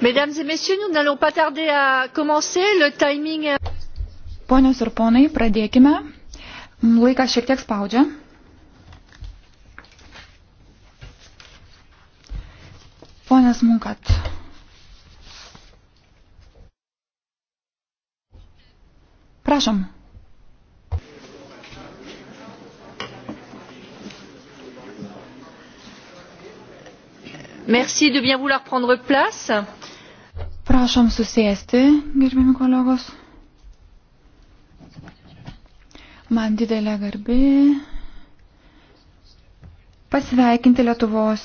Mesdames et messieurs, nous n'allons pas tarder à commencer. Le timing est... Ponios ir ponai, pradėkime. Laikas šiek tiek spaudžia. Ponas Munkat. Prašom. Merci de bien vouloir prendre place. Prašom susėsti, gerbimi kolegos. Man didelė garbi pasveikinti Lietuvos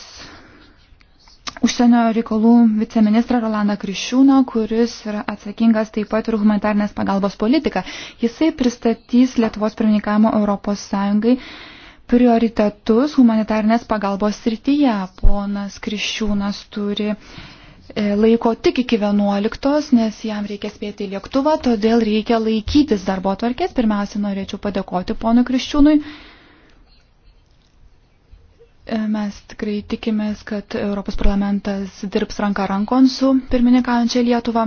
užsienio reikalų viceministrą Rolandą Krišiūną, kuris yra atsakingas taip pat ir humanitarnės pagalbos politiką. Jisai pristatys Lietuvos pirmininkavimo Europos Sąjungai prioritetus humanitarnės pagalbos srityje. Ponas Krišiūnas turi uh, E, laiko tik iki 11, nes jam reikia spėti į lėktuvą, todėl reikia laikytis darbo tvarkės. Pirmiausia, norėčiau padėkoti ponui Kriščiūnui. E, mes tikrai tikimės, kad Europos parlamentas dirbs ranką rankon su pirmininkaujančia Lietuva.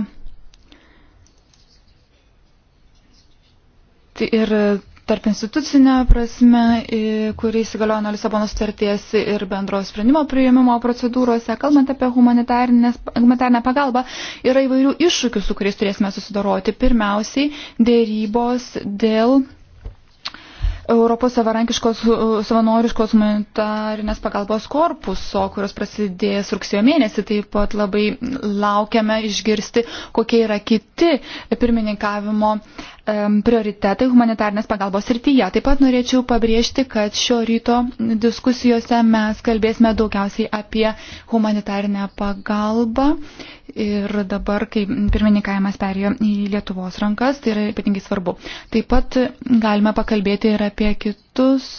Tai ir tarp institucinę prasme, kurį įsigaliojo nuo Lisabono sutarties ir bendro sprendimo priėmimo procedūrose, kalbant apie humanitarinę pagalbą, yra įvairių iššūkių, su kuriais turėsime susidoroti. Pirmiausiai, dėrybos dėl Europos savarankiškos savanoriškos humanitarinės pagalbos korpuso, kurios prasidės rugsėjo mėnesį. Taip pat labai laukiame išgirsti, kokie yra kiti pirmininkavimo prioritetai humanitarnės pagalbos srityje. Taip pat norėčiau pabrėžti, kad šio ryto diskusijose mes kalbėsime daugiausiai apie humanitarnę pagalbą. Ir dabar, kai pirmininkavimas perėjo į Lietuvos rankas, tai yra ypatingai svarbu. Taip pat galime pakalbėti ir apie kitus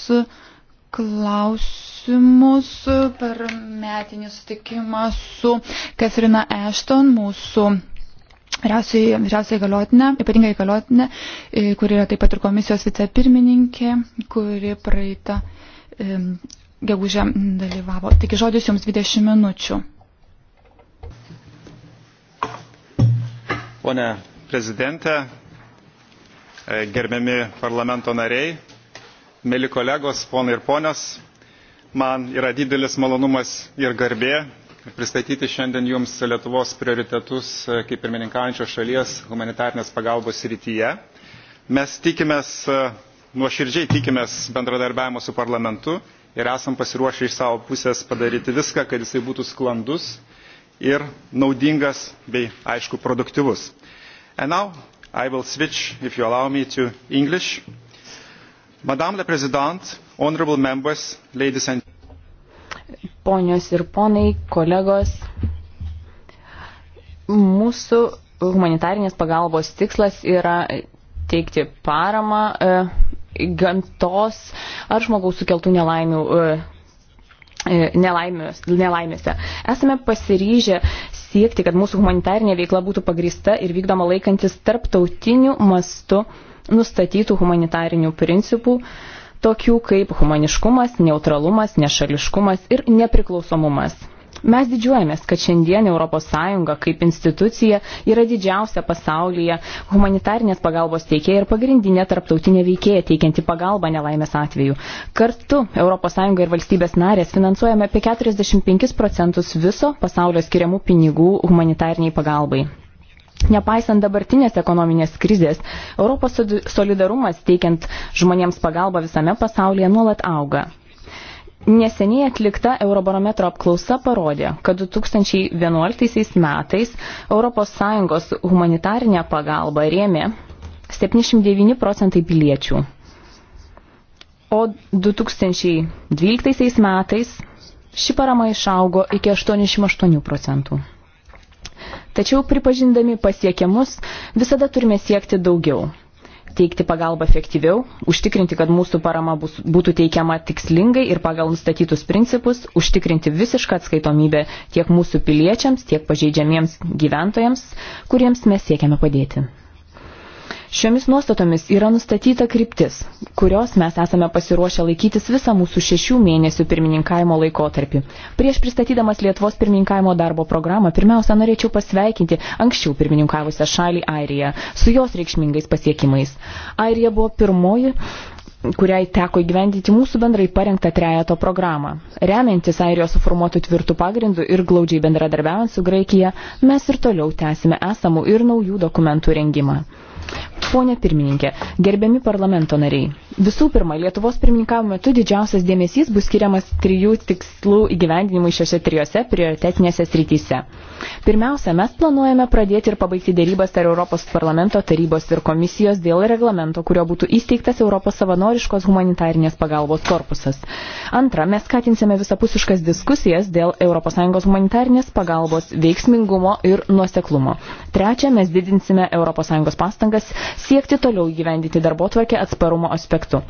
klausimus per metinį sutikimą su Katrina Ashton, mūsų vyriausiai galiotinė, ypatingai galiotinė, e, kuri yra taip pat ir komisijos vicepirmininkė, kuri praeitą e, gegužę dalyvavo. Tik žodis jums 20 minučių. Pone prezidente, e, gerbiami parlamento nariai, mėly kolegos, ponai ir ponios, man yra didelis malonumas ir garbė pristatyti šiandien jums Lietuvos prioritetus e, kaip pirmininkaujančios šalies humanitarnės pagalbos rytyje. Mes tikimės, e, nuoširdžiai tikimės bendradarbiavimo su parlamentu ir esam pasiruošę iš savo pusės padaryti viską, kad jisai būtų sklandus ir naudingas bei, aišku, produktyvus. And now I will switch, if you allow me, to English. Madame la Présidente, honorable members, ladies and ponios ir ponai, kolegos, mūsų humanitarinės pagalbos tikslas yra teikti paramą e, gamtos ar žmogaus sukeltų nelaimių. E, e nelaimės, nelaimėse. Esame pasiryžę siekti, kad mūsų humanitarinė veikla būtų pagrįsta ir vykdoma laikantis tarptautinių mastų nustatytų humanitarinių principų, uh, tokių kaip humaniškumas, neutralumas, nešališkumas ir nepriklausomumas. Mes didžiuojamės, kad šiandien ES kaip institucija yra didžiausia pasaulyje humanitarnės pagalbos teikėja ir pagrindinė tarptautinė veikėja teikianti pagalbą nelaimės atveju. Kartu ES ir valstybės narės finansuojame apie 45 procentus viso pasaulio skiriamų pinigų humanitarniai pagalbai. Nepaisant dabartinės ekonominės krizės, Europos solidarumas teikiant žmonėms pagalbą visame pasaulyje nuolat auga. Neseniai atlikta Eurobarometro apklausa parodė, kad 2011 metais ES humanitarinę pagalbą rėmė 79 procentai piliečių, o 2012 metais ši parama išaugo iki 88 procentų. Tačiau pripažindami pasiekiamus visada turime siekti daugiau teikti pagalbą efektyviau, užtikrinti, kad mūsų parama bus, būtų teikiama tikslingai ir pagal nustatytus principus, užtikrinti visišką atskaitomybę tiek mūsų piliečiams, tiek pažeidžiamiems gyventojams, kuriems mes siekiame padėti. Šiomis nuostatomis yra nustatyta kryptis, kurios mes esame pasiruošę laikytis visą mūsų šešių mėnesių pirmininkavimo laikotarpį. Prieš pristatydamas Lietuvos pirmininkavimo darbo programą, pirmiausia, norėčiau pasveikinti anksčiau pirmininkavusią šalį Airiją su jos reikšmingais pasiekimais. Airija buvo pirmoji kuriai teko įgyvendinti mūsų bendrai parengtą trejato programą. Remiantis Airijos suformuotų tvirtų pagrindų ir glaudžiai bendradarbiaujant su Graikija, mes ir toliau tęsime esamų ir naujų dokumentų rengimą. Pone pirmininkė, gerbiami parlamento nariai, visų pirma, Lietuvos pirmininkavimo metu didžiausias dėmesys bus skiriamas trijų tikslų įgyvendinimui šiose trijose prioritetinėse srityse. Pirmiausia, mes planuojame pradėti ir pabaigti dėrybas tarp Europos parlamento tarybos ir komisijos dėl reglamento, kurio būtų įsteigtas Europos savanoriškos humanitarinės pagalbos korpusas. Antra, mes skatinsime visapusiškas diskusijas dėl ES humanitarinės pagalbos veiksmingumo ir nuoseklumo. Trečia, mes didinsime ES pastangas siekti toliau gyvendyti darbo tvarkę atsparumo aspektu.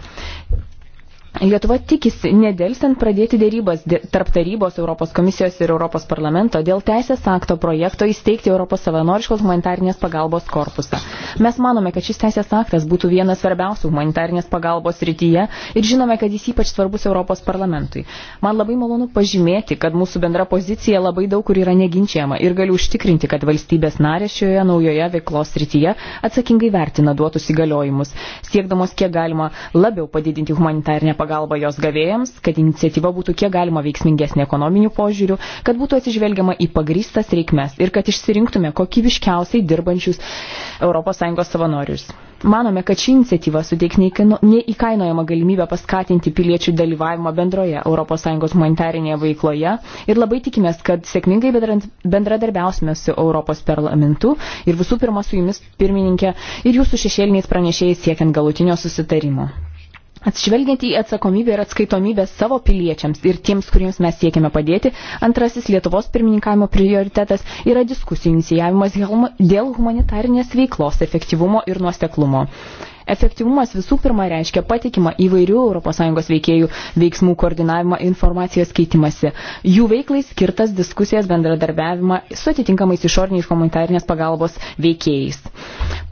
Lietuva tikisi nedėlstant pradėti dėrybas tarp tarybos Europos komisijos ir Europos parlamento dėl teisės akto projekto įsteigti Europos savanoriškos humanitarnės pagalbos korpusą. Mes manome, kad šis teisės aktas būtų vienas svarbiausių humanitarnės pagalbos rytyje ir žinome, kad jis ypač svarbus Europos parlamentui. Man labai malonu pažymėti, kad mūsų bendra pozicija labai daug kur yra neginčiama ir galiu užtikrinti, kad valstybės narės šioje naujoje veiklos rytyje atsakingai vertina duotus įgaliojimus, siekdamos kiek galima labiau padidinti humanitarnę pagalbą jos gavėjams, kad iniciatyva būtų kiek galima veiksmingesnė ekonominių požiūrių, kad būtų atsižvelgiama į pagrįstas reikmes ir kad išsirinktume kokybiškiausiai dirbančius ES savanorius. Manome, kad ši iniciatyva suteiks neįkainojama galimybę paskatinti piliečių dalyvavimą bendroje ES humanitarinėje veikloje ir labai tikimės, kad sėkmingai bendradarbiausime su Europos parlamentu ir visų pirma su jumis pirmininkė ir jūsų šešėliniais pranešėjais siekiant galutinio susitarimo. Atsižvelgiant į atsakomybę ir atskaitomybę savo piliečiams ir tiems, kuriems mes siekiame padėti, antrasis Lietuvos pirmininkavimo prioritetas yra diskusijų inicijavimas dėl humanitarinės veiklos efektyvumo ir nuoseklumo. Efektyvumas visų pirma reiškia patikimą įvairių ES veikėjų veiksmų koordinavimą informacijos keitimasi. Jų veiklai skirtas diskusijas bendradarbiavimą su atitinkamais išorniais humanitarinės pagalbos veikėjais.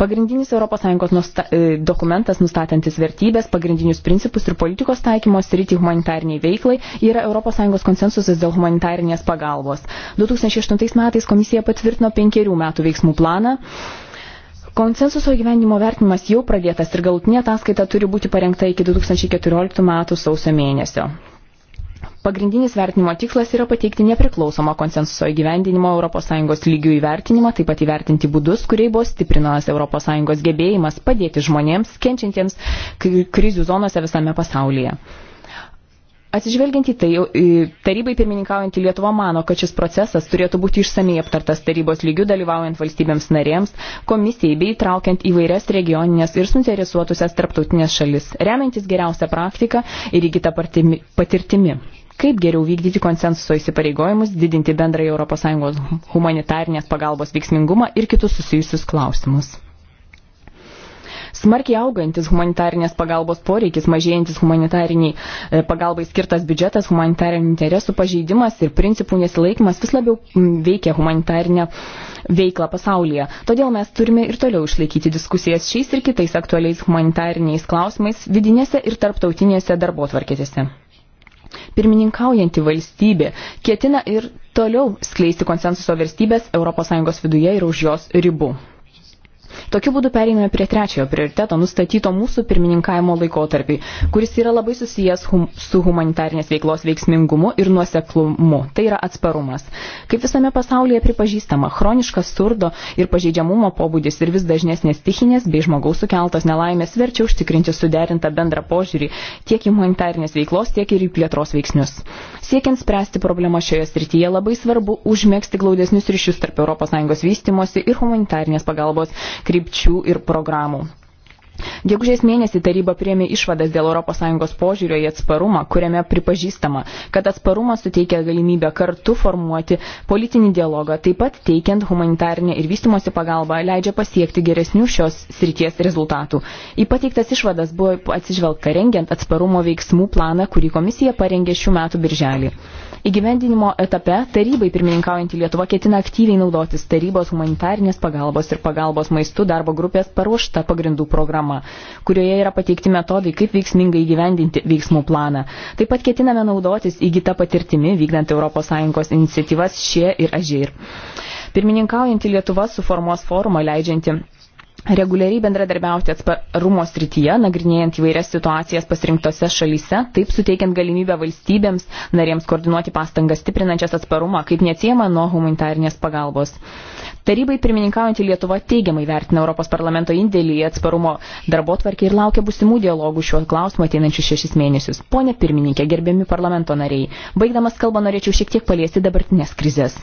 Pagrindinis ES nusta e, dokumentas nustatantis vertybės, pagrindinius principus ir politikos taikymos rytį humanitariniai veiklai yra ES konsensusas dėl humanitarinės pagalbos. 2008 metais komisija patvirtino penkerių metų veiksmų planą, Konsensuso gyvenimo vertinimas jau pradėtas ir galutinė ataskaita turi būti parengta iki 2014 m. sausio mėnesio. Pagrindinis vertinimo tikslas yra pateikti nepriklausomą konsensuso įgyvendinimo ES lygių įvertinimą, taip pat įvertinti būdus, kuriai buvo stiprinamas ES gebėjimas padėti žmonėms, kenčiantiems krizių zonose visame pasaulyje. Atsižvelgiant į tai, tarybai pirmininkaujantį Lietuvą mano, kad šis procesas turėtų būti išsamei aptartas tarybos lygių dalyvaujant valstybėms narėms, komisijai bei traukiant įvairias regioninės ir suinteresuotusias tarptautinės šalis, remiantis geriausią praktiką ir įgytą patirtimi kaip geriau vykdyti konsensuso įsipareigojimus, didinti bendrąją ES humanitarnės pagalbos veiksmingumą ir kitus susijusius klausimus smarkiai augantis humanitarinės pagalbos poreikis, mažėjantis humanitariniai e, pagalbai skirtas biudžetas, humanitarinių interesų pažeidimas ir principų nesilaikimas vis labiau veikia humanitarinę veiklą pasaulyje. Todėl mes turime ir toliau išlaikyti diskusijas šiais ir kitais aktualiais humanitariniais klausimais vidinėse ir tarptautinėse darbo tvarkėtėse. Pirmininkaujanti valstybė ketina ir toliau skleisti konsensuso vertybės ES viduje ir už jos ribų. Tokiu būdu pereiname prie trečiojo prioriteto, nustatyto mūsų pirmininkavimo laikotarpiai, kuris yra labai susijęs hum, su humanitarinės veiklos veiksmingumu ir nuoseklumu. Tai yra atsparumas. Kaip visame pasaulyje pripažįstama, chroniškas surdo ir pažeidžiamumo pobūdis ir vis dažnesnės stichinės bei žmogaus sukeltos nelaimės verčia užtikrinti suderintą bendrą požiūrį tiek į humanitarinės veiklos, tiek ir į plėtros veiksnius. Siekiant spręsti problemą šioje srityje, labai svarbu užmėgsti glaudesnius ryšius tarp ES vystimosi ir humanitarinės pagalbos krypčių ir programų. Gegužės mėnesį taryba priėmė išvadas dėl ES požiūrio į atsparumą, kuriame pripažįstama, kad atsparumas suteikia galimybę kartu formuoti politinį dialogą, taip pat teikiant humanitarinę ir vystimosi pagalbą leidžia pasiekti geresnių šios srities rezultatų. Į pateiktas išvadas buvo atsižvelgta rengiant atsparumo veiksmų planą, kurį komisija parengė šių metų birželį. Įgyvendinimo etape tarybai pirmininkaujantį Lietuvą ketina aktyviai naudotis tarybos humanitarinės pagalbos ir pagalbos maistų darbo grupės paruošta pagrindų programa, kurioje yra pateikti metodai, kaip veiksmingai įgyvendinti veiksmų planą. Taip pat ketiname naudotis įgytą patirtimi vykdant ES iniciatyvas šie ir ažiai. Pirmininkaujantį Lietuvą suformuos forumą leidžiantį reguliariai bendradarbiauti atsparumo srityje, nagrinėjant įvairias situacijas pasirinktose šalyse, taip suteikiant galimybę valstybėms narėms koordinuoti pastangas stiprinančias atsparumą, kaip neatsiema nuo humanitarinės pagalbos. Tarybai pirmininkaujantį Lietuvą teigiamai vertina Europos parlamento indėlį į atsparumo darbo tvarkį ir laukia busimų dialogų šiuo klausimu ateinančius šešis mėnesius. Pone pirmininkė, gerbiami parlamento nariai, baigdamas kalbą norėčiau šiek tiek paliesti dabartinės krizės.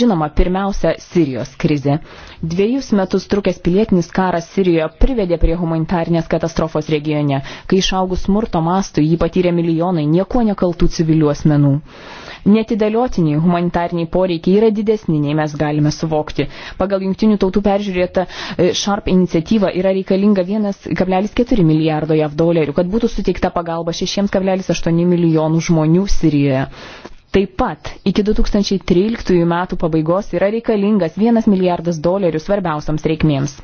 Žinoma, pirmiausia, Sirijos krizė. Dviejus metus trukęs pilietinis karas Sirijoje privedė prie humanitarnės katastrofos regione, kai išaugus smurto mastui jį patyrė milijonai nieko nekaltų civilių asmenų. Netidėliotiniai humanitarniai poreikiai yra didesni, nei mes galime suvokti pagal jungtinių tautų peržiūrėtą e, Sharp iniciatyvą yra reikalinga 1,4 milijardo JAV dolerių, kad būtų suteikta pagalba 6,8 milijonų žmonių Sirijoje. Taip pat iki 2013 metų pabaigos yra reikalingas 1 milijardas dolerių svarbiausiams reikmėms.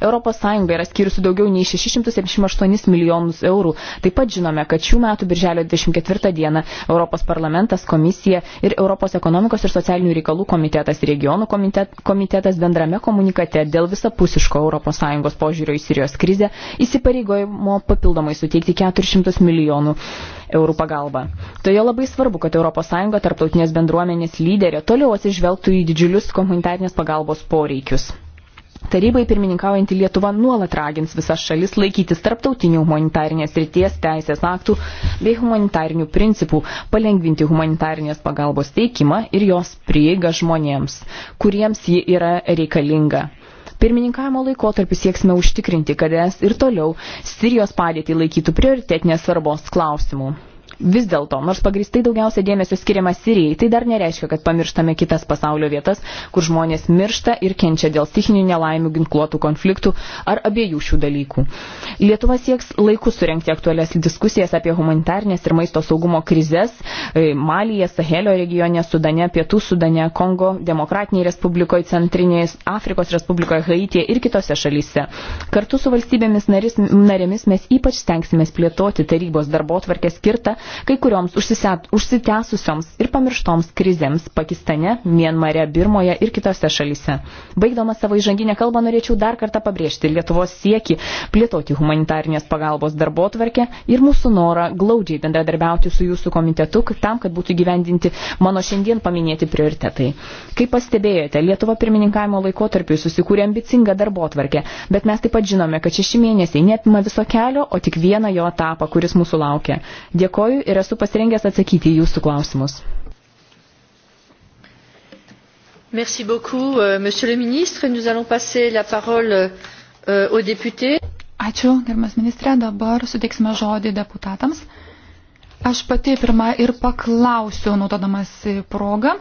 ES yra skiriusi daugiau nei 678 milijonus eurų. Taip pat žinome, kad šių metų birželio 24 dieną Europos parlamentas, komisija ir Europos ekonomikos ir socialinių reikalų komitetas ir regionų komitet, komitetas bendrame komunikate dėl visapusiško ES požiūrio į Sirijos krizę įsipareigojimo papildomai suteikti 400 milijonų eurų pagalbą. Todėl labai svarbu, kad ES tarptautinės bendruomenės lyderė toliau atsižvelgtų į didžiulius humanitarnės pagalbos poreikius. Tarybai pirmininkaujantį Lietuvą nuolat ragins visas šalis laikytis tarptautinių humanitarinės ryties teisės aktų bei humanitarinių principų, palengvinti humanitarinės pagalbos teikimą ir jos prieigą žmonėms, kuriems ji yra reikalinga. Pirmininkavimo laikotarpiu sieksime užtikrinti, kad es ir toliau Sirijos padėtį laikytų prioritetinės svarbos klausimų. Vis dėlto, nors pagristai daugiausia dėmesio skiriama Sirijai, tai dar nereiškia, kad pamirštame kitas pasaulio vietas, kur žmonės miršta ir kenčia dėl stichinių nelaimių, ginkluotų konfliktų ar abiejų šių dalykų. Lietuva sieks laiku surenkti aktualias diskusijas apie humanitarnės ir maisto saugumo krizės e, Malyje, Sahelio regione, Sudane, Pietų Sudane, Kongo, Demokratinėje Respublikoje, Centrinėje Afrikos Respublikoje, Haityje ir kitose šalyse. Kartu su valstybėmis narėmis mes ypač stengsimės plėtoti tarybos darbo tvarkę skirtą kai kurioms užsitęsusioms ir pamirštoms krizėms Pakistane, Mienmare, Birmoje ir kitose šalyse. Baigdama savo įžanginę kalbą norėčiau dar kartą pabrėžti Lietuvos sieki plėtoti humanitarnės pagalbos darbotvarkę ir mūsų norą glaudžiai bendradarbiauti su jūsų komitetu tam, kad būtų gyvendinti mano šiandien paminėti prioritetai. Kaip pastebėjote, Lietuva pirmininkavimo laikotarpiu susikūrė ambicingą darbotvarkę, bet mes taip pat žinome, kad šeši mėnesiai neapima viso kelio, o tik vieną jo etapą, kuris mūsų laukia. Dėkoju dėkoju ir esu pasirengęs atsakyti į jūsų klausimus. Merci beaucoup, euh, monsieur le ministre. Nous allons passer la parole euh, aux députés. Ačiū, gerbiamas ministrė. Dabar suteiksime žodį deputatams. Aš pati pirmą ir paklausiu, naudodamas progą.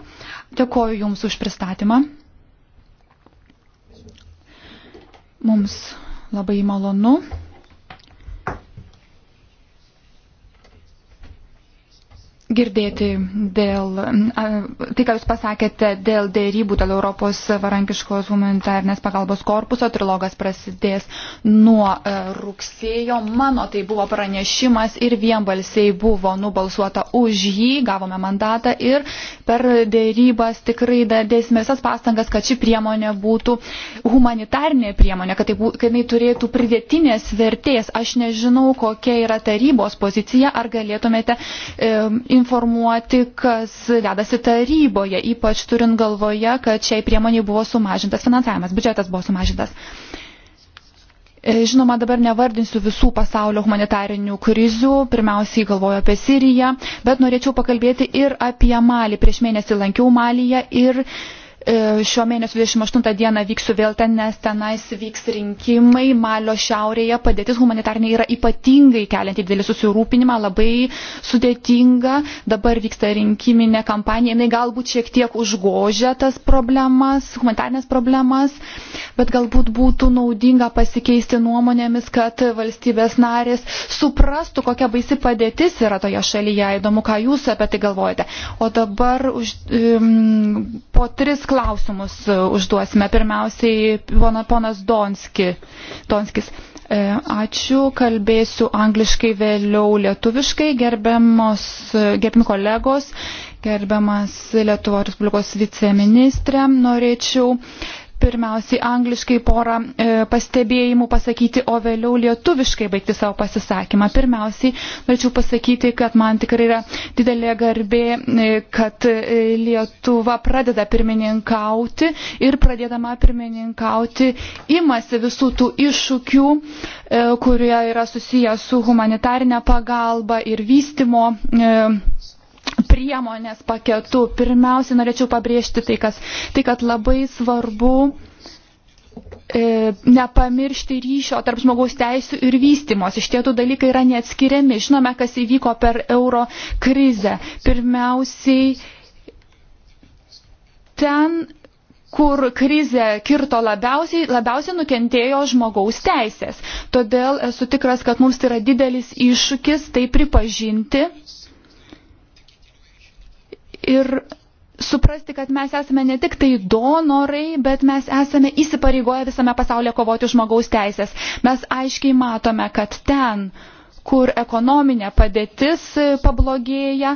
Dėkoju Jums už pristatymą. Mums labai malonu girdėti dėl, tai ką Jūs pasakėte, dėl dėrybų dėl Europos varankiškos humanitarnės pagalbos korpuso. Trilogas prasidės nuo e, rugsėjo. Mano tai buvo pranešimas ir vienbalsiai buvo nubalsuota už jį, gavome mandatą ir per dėrybas tikrai dėsime visas pastangas, kad ši priemonė būtų humanitarnė priemonė, kad, tai bū, kad jinai turėtų pridėtinės vertės. Aš nežinau, kokia yra tarybos pozicija, ar galėtumėte e, informuoti, kas dedasi taryboje, ypač turint galvoje, kad šiai priemoniai buvo sumažintas finansavimas, biudžetas buvo sumažintas. E, žinoma, dabar nevardinsiu visų pasaulio humanitarinių krizių, pirmiausiai galvoju apie Siriją, bet norėčiau pakalbėti ir apie Malį. Prieš mėnesį lankiau Malyje ir E, šio mėnesio 28 dieną vyksiu vėl ten, nes tenais vyks rinkimai. Malio šiaurėje padėtis humanitarnė yra ypatingai kelianti didelį susirūpinimą, labai sudėtinga. Dabar vyksta rinkiminė kampanija. Jis galbūt šiek tiek užgožia tas problemas, humanitarnės problemas, bet galbūt būtų naudinga pasikeisti nuomonėmis, kad valstybės narės suprastų, kokia baisi padėtis yra toje šalyje. Įdomu, ką jūs apie tai galvojate. O dabar už, um, po tris klausimus klausimus e, užduosime. Pirmiausiai ponas Donski. Donskis. E, ačiū, kalbėsiu angliškai vėliau lietuviškai, gerbiamos, e, gerbimi kolegos, gerbiamas Lietuvo Respublikos viceministrė, norėčiau pirmiausiai angliškai porą e, pastebėjimų pasakyti, o vėliau lietuviškai baigti savo pasisakymą. Pirmiausiai norėčiau pasakyti, kad man tikrai yra didelė garbė, e, kad e, Lietuva pradeda pirmininkauti ir pradėdama pirmininkauti imasi visų tų iššūkių, e, kurie yra susiję su humanitarinė pagalba ir vystimo. E, priemonės paketu. Pirmiausia, norėčiau pabrėžti tai, kas, tai kad labai svarbu e, nepamiršti ryšio tarp žmogaus teisų ir vystimos. Iš tėtų dalykai yra neatskiriami. Žinome, kas įvyko per euro krizę. Pirmiausiai ten, kur krizė kirto labiausiai, labiausiai nukentėjo žmogaus teisės. Todėl esu tikras, kad mums tai yra didelis iššūkis tai pripažinti ir suprasti, kad mes esame ne tik tai donorai, bet mes esame įsipareigoję visame pasaulyje kovoti už žmogaus teisės. Mes aiškiai matome, kad ten, kur ekonominė padėtis pablogėja,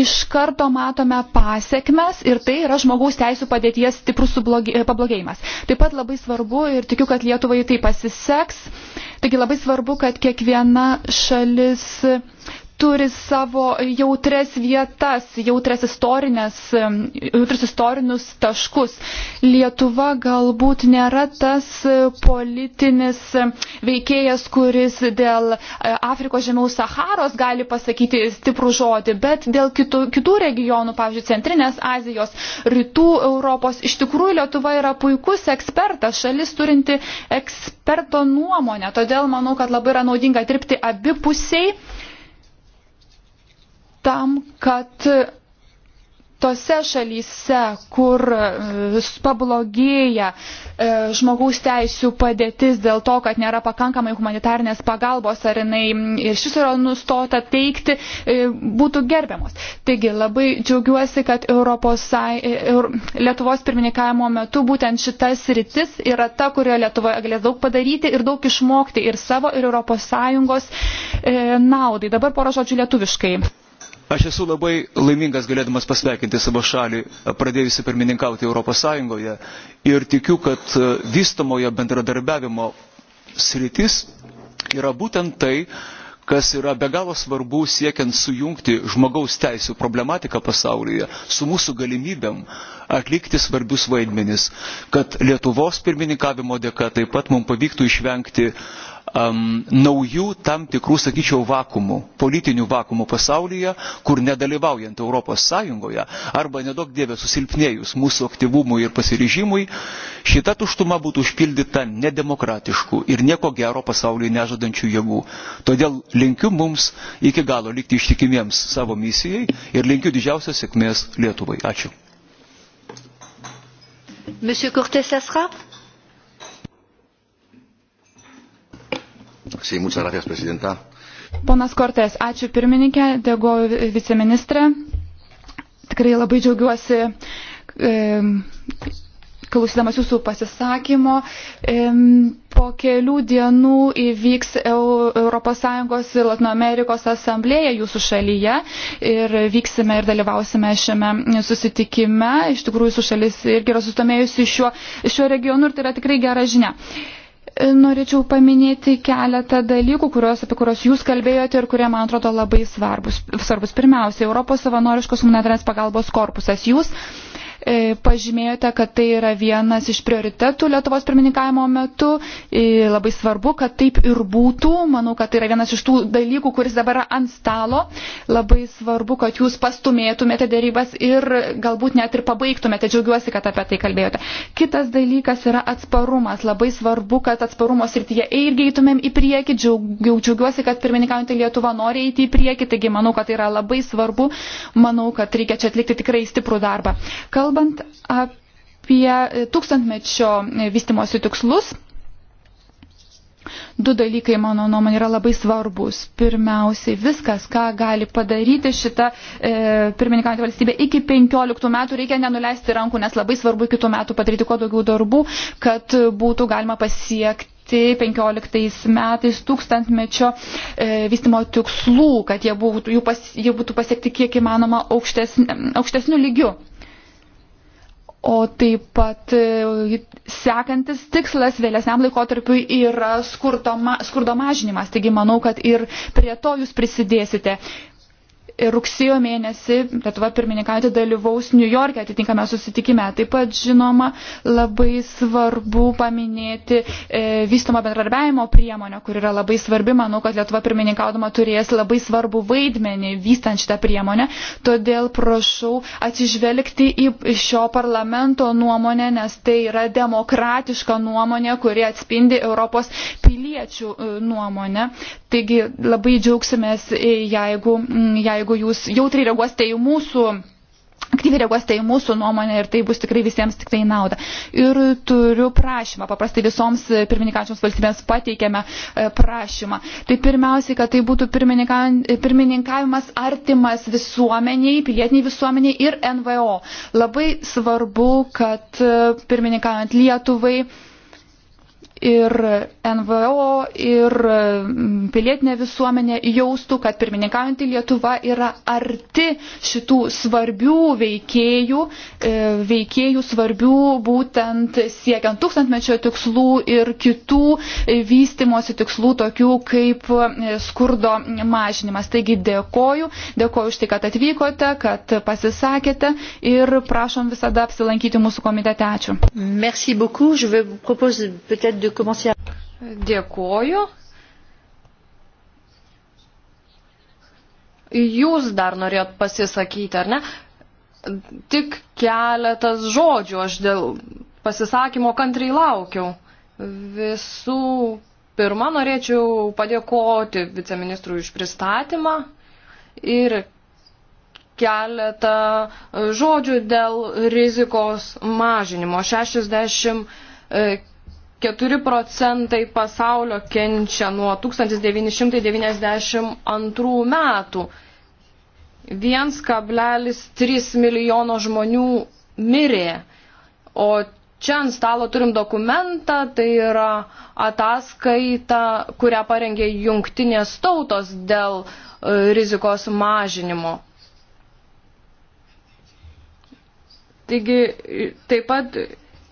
iš karto matome pasiekmes ir tai yra žmogaus teisų padėties stiprus pablogėjimas. Taip pat labai svarbu ir tikiu, kad Lietuvai tai pasiseks. Taigi labai svarbu, kad kiekviena šalis turi savo jautres vietas, jautres, jautres istorinius taškus. Lietuva galbūt nėra tas politinis veikėjas, kuris dėl e, Afrikos žemiau Saharos gali pasakyti stiprų žodį, bet dėl kitų, kitų regionų, pavyzdžiui, Centrinės Azijos, Rytų Europos, iš tikrųjų Lietuva yra puikus ekspertas, šalis turinti eksperto nuomonę. Todėl manau, kad labai yra naudinga dirbti abipusiai tam, kad tose šalyse, kur e, pablogėja e, žmogaus teisų padėtis dėl to, kad nėra pakankamai humanitarnės pagalbos, ar jinai ir šis yra nustota teikti, e, būtų gerbiamos. Taigi labai džiaugiuosi, kad Europos, Lietuvos pirmininkavimo metu būtent šitas rytis yra ta, kurioje Lietuvoje galės daug padaryti ir daug išmokti ir savo, ir Europos Sąjungos naudai. Dabar porą žodžių lietuviškai. Aš esu labai laimingas galėdamas pasveikinti savo šalį, pradėjusi pirmininkauti Europos Sąjungoje ir tikiu, kad vystamojo bendradarbiavimo sritis yra būtent tai, kas yra be galo svarbu siekiant sujungti žmogaus teisų problematiką pasaulyje su mūsų galimybėm atlikti svarbius vaidmenis, kad Lietuvos pirmininkavimo dėka taip pat mums pavyktų išvengti um, naujų tam tikrų, sakyčiau, vakumų, politinių vakumų pasaulyje, kur nedalyvaujant Europos Sąjungoje arba nedaug dievė susilpnėjus mūsų aktyvumui ir pasiryžimui, šita tuštuma būtų užpildyta nedemokratiškų ir nieko gero pasaulyje nežadančių jėgų. Todėl linkiu mums iki galo likti ištikimiems savo misijai ir linkiu didžiausios sėkmės Lietuvai. Ačiū. Monsieur Cortés Lasra Sí, muchas gracias, presidenta. Ponas Kortės, ačiū pirmininkė, dėkoju viceministrė. Tikrai labai džiaugiuosi e, klausydamas jūsų pasisakymo. Po kelių dienų įvyks ES ir Latinoamerikos asamblėje jūsų šalyje ir vyksime ir dalyvausime šiame susitikime. Iš tikrųjų, jūsų šalis irgi yra sustomėjusi šiuo, šiuo regionu ir tai yra tikrai gera žinia norėčiau paminėti keletą dalykų, kurios, apie kuriuos jūs kalbėjote ir kurie, man atrodo, labai svarbus. svarbus. Pirmiausia, Europos savanoriškos humanitarinės pagalbos korpusas. Jūs E, pažymėjote, kad tai yra vienas iš prioritetų Lietuvos pirmininkavimo metu. E, labai svarbu, kad taip ir būtų. Manau, kad tai yra vienas iš tų dalykų, kuris dabar yra ant stalo. Labai svarbu, kad jūs pastumėtumėte dėrybas ir galbūt net ir pabaigtumėte. Džiaugiuosi, kad apie tai kalbėjote. Kitas dalykas yra atsparumas. Labai svarbu, kad atsparumo srityje irgi eitumėm į priekį. Džiaugiuosi, kad pirmininkaujantį Lietuvą nori eiti į priekį. Taigi manau, kad tai yra labai svarbu. Manau, kad reikia čia atlikti tikrai stiprų darbą. Kal Kalbant apie tūkstantmečio vystimosi tikslus, du dalykai, mano nuomonė, yra labai svarbus. Pirmiausiai, viskas, ką gali padaryti šita e, pirmininkantį valstybė iki 15 metų, reikia nenuleisti rankų, nes labai svarbu kitų metų padaryti kuo daugiau darbų, kad būtų galima pasiekti. 15 metais tūkstantmečio e, vystimo tikslų, kad jie būtų, jų pas, jie būtų pasiekti kiek įmanoma aukštesni, aukštesnių lygių. O taip pat e, sekantis tikslas vėlesniam laikotarpiu yra skurdo, ma, skurdo mažinimas. Taigi manau, kad ir prie to jūs prisidėsite rugsėjo mėnesį Lietuva pirmininkauti dalyvaus New York'e atitinkame susitikime. Taip pat, žinoma, labai svarbu paminėti e, vystomą bendradarbiavimo priemonę, kur yra labai svarbi. Manau, kad Lietuva pirmininkaudama turės labai svarbu vaidmenį vystant šitą priemonę. Todėl prašau atsižvelgti į šio parlamento nuomonę, nes tai yra demokratiška nuomonė, kuri atspindi Europos piliečių e, nuomonę. Taigi labai džiaugsimės, e, jeigu, jeigu jūs jautriai reaguosite į mūsų aktyviai reaguosite į mūsų nuomonę ir tai bus tikrai visiems tik tai nauda. Ir turiu prašymą, paprastai visoms pirmininkančioms valstybėms pateikėme e, prašymą. Tai pirmiausiai, kad tai būtų pirmininkavimas artimas visuomeniai, pilietiniai visuomeniai ir NVO. Labai svarbu, kad e, pirmininkaujant Lietuvai, ir NVO, ir mm, pilietinė visuomenė jaustų, kad pirmininkaujantį Lietuva yra arti šitų svarbių veikėjų, e, veikėjų svarbių būtent siekiant tūkstantmečio tikslų ir kitų e, vystimosi tikslų, tokių kaip e, skurdo mažinimas. Taigi dėkoju, dėkoju už tai, kad atvykote, kad pasisakėte ir prašom visada apsilankyti mūsų komitete. Ačiū. Merci beaucoup. Je vous propose peut-être de de commencer à... Dėkuoju. Jūs dar norėjot pasisakyti, ar ne? Tik keletas žodžių aš dėl pasisakymo kantriai laukiau. Visų pirma, norėčiau padėkoti viceministrui iš pristatymą ir keletą žodžių dėl rizikos mažinimo. 60 4 procentai pasaulio kenčia nuo 1992 metų. 1,3 milijono žmonių mirė. O čia ant stalo turim dokumentą, tai yra ataskaita, kurią parengė jungtinės tautos dėl e, rizikos mažinimo. Taigi e, taip pat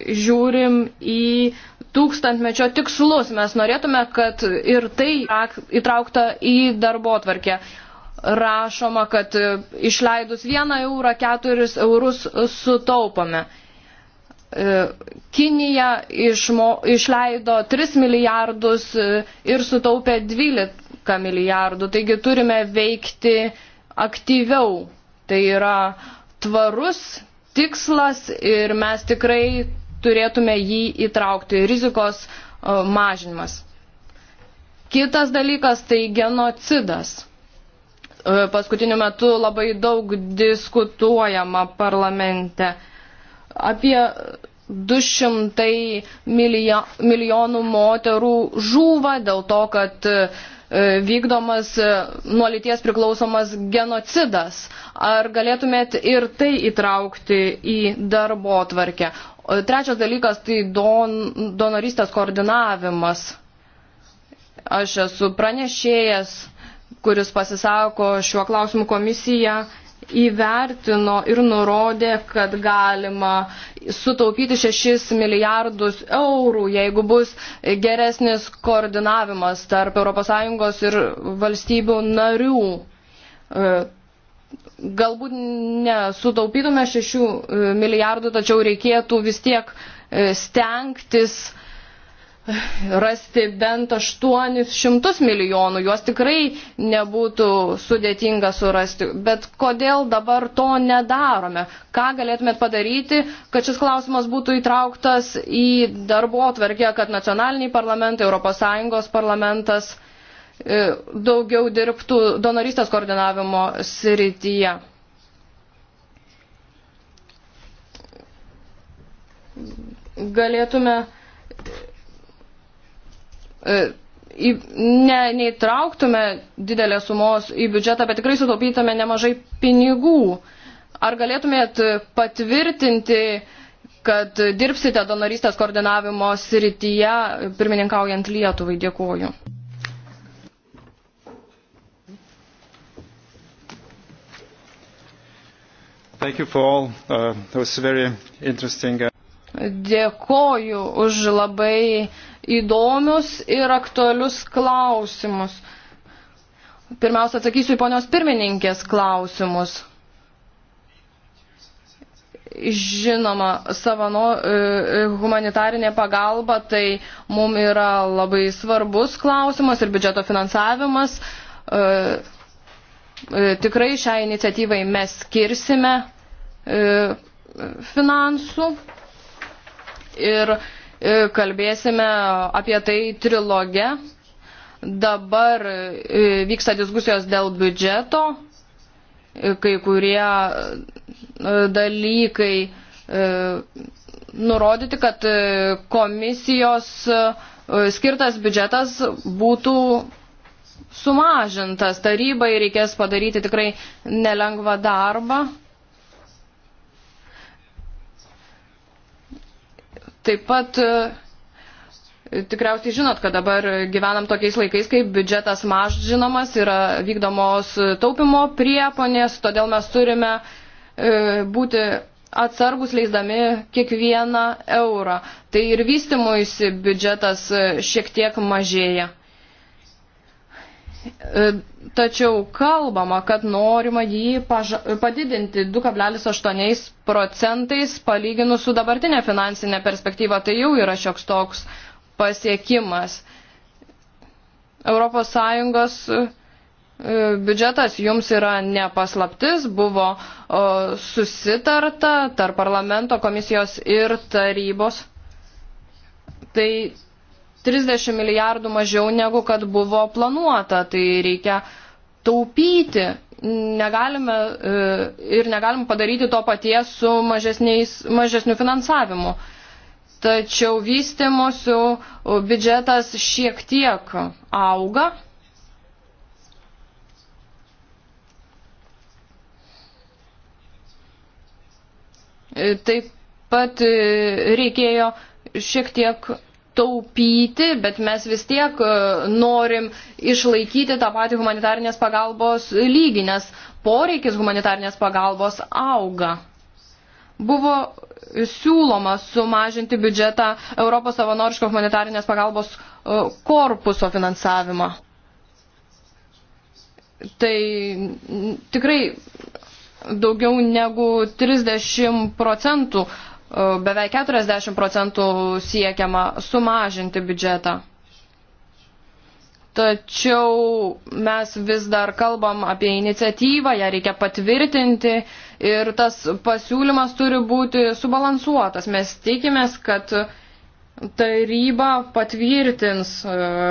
žiūrim į tūkstantmečio tikslus. Mes norėtume, kad ir tai įtraukta į darbo tvarkę. Rašoma, kad išleidus vieną eurą keturis eurus sutaupame. E, Kinija išmo, išleido 3 milijardus e, ir sutaupė 12 milijardų. Taigi turime veikti aktyviau. Tai yra tvarus tikslas ir mes tikrai turėtume jį įtraukti, rizikos e, mažinimas. Kitas dalykas tai genocidas. E, paskutiniu metu labai daug diskutuojama parlamente apie 200 milijonų moterų žūva dėl to, kad e, vykdomas nuolities priklausomas genocidas. Ar galėtumėt ir tai įtraukti į darbo tvarkę? Trečias dalykas tai don, donorystės koordinavimas. Aš esu pranešėjas, kuris pasisako šiuo klausimu komisiją įvertino ir nurodė, kad galima sutaupyti 6 milijardus eurų, jeigu bus geresnis koordinavimas tarp ES ir valstybių narių. E, galbūt nesutaupytume 6 e, milijardų, tačiau reikėtų vis tiek e, stengtis e, rasti bent 800 milijonų, juos tikrai nebūtų sudėtinga surasti. Bet kodėl dabar to nedarome? Ką galėtumėt padaryti, kad šis klausimas būtų įtrauktas į darbo atverkę, kad nacionaliniai parlamentai, ES parlamentas E, daugiau dirbtų donorystės koordinavimo srityje. Galėtume e, į, ne, neįtrauktume didelės sumos į biudžetą, bet tikrai sutaupytume nemažai pinigų. Ar galėtumėt patvirtinti, kad dirbsite donorystės koordinavimo srityje, pirmininkaujant Lietuvai? Dėkuoju. Thank you for all. Uh, that was very interesting. Dėkoju už labai įdomius ir aktualius klausimus. Pirmiausia, atsakysiu į ponios pirmininkės klausimus. Žinoma, savano e, humanitarinė pagalba, tai mums yra labai svarbus klausimas ir biudžeto finansavimas. Uh, E, tikrai šią iniciatyvai mes skirsime e, finansų ir e, kalbėsime apie tai triloge. Dabar vyksta diskusijos dėl biudžeto, kai kurie dalykai nurodyti, kad komisijos skirtas biudžetas būtų sumažintas. Tarybai reikės padaryti tikrai nelengvą darbą. Taip pat e, tikriausiai žinot, kad dabar gyvenam tokiais laikais, kai biudžetas mažinamas, yra vykdomos taupimo prieponės, todėl mes turime e, būti atsargus leisdami kiekvieną eurą. Tai ir vystimuisi biudžetas e, šiek tiek mažėja. E, tačiau kalbama, kad norima jį padidinti 2,8 procentais palyginus su dabartinė finansinė perspektyva. Tai jau yra šioks toks pasiekimas. Europos Sąjungos e, biudžetas jums yra nepaslaptis, buvo susitarta tarp parlamento komisijos ir tarybos. Tai 30 milijardų mažiau negu kad buvo planuota. Tai reikia taupyti. Negalime e, ir negalime padaryti to paties su mažesniu finansavimu. Tačiau vystimosių biudžetas šiek tiek auga. E, taip pat e, reikėjo šiek tiek taupyti, bet mes vis tiek e, norim išlaikyti tą patį humanitarnės pagalbos lygį, nes poreikis humanitarnės pagalbos auga. Buvo siūloma sumažinti biudžetą Europos savanoriško humanitarinės pagalbos e, korpuso finansavimą. Tai tikrai daugiau negu 30 procentų uh, E, beveik 40 procentų siekiama sumažinti biudžetą. Tačiau mes vis dar kalbam apie iniciatyvą, ją reikia patvirtinti ir tas pasiūlymas turi būti subalansuotas. Mes tikimės, kad taryba patvirtins e,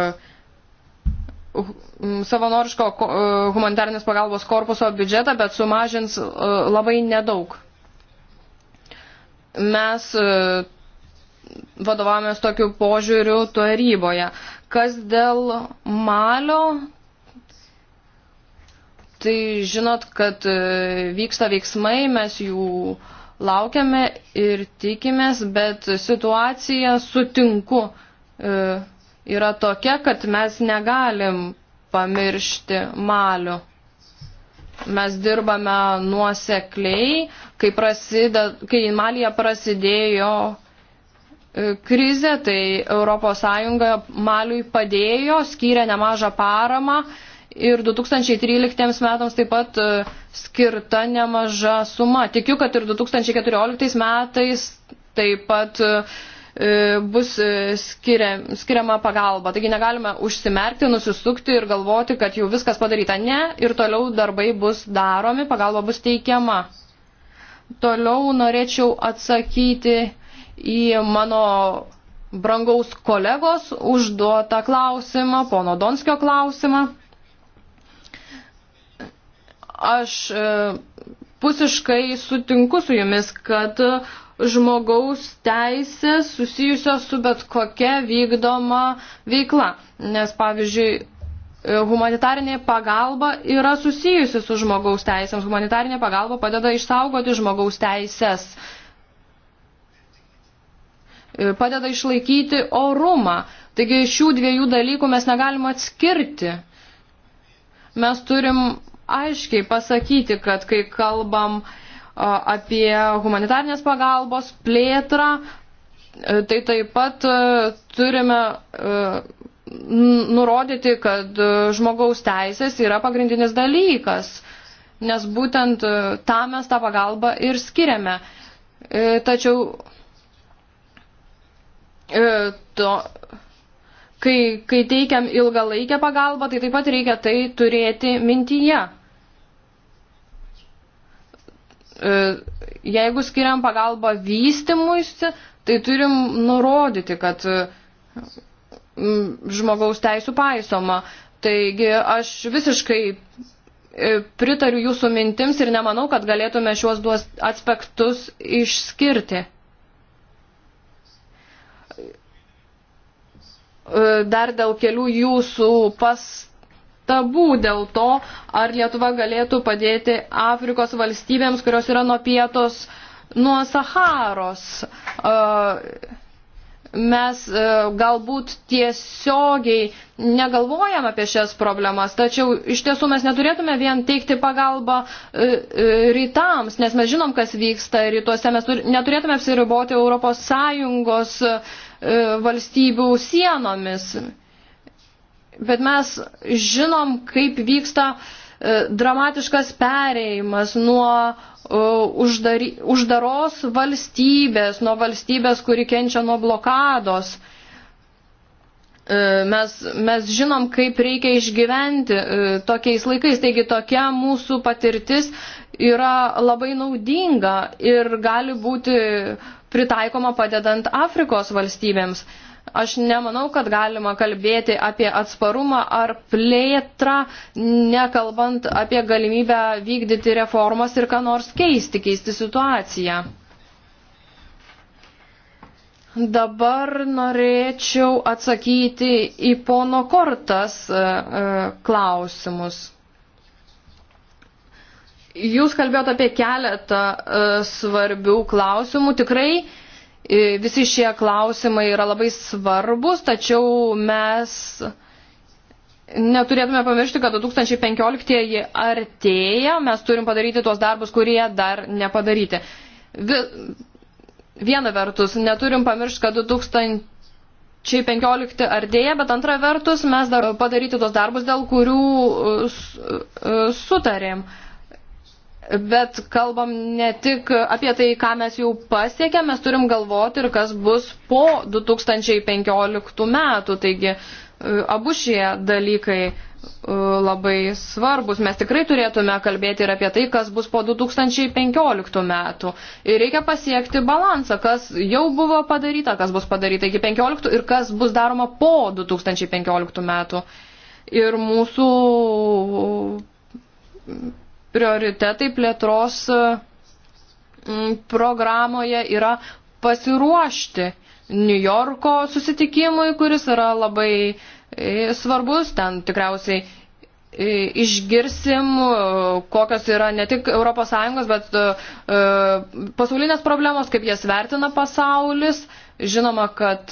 savanoriško e, humanitarnės pagalbos korpuso biudžetą, bet sumažins labai nedaug mes e, vadovavomės tokiu požiūriu taryboje. Kas dėl malio, tai žinot, kad e, vyksta veiksmai, mes jų laukiame ir tikimės, bet situacija sutinku e, yra tokia, kad mes negalim pamiršti malių. Mes dirbame nuosekliai, kai, prasidė, kai Malija prasidėjo e, krizė, tai ES Maliui padėjo, skyrė nemažą paramą ir 2013 metams taip pat e, skirta nemaža suma. Tikiu, kad ir 2014 metais taip pat e, E, bus e, skiria, skiriama pagalba. Taigi negalime užsimerkti, nusisukti ir galvoti, kad jau viskas padaryta. Ne, ir toliau darbai bus daromi, pagalba bus teikiama. Toliau norėčiau atsakyti į mano brangaus kolegos užduotą klausimą, pono Donskio klausimą. Aš e, pusiškai sutinku su jumis, kad uh, žmogaus teisės susijusios su bet kokia vykdoma veikla. Nes, pavyzdžiui, humanitarinė pagalba yra susijusi su žmogaus teisėms. Humanitarinė pagalba padeda išsaugoti žmogaus teisės, padeda išlaikyti orumą. Taigi šių dviejų dalykų mes negalime atskirti. Mes turim aiškiai pasakyti, kad kai kalbam uh, apie humanitarnės pagalbos plėtrą, e, tai taip pat e, turime e, nurodyti, kad žmogaus teisės yra pagrindinis dalykas, nes būtent tą mes tą pagalbą ir skiriame. Tačiau to, kai, kai teikiam ilgalaikę pagalbą, tai taip pat reikia tai turėti mintyje. E, jeigu skiriam pagalbą vystimuisi, tai turim nurodyti, kad e, žmogaus teisų paisoma. Taigi aš visiškai e, pritariu jūsų mintims ir nemanau, kad galėtume šiuos duos aspektus išskirti. Dar dėl kelių jūsų pas, pastabų dėl to, ar Lietuva galėtų padėti Afrikos valstybėms, kurios yra nuo pietos nuo Saharos. E, mes e, galbūt tiesiogiai negalvojam apie šias problemas, tačiau iš tiesų mes neturėtume vien teikti pagalbą e, rytams, nes mes žinom, kas vyksta rytuose, mes neturėtume apsiriboti Europos Sąjungos valstybių sienomis bet mes žinom, kaip vyksta e, dramatiškas pereimas nuo e, uždari, uždaros valstybės, nuo valstybės, kuri kenčia nuo blokados. E, mes, mes žinom, kaip reikia išgyventi tokiais laikais, taigi tokia mūsų patirtis yra labai naudinga ir gali būti pritaikoma padedant Afrikos valstybėms. Aš nemanau, kad galima kalbėti apie atsparumą ar plėtrą, nekalbant apie galimybę vykdyti reformas ir ką nors keisti, keisti situaciją. Dabar norėčiau atsakyti į pono kortas e, e, klausimus. Jūs kalbėjote apie keletą e, svarbių klausimų. Tikrai E, visi šie klausimai yra labai svarbus, tačiau mes neturėtume pamiršti, kad 2015 artėja, mes turim padaryti tuos darbus, kurie dar nepadaryti. Viena vertus, neturim pamiršti, kad 2000 čia 15 artėja, bet antra vertus mes dar padaryti tos darbus, dėl kurių e, sutarėm. Uh, bet kalbam ne tik apie tai, ką mes jau pasiekėm, mes turim galvoti ir kas bus po 2015 metų. Taigi e, abu šie dalykai e, labai svarbus. Mes tikrai turėtume kalbėti ir apie tai, kas bus po 2015 metų. Ir reikia pasiekti balansą, kas jau buvo padaryta, kas bus padaryta iki 15 ir kas bus daroma po 2015 metų. Ir mūsų prioritetai plėtros e, programoje yra pasiruošti New Yorko susitikimui, kuris yra labai e, svarbus, ten tikriausiai e, išgirsim, kokios yra ne tik ES, bet pasaulinės problemos, kaip jas vertina pasaulis. Žinoma, kad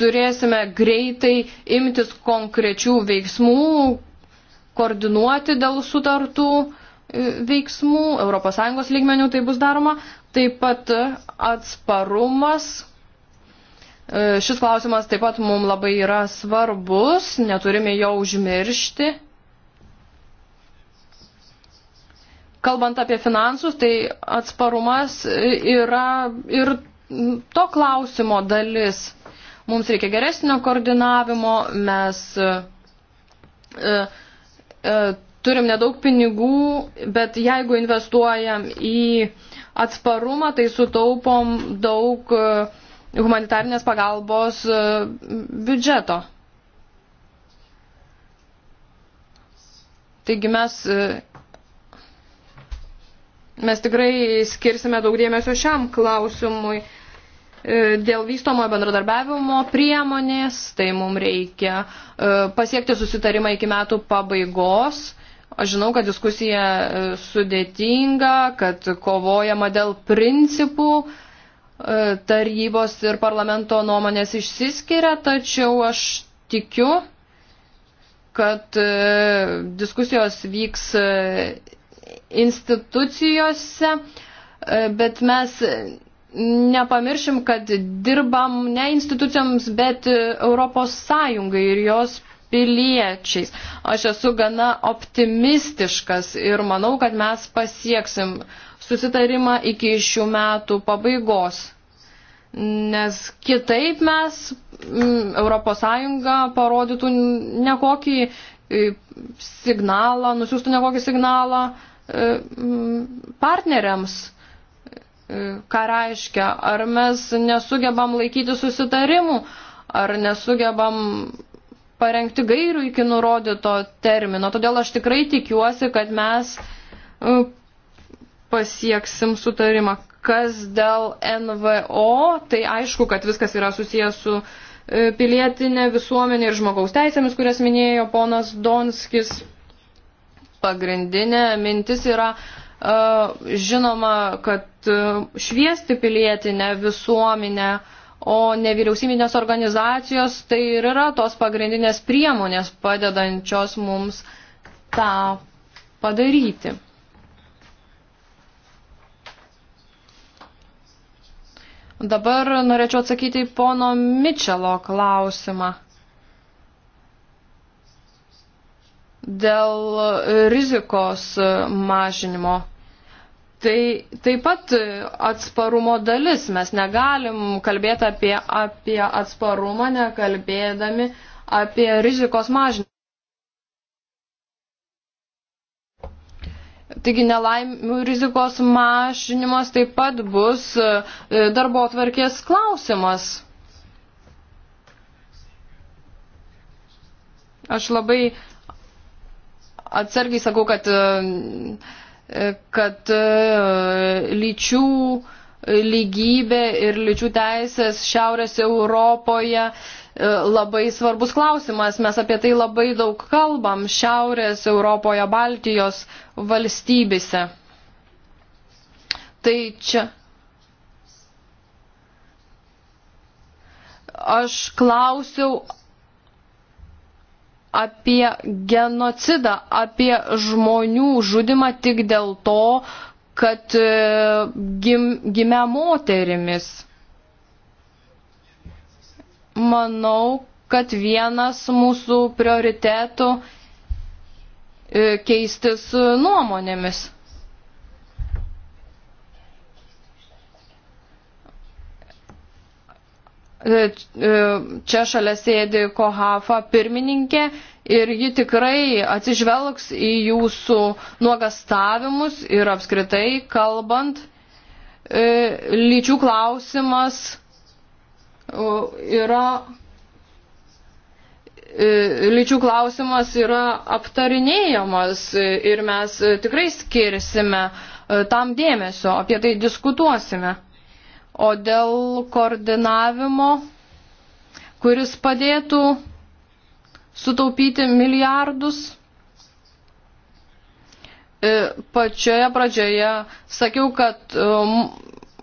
turėsime greitai imtis konkrečių veiksmų, koordinuoti dėl sutartų e, veiksmų, ES lygmenių tai bus daroma. Taip pat atsparumas. E, šis klausimas taip pat mums labai yra svarbus, neturime jo užmiršti. Kalbant apie finansus, tai atsparumas yra ir to klausimo dalis. Mums reikia geresnio koordinavimo, mes uh, E, turim nedaug pinigų, bet jeigu investuojam į atsparumą, tai sutaupom daug e, humanitarnės pagalbos e, biudžeto. Taigi mes, mes tikrai skirsime daug dėmesio šiam klausimui. E, dėl vystomojo bendradarbiavimo priemonės, tai mums reikia e, pasiekti susitarimą iki metų pabaigos. Aš žinau, kad diskusija e, sudėtinga, kad kovojama dėl principų, tarybos ir parlamento nuomonės išsiskiria, tačiau aš tikiu, kad diskusijos vyks institucijose, bet mes nepamiršim, kad dirbam ne institucijoms, bet Europos Sąjungai ir jos piliečiais. Aš esu gana optimistiškas ir manau, kad mes pasieksim susitarimą iki šių metų pabaigos. Nes kitaip mes, mm, Europos Sąjunga, parodytų nekokį e, signalą, nusiųstų nekokį signalą e, mm, partneriams ką reiškia, ar mes nesugebam laikyti susitarimų, ar nesugebam parengti gairių iki nurodyto termino. Todėl aš tikrai tikiuosi, kad mes e, pasieksim sutarimą. Kas dėl NVO, tai aišku, kad viskas yra susijęs su e, pilietinė visuomenė ir žmogaus teisėmis, kurias minėjo ponas Donskis. Pagrindinė mintis yra e, žinoma, kad E, šviesti pilietinę visuomenę, o nevyriausybinės organizacijos tai ir yra tos pagrindinės priemonės padedančios mums tą padaryti. Dabar norėčiau atsakyti į pono Mičelo klausimą. Dėl rizikos mažinimo. Tai taip pat e, atsparumo dalis. Mes negalim kalbėti apie, apie atsparumą, nekalbėdami apie rizikos mažinimą. Taigi nelaimių rizikos mažinimas taip pat bus e, e, darbo atvarkės klausimas. Aš labai atsargiai sakau, kad kad e, lyčių lygybė ir lyčių teisės Šiaurės Europoje e, labai svarbus klausimas. Mes apie tai labai daug kalbam Šiaurės Europoje, Baltijos valstybėse. Tai čia. Aš klausiau, apie genocidą, apie žmonių žudimą tik dėl to, kad e, gim, gimė moterimis. Manau, kad vienas mūsų prioritetų e, keistis nuomonėmis. E, e, čia šalia sėdi Kohafa pirmininkė ir ji tikrai atsižvelgs į jūsų nuogastavimus ir apskritai kalbant e, lyčių klausimas yra lyčių klausimas yra aptarinėjamas ir mes tikrai skirsime tam dėmesio, apie tai diskutuosime o dėl koordinavimo, kuris padėtų sutaupyti milijardus. E, pačioje pradžioje sakiau, kad e,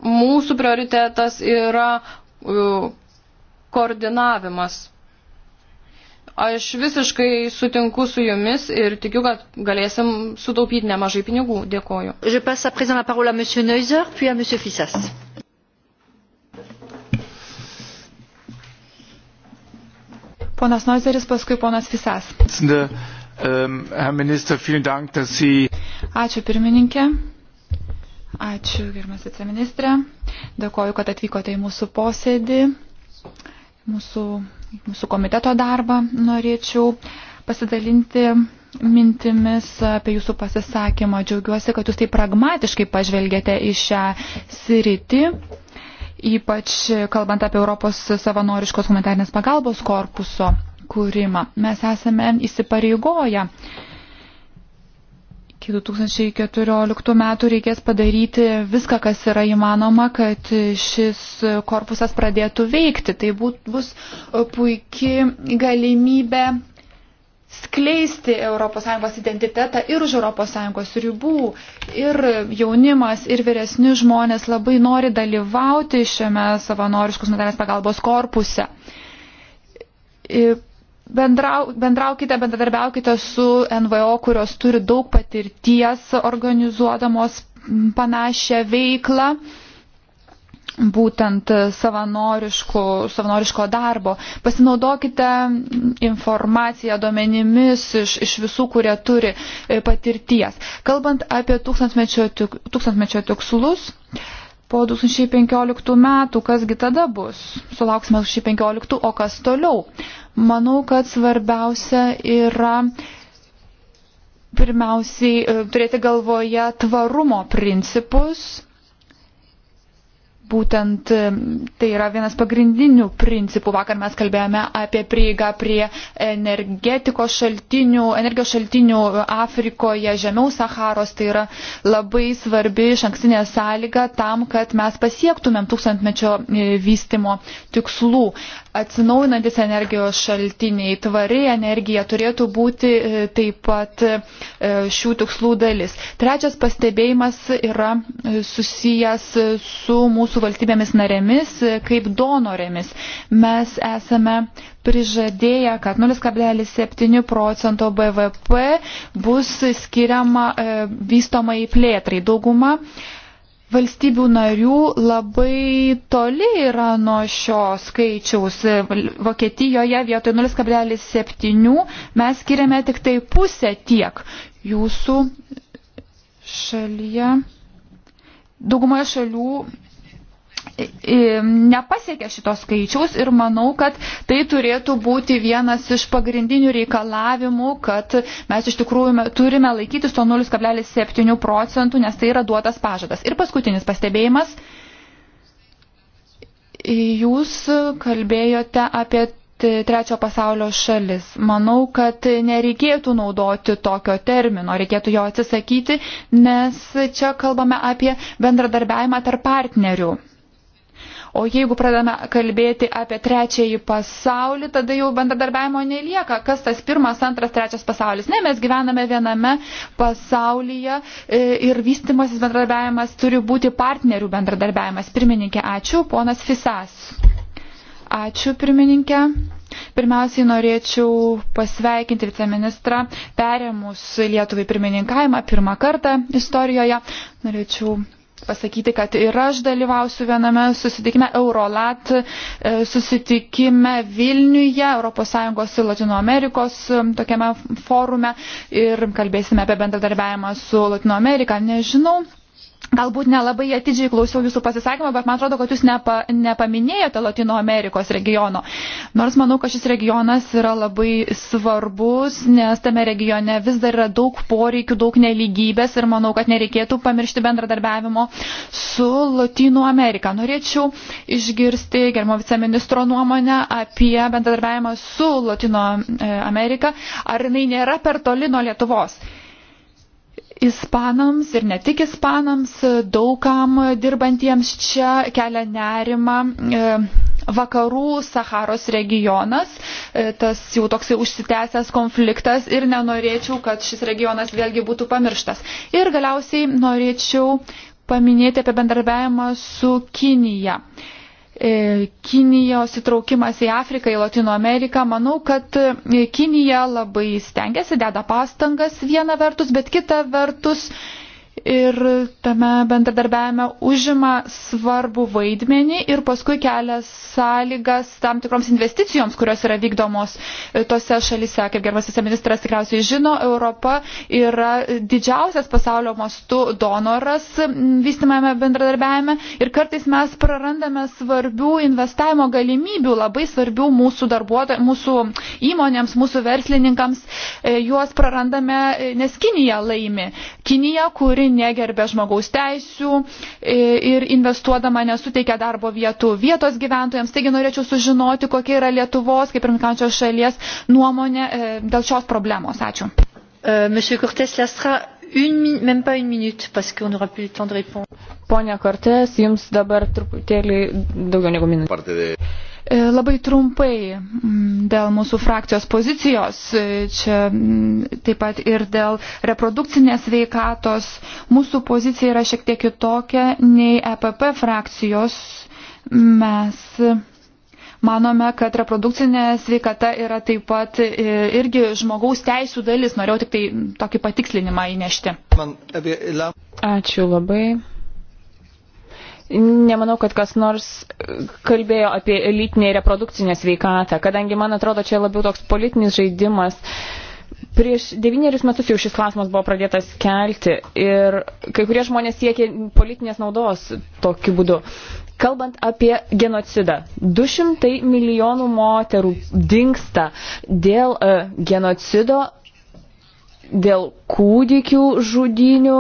mūsų prioritetas yra e, koordinavimas. Aš visiškai sutinku su jumis ir tikiu, kad galėsim sutaupyti nemažai pinigų. Dėkoju. Je passe à présent la parole à monsieur Neuser, puis à monsieur Fissas. Ponas Noizeris, paskui ponas Fisas. Ehm, Ačiū pirmininkė. Ačiū, gerbiamas viceministrė. Dėkoju, kad atvykote į mūsų posėdį, mūsų, mūsų komiteto darbą. Norėčiau pasidalinti mintimis apie jūsų pasisakymą. Džiaugiuosi, kad jūs taip pragmatiškai pažvelgėte į šią sritį ypač kalbant apie Europos savanoriškos humanitarnės pagalbos korpuso kūrimą. Mes esame įsipareigoję. Iki 2014 metų reikės padaryti viską, kas yra įmanoma, kad šis korpusas pradėtų veikti. Tai būt, bus puikia galimybė skleisti ES identitetą ir už ES ribų. Ir jaunimas, ir vyresni žmonės labai nori dalyvauti šiame savanoriškos nutarės pagalbos korpuse. Bendrau, bendraukite, bendradarbiaukite su NVO, kurios turi daug patirties organizuodamos panašią veiklą būtent savanoriško darbo. Pasinaudokite informaciją, duomenimis iš, iš visų, kurie turi e, patirties. Kalbant apie tūkstantmečio, tik, tūkstantmečio tikslus, po 2015 metų, kasgi tada bus? Sulauksime 2015, o kas toliau? Manau, kad svarbiausia yra pirmiausiai e, turėti galvoje tvarumo principus būtent e, tai yra vienas pagrindinių principų. Vakar mes kalbėjome apie prieigą prie energetikos šaltinių, energijos šaltinių Afrikoje, žemiau Saharos. Tai yra labai svarbi šankstinė sąlyga tam, kad mes pasiektumėm tūkstantmečio e, vystimo tikslų atsinaujinantis energijos šaltiniai, tvari energija turėtų būti e, taip pat e, šių tikslų dalis. Trečias pastebėjimas yra e, susijęs su mūsų valstybėmis narėmis kaip donorėmis. Mes esame prižadėję, kad 0,7 procento BVP bus skiriama vystomai plėtrai. Dauguma valstybių narių labai toli yra nuo šio skaičiaus. Vokietijoje vietoj 0,7 mes skiriame tik tai pusę tiek jūsų šalyje. Daugumoje šalių nepasiekė šitos skaičiaus ir manau, kad tai turėtų būti vienas iš pagrindinių reikalavimų, kad mes iš tikrųjų turime laikytis to 0,7 procentų, nes tai yra duotas pažadas. Ir paskutinis pastebėjimas. Jūs kalbėjote apie trečio pasaulio šalis. Manau, kad nereikėtų naudoti tokio termino, reikėtų jo atsisakyti, nes čia kalbame apie bendradarbiavimą tarp partnerių. O jeigu pradame kalbėti apie trečiąjį pasaulį, tada jau bendradarbiavimo nelieka. Kas tas pirmas, antras, trečias pasaulis? Ne, mes gyvename viename pasaulyje e, ir vystimasis bendradarbiavimas turi būti partnerių bendradarbiavimas. Pirmininkė, ačiū. Ponas Fisas. Ačiū, pirmininkė. Pirmiausiai norėčiau pasveikinti viceministrą, perėmus Lietuvai pirmininkavimą pirmą kartą istorijoje. Norėčiau pasakyti, kad ir aš dalyvausiu viename susitikime Eurolat e, susitikime Vilniuje, ES ir Latino Amerikos e, tokiame forume ir kalbėsime apie bendradarbiavimą su Latino Amerika. Nežinau, Galbūt nelabai atidžiai klausiau jūsų pasisakymą, bet man atrodo, kad jūs nepa, nepaminėjote Latino Amerikos regiono. Nors manau, kad šis regionas yra labai svarbus, nes tame regione vis dar yra daug poreikių, daug neligybės ir manau, kad nereikėtų pamiršti bendradarbiavimo su Latino Amerika. Norėčiau išgirsti germo viceministro nuomonę apie bendradarbiavimą su Latino e, Amerika. Ar jinai nėra per toli nuo Lietuvos? ispanams ir ne tik ispanams, daugam dirbantiems čia kelia nerima e, vakarų Saharos regionas, e, tas jau toksai užsitęsęs konfliktas ir nenorėčiau, kad šis regionas vėlgi būtų pamirštas. Ir galiausiai norėčiau paminėti apie bendarbiavimą su Kinija. E, E, Kinijos įtraukimas į Afriką, į Latino Ameriką. Manau, kad e, Kinija labai stengiasi, deda pastangas viena vertus, bet kita vertus ir tame bendradarbiavime užima svarbu vaidmenį ir paskui kelia sąlygas tam tikroms investicijoms, kurios yra vykdomos e, tose šalise. Kaip gerbasis ministras tikriausiai žino, Europa yra didžiausias pasaulio mastu donoras vystimame bendradarbiavime ir kartais mes prarandame svarbių investavimo galimybių, labai svarbių mūsų darbuotojams, mūsų įmonėms, mūsų verslininkams. E, juos prarandame, e, nes Kinija laimi. Kinija, kuri negerbė žmogaus teisių e, ir investuodama nesuteikia darbo vietų vietos gyventojams. Taigi norėčiau sužinoti, kokia yra Lietuvos, kaip ir minkančios šalies, nuomonė e, dėl šios problemos. Ačiū. E, Monsieur Cortés Lastra, une, même pas une minute, parce qu'on n'aura plus le temps de répondre. Pone Cortés, jums dabar truputėlį daugiau negu minutė. E, labai trumpai dėl mūsų frakcijos pozicijos, e, čia taip pat ir dėl reprodukcinės veikatos. Mūsų pozicija yra šiek tiek kitokia nei EPP frakcijos. Mes manome, kad reprodukcinė sveikata yra taip pat e, irgi žmogaus teisų dalis. Norėjau tik tai tokį patikslinimą įnešti. Ačiū labai. Nemanau, kad kas nors e, kalbėjo apie lytinę ir reprodukcinę sveikatą, kadangi, man atrodo, čia labiau toks politinis žaidimas. Prieš devynerius metus jau šis klausimas buvo pradėtas kelti ir kai kurie žmonės siekė politinės naudos tokiu būdu. Kalbant apie genocidą, 200 milijonų moterų dinksta dėl uh, genocido, dėl kūdikių žudinių,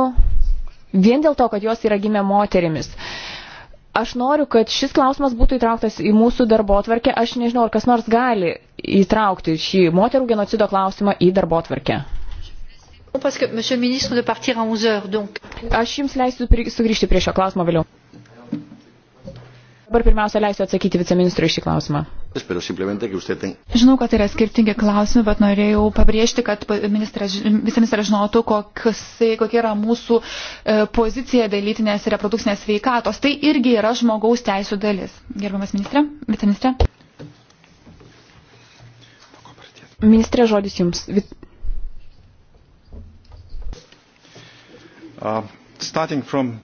vien dėl to, kad jos yra gimę moterimis. Uh, Aš noriu, kad šis klausimas būtų įtrauktas į mūsų darbo atvarkę. Aš nežinau, ar kas nors gali įtraukti šį moterų genocido klausimą į darbo atvarkę. Aš jums leisiu sugrįžti prie šio klausimo vėliau. Dabar pirmiausia leisiu atsakyti viceministrui šį klausimą. Žinau, kad yra skirtingi klausimai, bet norėjau pabrėžti, kad viceministras žinotų, koks, kokia yra mūsų e, pozicija dėl lytinės ir reprodukcinės sveikatos. Tai irgi yra žmogaus teisų dalis. Gerbiamas ministrė, viceministrė. Ministrė, žodis jums. Uh, from...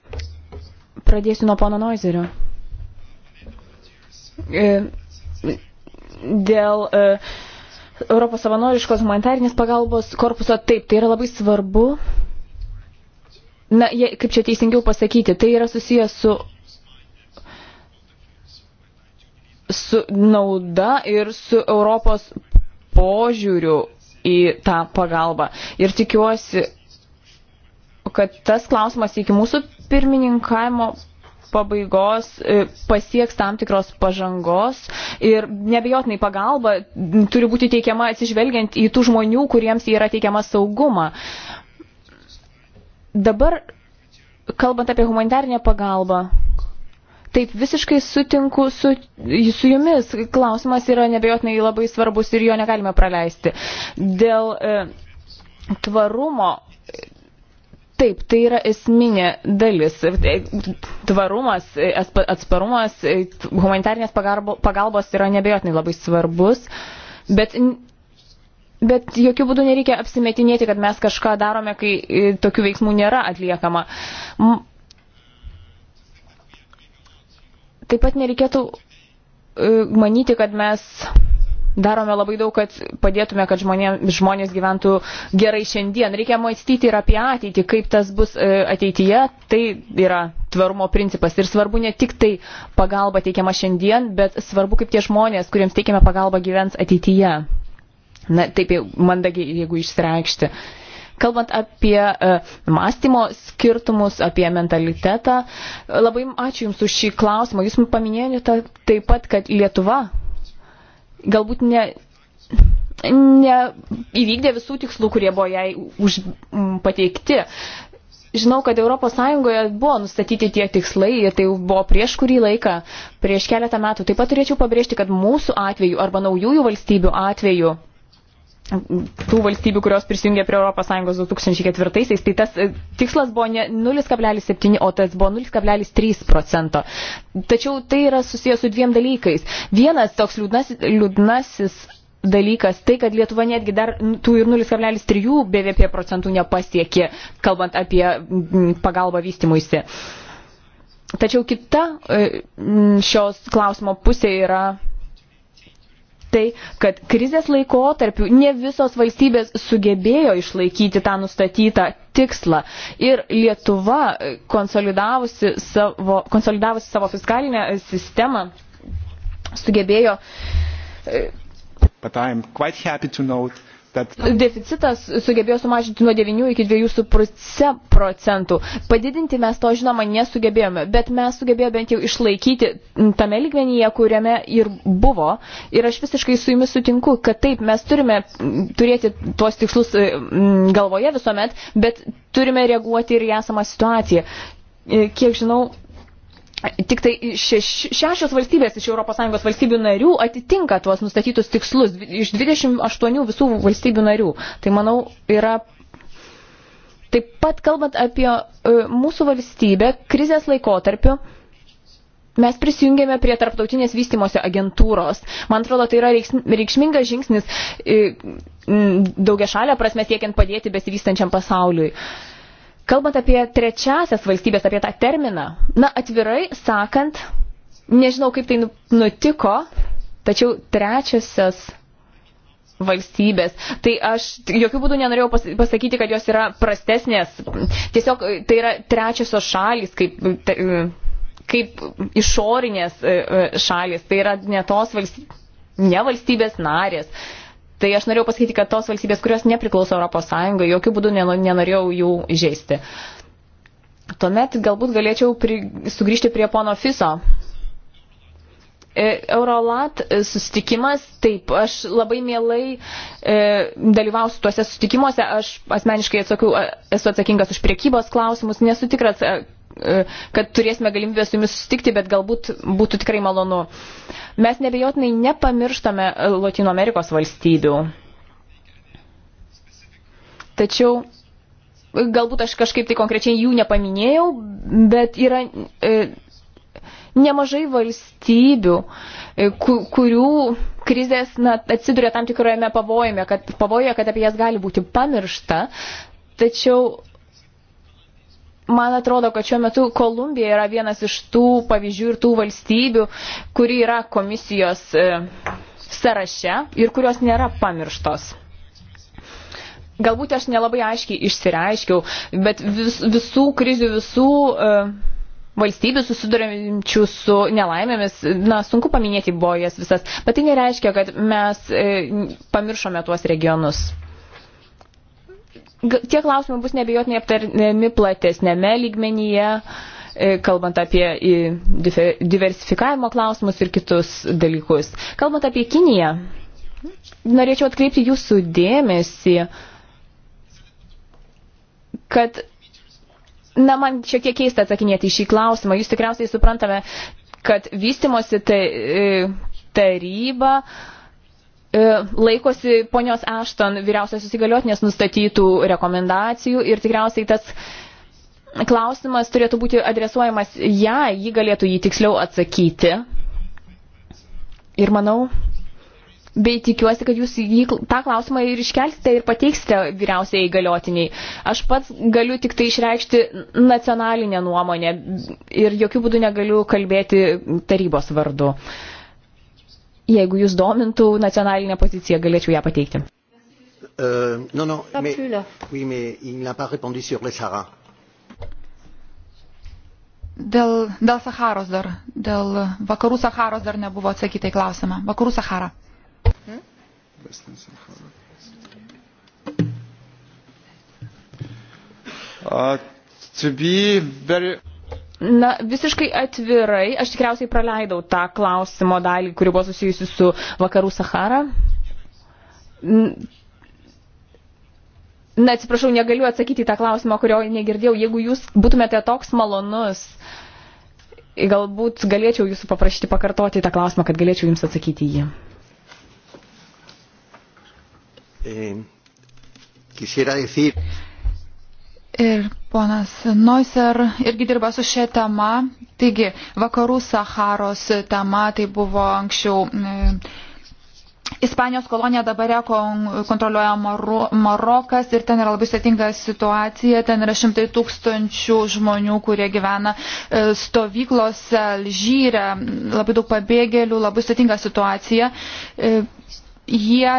Pradėsiu nuo pono Noizerio. E, dėl e, Europos savanoriškos humanitarinės pagalbos korpuso, taip, tai yra labai svarbu. Na, jie, kaip čia teisingiau pasakyti, tai yra susijęs su, su nauda ir su Europos požiūriu į tą pagalbą. Ir tikiuosi, kad tas klausimas iki mūsų pirmininkavimo pabaigos e, pasieks tam tikros pažangos ir nebejotinai pagalba turi būti teikiama atsižvelgiant į tų žmonių, kuriems yra teikiama saugumą. Dabar, kalbant apie humanitarinę pagalbą, Taip, visiškai sutinku su, su jumis. Klausimas yra nebejotinai labai svarbus ir jo negalime praleisti. Dėl e, tvarumo Taip, tai yra esminė dalis. Tvarumas, atsparumas, humanitarnės pagalbos yra nebejotinai labai svarbus, bet, bet jokių būdų nereikia apsimetinėti, kad mes kažką darome, kai e, tokių veiksmų nėra atliekama. Taip pat nereikėtų e, manyti, kad mes darome labai daug, kad padėtume, kad žmonė, žmonės gyventų gerai šiandien. Reikia mąstyti ir apie ateitį, kaip tas bus e, ateityje. Tai yra tvarumo principas. Ir svarbu ne tik tai pagalba teikiama šiandien, bet svarbu, kaip tie žmonės, kuriems teikiame pagalbą, gyvens ateityje. Na, taip jau mandagiai, jeigu išsireikšti. Kalbant apie e, mąstymo skirtumus, apie mentalitetą, labai ačiū Jums už šį klausimą. Jūs paminėjote taip pat, kad Lietuva galbūt ne, ne įvykdė visų tikslų, kurie buvo jai už, m, pateikti. Žinau, kad ES buvo nustatyti tie tikslai ir tai buvo prieš kurį laiką, prieš keletą metų. Taip pat turėčiau pabrėžti, kad mūsų atveju arba naujųjų valstybių atveju tų valstybių, kurios prisijungė prie ES 2004-aisiais, tai tas e, tikslas buvo ne 0,7, o tas buvo 0,3 procento. Tačiau tai yra susijęs su dviem dalykais. Vienas toks liūdnas, liūdnasis dalykas tai, kad Lietuva netgi dar tų ir 0,3 BVP procentų nepasiekė, kalbant apie pagalbą vystimuisi. Tačiau kita e, šios klausimo pusė yra tai, kad krizės laikotarpiu ne visos valstybės sugebėjo išlaikyti tą nustatytą tikslą. Ir Lietuva e, konsolidavusi savo, konsolidavusi savo fiskalinę e, sistemą sugebėjo. E, But I am quite happy to note that... Deficitas sugebėjo sumažinti nuo 9 iki 2,5 procentų. Padidinti mes to žinoma nesugebėjome, bet mes sugebėjome bent jau išlaikyti tame lygmenyje, kuriame ir buvo. Ir aš visiškai su jumis sutinku, kad taip, mes turime turėti tuos tikslus e, galvoje visuomet, bet turime reaguoti ir į esamą situaciją. E, kiek žinau, Tik tai šeš, šešios valstybės iš ES valstybių narių atitinka tuos nustatytus tikslus iš 28 visų valstybių narių. Tai manau yra taip pat kalbant apie e, mūsų valstybę krizės laikotarpiu. Mes prisijungėme prie tarptautinės vystimosi agentūros. Man atrodo, tai yra reikšmingas žingsnis e, daugia šalia prasme siekiant padėti besivystančiam pasauliui. Uh, Kalbant apie trečiasias valstybės, apie tą terminą, na, atvirai sakant, nežinau, kaip tai nu- nutiko, tačiau trečiasias valstybės. Tai aš jokių būdų nenorėjau pasakyti, kad jos yra prastesnės. Tiesiog e, tai yra trečiosios šalis, kaip, e, kaip išorinės e, šalis. Tai yra ne tos valstybės, ne valstybės narės. Tai aš norėjau pasakyti, kad tos valstybės, kurios nepriklauso Europos Sąjungai, jokių būdų nenorėjau jų žaisti. Tuomet galbūt galėčiau pri, sugrįžti prie pono Fiso. E, Eurolat e, susitikimas, taip, aš labai mielai e, dalyvausiu tuose susitikimuose, aš asmeniškai atsakiau, e, esu atsakingas už priekybos klausimus, nesu tikras, E, kad turėsime galimybę su jumis sustikti, bet galbūt būtų tikrai malonu. Mes nebejotinai nepamirštame e, Latino Amerikos valstybių. Tačiau e, galbūt aš kažkaip tai konkrečiai jų nepaminėjau, bet yra e, nemažai valstybių, e, kurių krizės na, atsiduria tam tikrojame pavojime, kad pavojoje, kad apie jas gali būti pamiršta. Tačiau Man atrodo, kad šiuo metu Kolumbija yra vienas iš tų pavyzdžių ir tų valstybių, kuri yra komisijos e, sąraše ir kurios nėra pamirštos. Galbūt aš nelabai aiškiai išsireiškiau, bet vis, visų krizių, visų uh, valstybių susiduriančių su nelaimėmis, na, sunku paminėti buvo jas visas, bet tai nereiškia, kad mes e, pamiršome tuos regionus. Tie klausimai bus nebejotinai aptarnami platesnėme lygmenyje, e, kalbant apie diversifikavimo klausimus ir kitus dalykus. Kalbant apie Kiniją, norėčiau atkreipti jūsų dėmesį, kad Na, man šiek tiek keista atsakinėti į šį klausimą. Jūs tikriausiai suprantame, kad vystimosi tai, taryba uh, E, laikosi ponios Ašton vyriausiosios įgaliotinės nustatytų rekomendacijų ir tikriausiai tas klausimas turėtų būti adresuojamas ją, ja, ji galėtų jį tiksliau atsakyti. Ir manau, bei tikiuosi, kad jūs jį, tą klausimą ir iškelsite ir pateiksite vyriausiai įgaliotiniai. Aš pats galiu tik tai išreikšti nacionalinę nuomonę ir jokių būdų negaliu kalbėti tarybos vardu. Uh, Jeigu jūs domintų nacionalinę poziciją, galėčiau ją pateikti. Uh, non, non, mais, oui, mais il n'a pas répondu sur le Sahara. Dėl, dėl Saharos dar, dėl vakarų Saharos dar nebuvo atsakyta į klausimą. Vakarų Sahara. Hmm? Uh, to be very Na, visiškai atvirai, aš tikriausiai praleidau tą klausimo dalį, kuri buvo susijusi su vakarų Sahara. Na, atsiprašau, negaliu atsakyti į tą klausimą, kurio negirdėjau. Jeigu jūs būtumėte toks malonus, galbūt galėčiau jūsų paprašyti pakartoti tą klausimą, kad galėčiau jums atsakyti jį. E, quisiera decir... Ir ponas Noiser irgi dirba su šia tema. Taigi, vakarų Saharos tema tai buvo anksčiau. Mm, Ispanijos kolonija dabar kontroliuoja Maru, Marokas ir ten yra labai sėtinga situacija. Ten yra šimtai tūkstančių žmonių, kurie gyvena e, stovyklose, Alžyre, labai daug pabėgėlių, labai sėtinga situacija. E, jie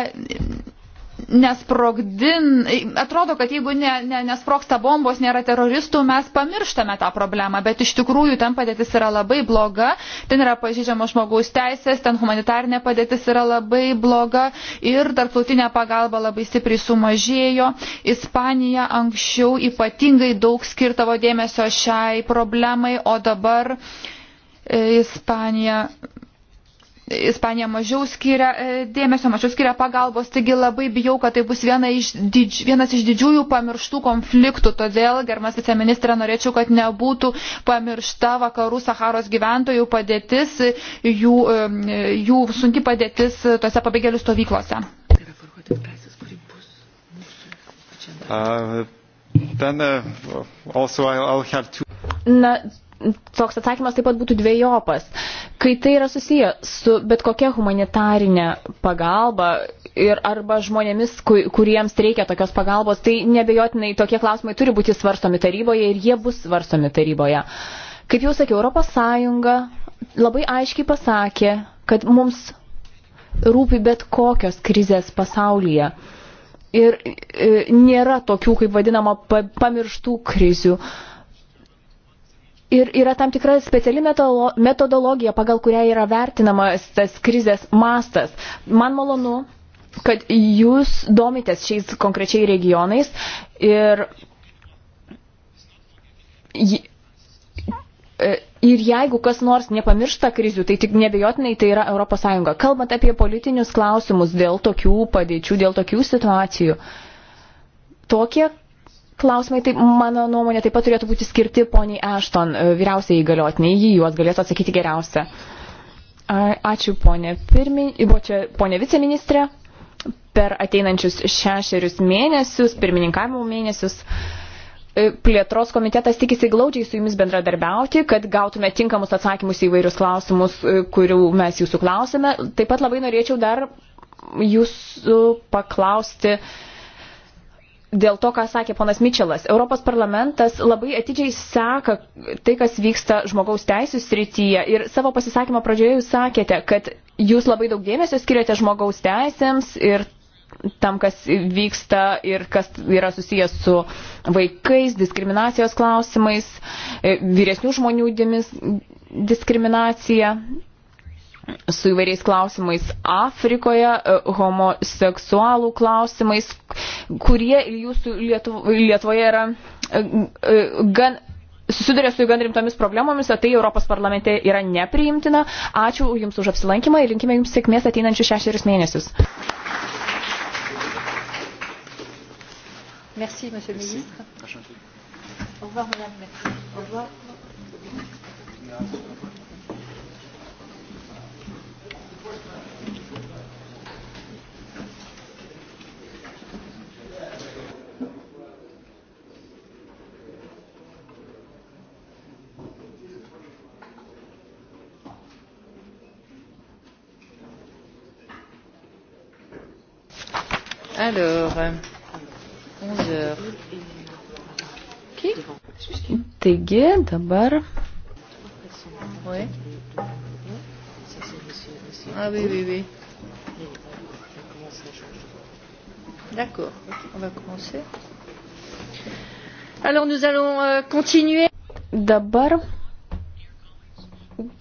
nesprogdin, atrodo, kad jeigu ne, ne, nesproksta bombos, nėra teroristų, mes pamirštame tą problemą, bet iš tikrųjų ten padėtis yra labai bloga, ten yra pažydžiama žmogaus teisės, ten humanitarinė padėtis yra labai bloga ir tarptautinė pagalba labai stipriai sumažėjo. Ispanija anksčiau ypatingai daug skirtavo dėmesio šiai problemai, o dabar e, Ispanija Ispanija mažiau skiria e, dėmesio, mažiau skiria pagalbos, taigi labai bijau, kad tai bus viena iš didž, vienas iš didžiųjų pamirštų konfliktų. Todėl, germas viceministrė, norėčiau, kad nebūtų pamiršta vakarų Saharos gyventojų padėtis, jų, e, jų sunki padėtis tose pabėgėlių stovyklose. Uh, then, uh, also I'll have two... Na, toks atsakymas taip pat būtų dviejopas. Kai tai yra susiję su bet kokia humanitarinė pagalba ir arba žmonėmis, kuriems reikia tokios pagalbos, tai nebejotinai tokie klausimai turi būti svarstomi taryboje ir jie bus svarstomi taryboje. Kaip jau sakiau, Europos Sąjunga labai aiškiai pasakė, kad mums rūpi bet kokios krizės pasaulyje. Ir e, nėra tokių, kaip vadinama, pamirštų krizių. Uh, Ir yra tam tikra speciali metodologija, pagal kurią yra vertinamas tas krizės mastas. Man malonu, kad jūs domitės šiais konkrečiai regionais ir, e, ir jeigu kas nors nepamiršta krizių, tai tik nebejotinai tai yra ES. Kalbant apie politinius klausimus dėl tokių padėčių, dėl tokių situacijų, tokie Klausimai, taip, mano nuomonė, taip pat turėtų būti skirti poniai Ashton, e, vyriausiai įgaliotiniai, jį juos galėtų atsakyti geriausia. Ačiū, ponė, pirmin... čia, ponė viceministrė. Per ateinančius šešerius mėnesius, pirmininkavimo mėnesius, e, plėtros komitetas tikisi glaudžiai su jumis bendradarbiauti, kad gautume tinkamus atsakymus į vairius klausimus, e, kurių mes jūsų klausime. Taip pat labai norėčiau dar jūsų paklausti dėl to, ką sakė ponas Mičelas. Europos parlamentas labai atidžiai seka tai, kas vyksta žmogaus teisų srityje. Ir savo pasisakymo pradžioje jūs sakėte, kad jūs labai daug dėmesio skiriate žmogaus teisėms ir tam, kas vyksta ir kas yra susijęs su vaikais, diskriminacijos klausimais, vyresnių žmonių dimis, diskriminacija su įvairiais klausimais Afrikoje, e, homoseksualų klausimais, kurie jūsų Lietuvo, Lietuvoje yra e, e, gan susiduria su gan rimtomis problemomis, o tai Europos parlamente yra nepriimtina. Ačiū Jums už apsilankymą ir linkime Jums sėkmės ateinančius šešerius mėnesius. Merci, Monsieur le Ministre. Au revoir, Madame. Merci. Au revoir. Alors, 11 heures. Okay. Taigi, dabar. Oui. Ah oui, oui, oui. D'accord, on va commencer. Alors, nous allons euh, continuer. Dabar,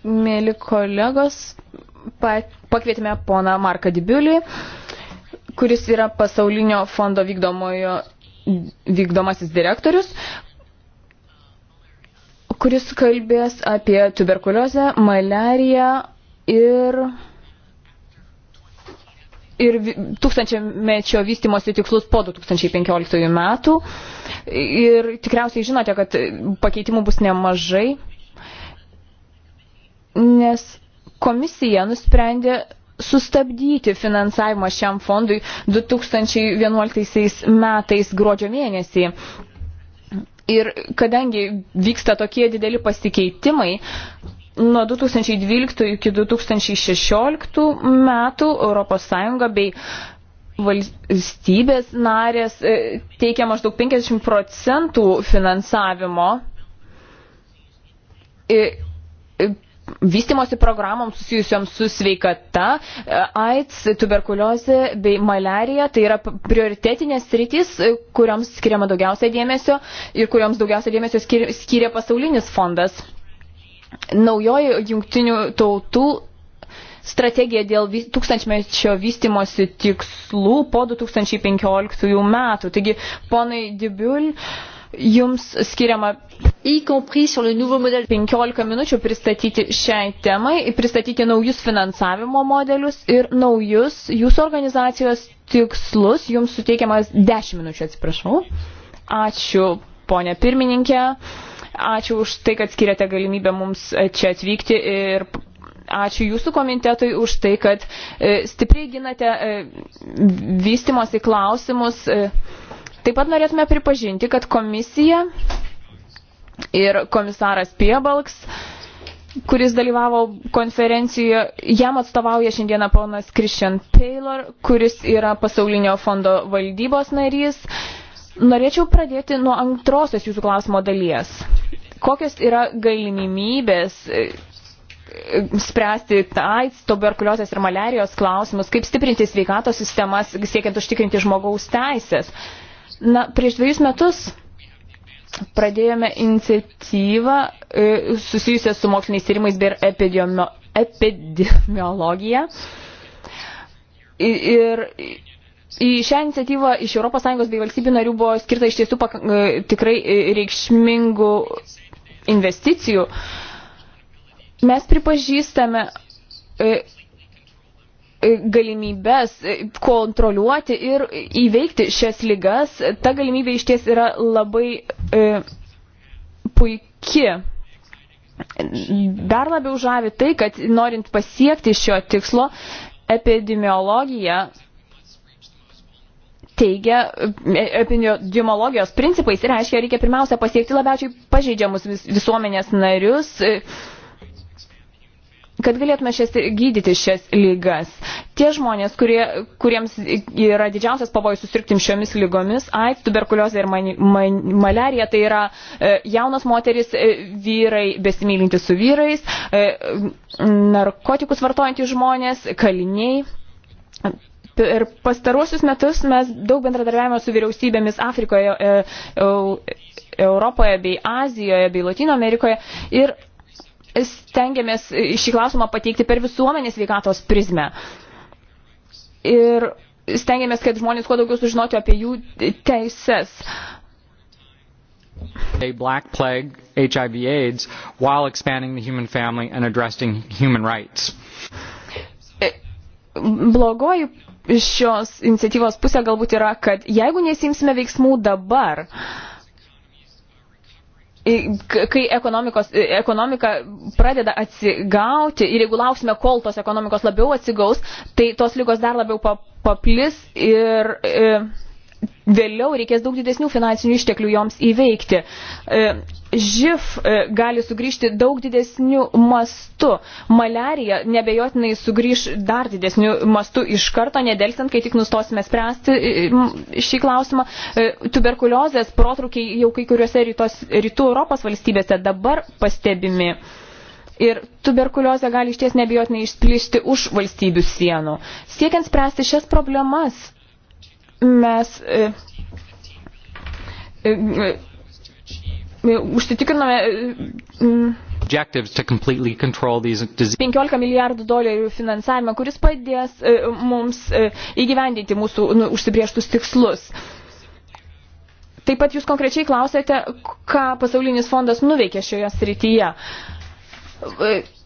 mėly kolegos, pakvietėme poną Marką Dibiulį kuris yra pasaulinio fondo vykdomojo, vykdomasis direktorius, kuris kalbės apie tuberkuliozę, malariją ir, ir tūkstančiamečio vystimosi tikslus po 2015 metų. Ir tikriausiai žinote, kad pakeitimų bus nemažai, nes komisija nusprendė sustabdyti finansavimą šiam fondui 2011 metais gruodžio mėnesį. Ir kadangi vyksta tokie dideli pasikeitimai, nuo 2012 iki 2016 metų ES bei valstybės narės e, teikia maždaug 50 procentų finansavimo e, e, vystimosi programom susijusiom su sveikata, e, AIDS, tuberkuliozė bei malerija. Tai yra prioritetinės rytis, e, kuriams skiriama daugiausia dėmesio ir kuriams daugiausia dėmesio skiria pasaulinis fondas. Naujoji jungtinių tautų strategija dėl tūkstančmečio vystimosi tikslų po 2015 metų. Taigi, ponai Dibiul, uh, jums skiriama 15 minučių pristatyti šiai temai, pristatyti naujus finansavimo modelius ir naujus jūsų organizacijos tikslus. Jums suteikiamas 10 minučių, atsiprašau. Ačiū, ponė pirmininkė. Ačiū už tai, kad skiriate galimybę mums čia atvykti ir ačiū jūsų komitetui už tai, kad e, stipriai ginate e, vystimosi klausimus e, Taip pat norėtume pripažinti, kad komisija ir komisaras Piebalks kuris dalyvavo konferencijoje, jam atstovauja šiandieną ponas Christian Taylor, kuris yra pasaulinio fondo valdybos narys. Norėčiau pradėti nuo antrosios jūsų klausimo dalies. Kokios yra galimybės e, e, spręsti AIDS, tuberkuliozės ir malerijos klausimus, kaip stiprinti sveikatos sistemas, siekiant užtikrinti žmogaus teisės? Na, prieš dviejus metus pradėjome iniciatyvą e, susijusią su moksliniais tyrimais bei epidemio, epidemiologija. Ir į šią iniciatyvą iš ES bei valstybių narių buvo skirta iš tiesų pak, e, tikrai e, reikšmingų investicijų. Mes pripažįstame galimybės kontroliuoti ir įveikti šias lygas, ta galimybė iš ties yra labai e, puiki. Dar labiau žavi tai, kad norint pasiekti šio tikslo, epidemiologija teigia e, epidemiologijos principais reiškia, reikia pirmiausia pasiekti labiausiai pažeidžiamus visuomenės narius, e, kad galėtume šias, gydyti šias lygas. Tie žmonės, kurie, kuriems yra didžiausias pavojus susirgtim šiomis lygomis, AIDS, tuberkuliozė ir man, man, malerija, tai yra e, jaunos moteris, e, vyrai besimylintys su vyrais, e, narkotikus vartojantys žmonės, kaliniai. Per pastaruosius metus mes daug bendradarbiavimo su vyriausybėmis Afrikoje, e, e, Europoje bei Azijoje bei Latino Amerikoje ir stengiamės šį klausimą pateikti per visuomenės veikatos prizmę. Ir stengiamės, kad žmonės kuo daugiau sužinoti apie jų teises. A black plague, HIV AIDS, while expanding the human family and addressing human rights. E, blogoji šios iniciatyvos pusė galbūt yra, kad jeigu nesimsime veiksmų dabar, uh, kai e, ekonomika pradeda atsigauti ir jeigu lauksime, kol tos ekonomikos labiau atsigaus, tai tos lygos dar labiau paplis ir, ir e, vėliau reikės daug didesnių finansinių išteklių joms įveikti. E, ŽIF e, gali sugrįžti daug didesnių mastų. Malerija nebejotinai sugrįž dar didesnių mastų iš karto, nedelsant, kai tik nustosime spręsti e, šį klausimą. Tuberkuliozės protrukiai jau kai kuriuose rytos, rytų Europos valstybėse dabar pastebimi. Ir tuberkuliozė gali išties nebijotinai išplišti už valstybių sienų. Siekiant spręsti šias problemas, mes e, e, e, užsitikrinome 15 milijardų dolerių finansavimą, kuris padės mums įgyvendinti mūsų nu, užsibrieštus tikslus. Taip pat jūs konkrečiai klausėte, ką pasaulinis fondas nuveikė šioje srityje.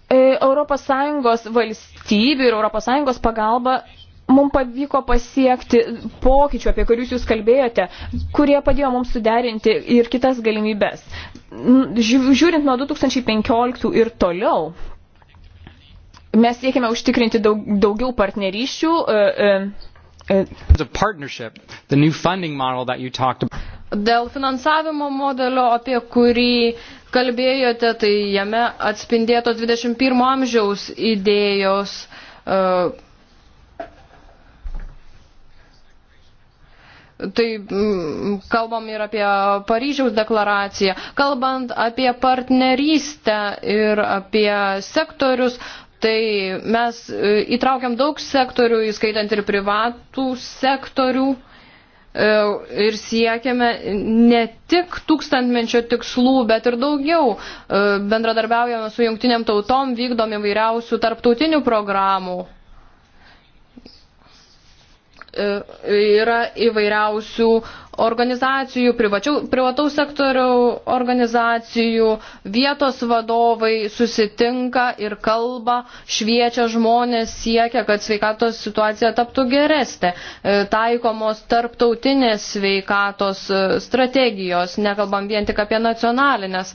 Europos Sąjungos valstybių ir Europos Sąjungos pagalba mums pavyko pasiekti pokyčių, apie kurius jūs kalbėjote, kurie padėjo mums suderinti ir kitas galimybės. Žiūrint nuo 2015 ir toliau, mes siekime užtikrinti daug, daugiau partnerysčių. E, e, e. Dėl finansavimo modelio, apie kurį kalbėjote, tai jame atspindėtos 21 amžiaus idėjos uh, Tai mm, kalbam ir apie Paryžiaus deklaraciją, kalbant apie partnerystę ir apie sektorius, tai mes e, įtraukiam daug sektorių, įskaitant ir privatų sektorių e, ir siekiame ne tik tūkstantmečio tikslų, bet ir daugiau. E, bendradarbiaujame su jungtiniam tautom, vykdom įvairiausių tarptautinių programų. E, yra įvairiausių organizacijų, privačiau, privataus sektorių organizacijų, vietos vadovai susitinka ir kalba, šviečia žmonės, siekia, kad sveikatos situacija taptų geresnė. E, taikomos tarptautinės sveikatos e, strategijos, nekalbam vien tik apie nacionalinės.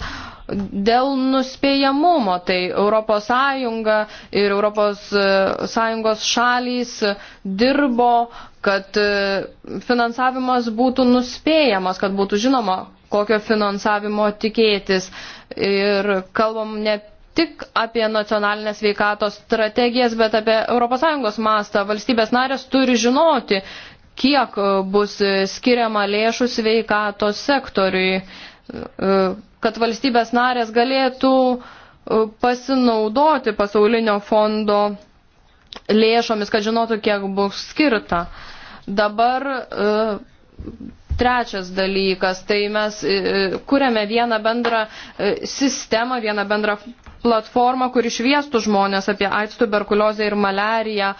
Dėl nuspėjamumo, tai ES ir ES šalys dirbo kad e, finansavimas būtų nuspėjamas, kad būtų žinoma, kokio finansavimo tikėtis. Ir kalbam ne tik apie nacionalinės veikatos strategijas, bet apie ES mastą. Valstybės narės turi žinoti, kiek e, bus skiriama lėšų sveikatos sektoriui, e, kad valstybės narės galėtų pasinaudoti pasaulinio fondo lėšomis, kad žinotų, kiek bus skirta. Uh, Dabar e, trečias dalykas, tai mes e, e, kuriame vieną bendrą sistemą, vieną bendrą platformą, kuri šviestų žmonės apie AIDS, tuberkuliozę ir malariją.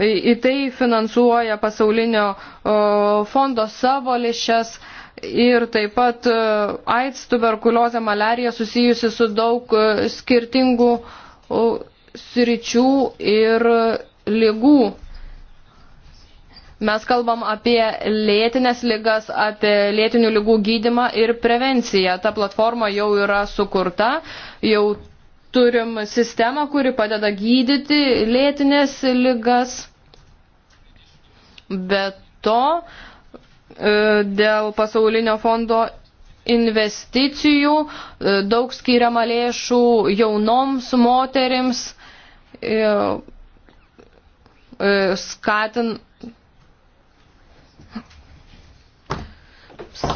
Į tai finansuoja pasaulinio fondo savo lėšas ir taip pat AIDS, tuberkuliozė, malarija susijusi su daug skirtingų sričių ir lygų. Mes kalbam apie lėtinės ligas, apie lėtinių lygų gydimą ir prevenciją. Ta platforma jau yra sukurta, jau turim sistemą, kuri padeda gydyti lėtinės ligas. Be to, e, dėl pasaulinio fondo investicijų e, daug skiriama lėšų jaunoms moterims e, skatin, dirbs.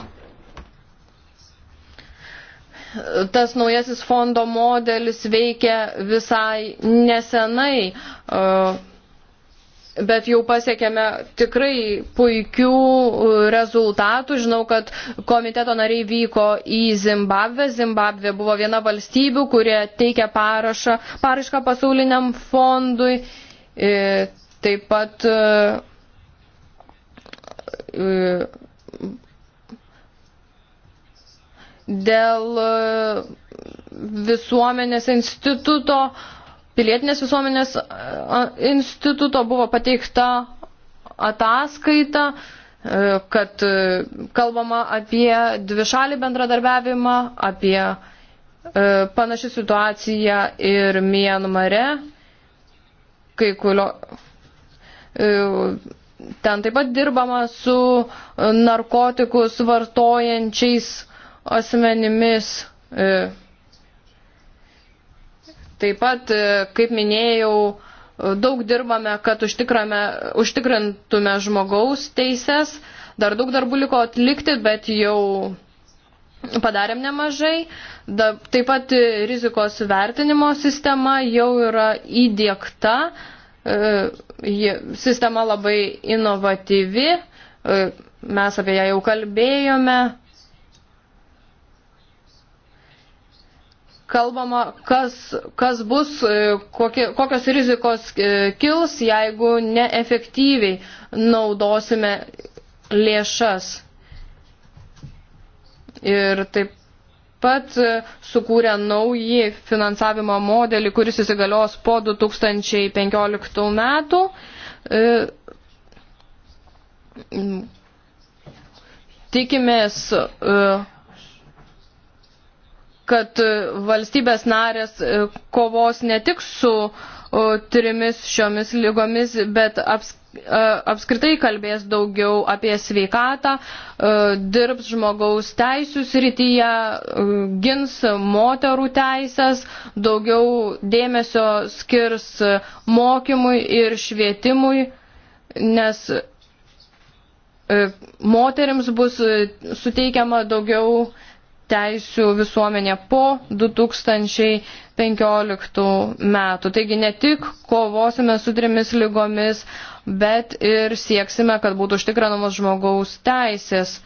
Tas naujasis fondo modelis veikia visai nesenai, e, bet jau pasiekėme tikrai puikių e, rezultatų. Žinau, kad komiteto nariai vyko į Zimbabvę. Zimbabvė buvo viena valstybių, kurie teikia parašą, parašką pasauliniam fondui. E, taip pat dėl e, visuomenės instituto, pilietinės visuomenės e, instituto buvo pateikta ataskaita, e, kad kalbama apie dvišalį bendradarbiavimą, apie panaši situacija ir Mienmare, kai kurio ten taip pat dirbama su narkotikus vartojančiais asmenimis. E, taip pat, e, kaip minėjau, daug dirbame, kad užtikrintume žmogaus teises. Dar daug darbų liko atlikti, bet jau padarėm nemažai. Da, taip pat rizikos vertinimo sistema jau yra įdėkta. E, sistema labai inovatyvi. E, mes apie ją jau kalbėjome. kalbama, kas, kas bus, e, kokie, kokios rizikos e, kils, jeigu neefektyviai naudosime lėšas. Ir taip pat e, sukūrė naują finansavimo modelį, kuris įsigalios po 2015 metų. Tikimės uh, kad e, valstybės narės e, kovos ne tik su e, trimis šiomis lygomis, bet apskritai kalbės daugiau apie sveikatą, dirbs žmogaus teisų srityje, gins moterų teisės, daugiau dėmesio skirs mokymui ir švietimui, nes moterims bus suteikiama daugiau teisių visuomenė po 2015 metų. Taigi ne tik kovosime su trimis lygomis, bet ir sieksime, kad būtų užtikrinamos žmogaus teisės.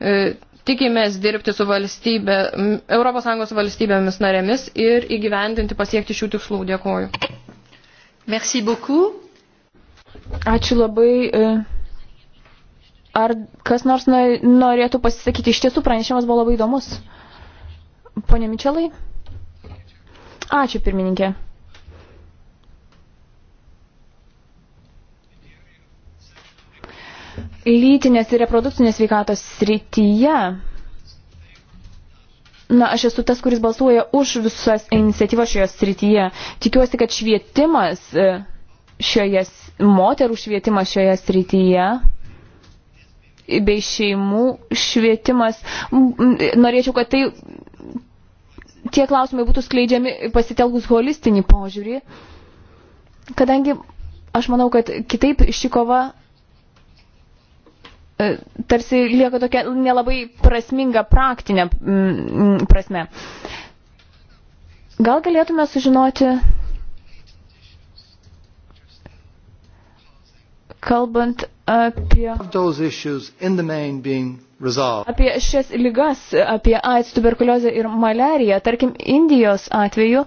E, tikimės dirbti su valstybė, ES valstybėmis narėmis ir įgyvendinti pasiekti šių tikslų. Dėkoju. Merci beaucoup. Ačiū labai. E, Ar kas nors norėtų pasisakyti? Iš tiesų pranešimas buvo labai įdomus. Pone Mičelai? Ačiū, pirmininkė. Lytinės ir reprodukcinės sveikatos srityje. Na, aš esu tas, kuris balsuoja už visas iniciatyvas šioje srityje. Tikiuosi, kad švietimas e, šioje, moterų švietimas šioje srityje bei šeimų švietimas. Norėčiau, kad tai tie klausimai būtų skleidžiami pasitelkus holistinį požiūrį, kadangi aš manau, kad kitaip ši kova e, tarsi lieka tokia nelabai prasminga praktinė prasme. Gal galėtume sužinoti, kalbant apie, apie šias lygas, apie AIDS, tuberkuliozę ir malariją. Tarkim, Indijos atveju,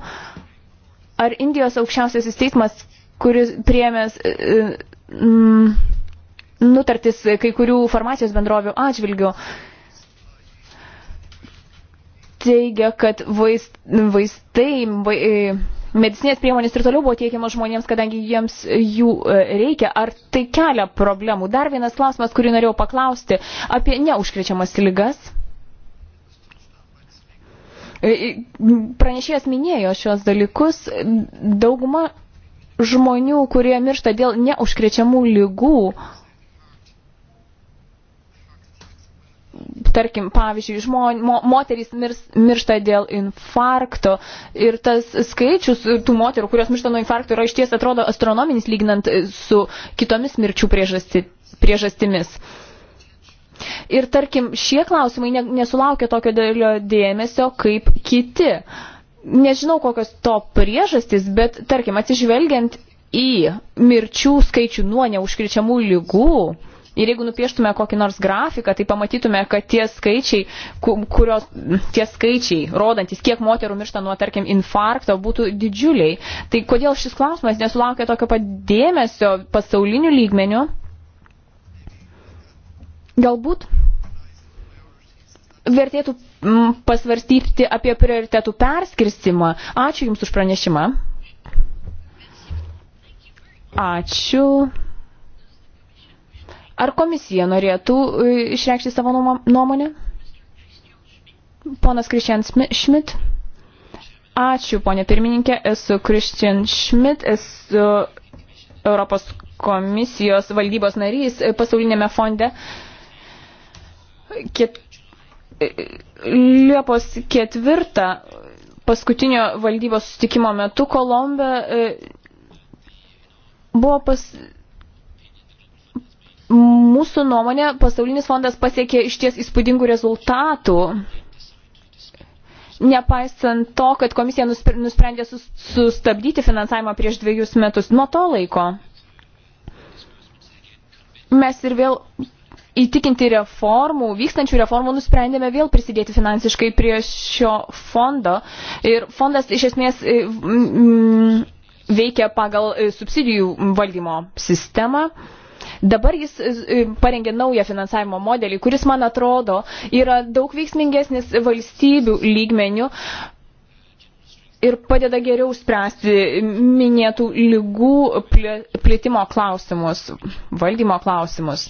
ar Indijos aukščiausiasis teismas, kuris priemės mm, e, e, nutartis kai kurių farmacijos bendrovių atžvilgių, teigia, kad vaist, vaistai, vai, e, medicinės priemonės ir toliau buvo tiekiamas žmonėms, kadangi jiems e, jų e, reikia. Ar tai kelia problemų? Dar vienas klausimas, kurį norėjau paklausti apie neužkrečiamas lygas. E, pranešėjas minėjo šios dalykus. Dauguma žmonių, kurie miršta dėl neužkrečiamų lygų, tarkim, pavyzdžiui, žmon, mo, moterys mirs, miršta dėl infarkto ir tas skaičius tų moterų, kurios miršta nuo infarkto, yra išties atrodo astronominis lyginant su kitomis mirčių priežasti, priežastimis. Ir tarkim, šie klausimai ne, nesulaukia tokio dėlio dėmesio kaip kiti. Nežinau, kokios to priežastys, bet tarkim, atsižvelgiant į mirčių skaičių nuo neužkričiamų lygų, Ir jeigu nupieštume kokį nors grafiką, tai pamatytume, kad tie skaičiai, kurios, tie skaičiai, rodantis, kiek moterų miršta nuo, tarkim, infarkto, būtų didžiuliai. Tai kodėl šis klausimas nesulaukia tokio pat dėmesio pasauliniu lygmeniu? Galbūt vertėtų mm, pasvarstyti apie prioritetų perskirstimą. Ačiū Jums už pranešimą. Ačiū. Ar komisija norėtų e, išreikšti savo nuomonę? Ponas Kristian Schmidt. Ačiū, ponė pirmininkė. Esu Kristian Schmidt, esu e, Europos komisijos valdybos narys e, pasaulinėme fonde. Ket... Liepos ketvirtą paskutinio valdybos sustikimo metu Kolombe buvo pas Mūsų nuomonė, pasaulinis fondas pasiekė išties įspūdingų rezultatų nepaisant to, kad komisija nusprendė sustabdyti finansavimą prieš dviejus metus nuo to laiko. Mes ir vėl įtikinti reformų, vykstančių reformų nusprendėme vėl prisidėti finansiškai prie šio fondo. Ir fondas iš esmės e, veikia pagal e, subsidijų valdymo sistemą. Dabar jis e, e, parengė naują finansavimo modelį, kuris, man atrodo, yra daug veiksmingesnis valstybių lygmenių ir padeda geriau spręsti minėtų lygų plėtimo klausimus, valdymo klausimus.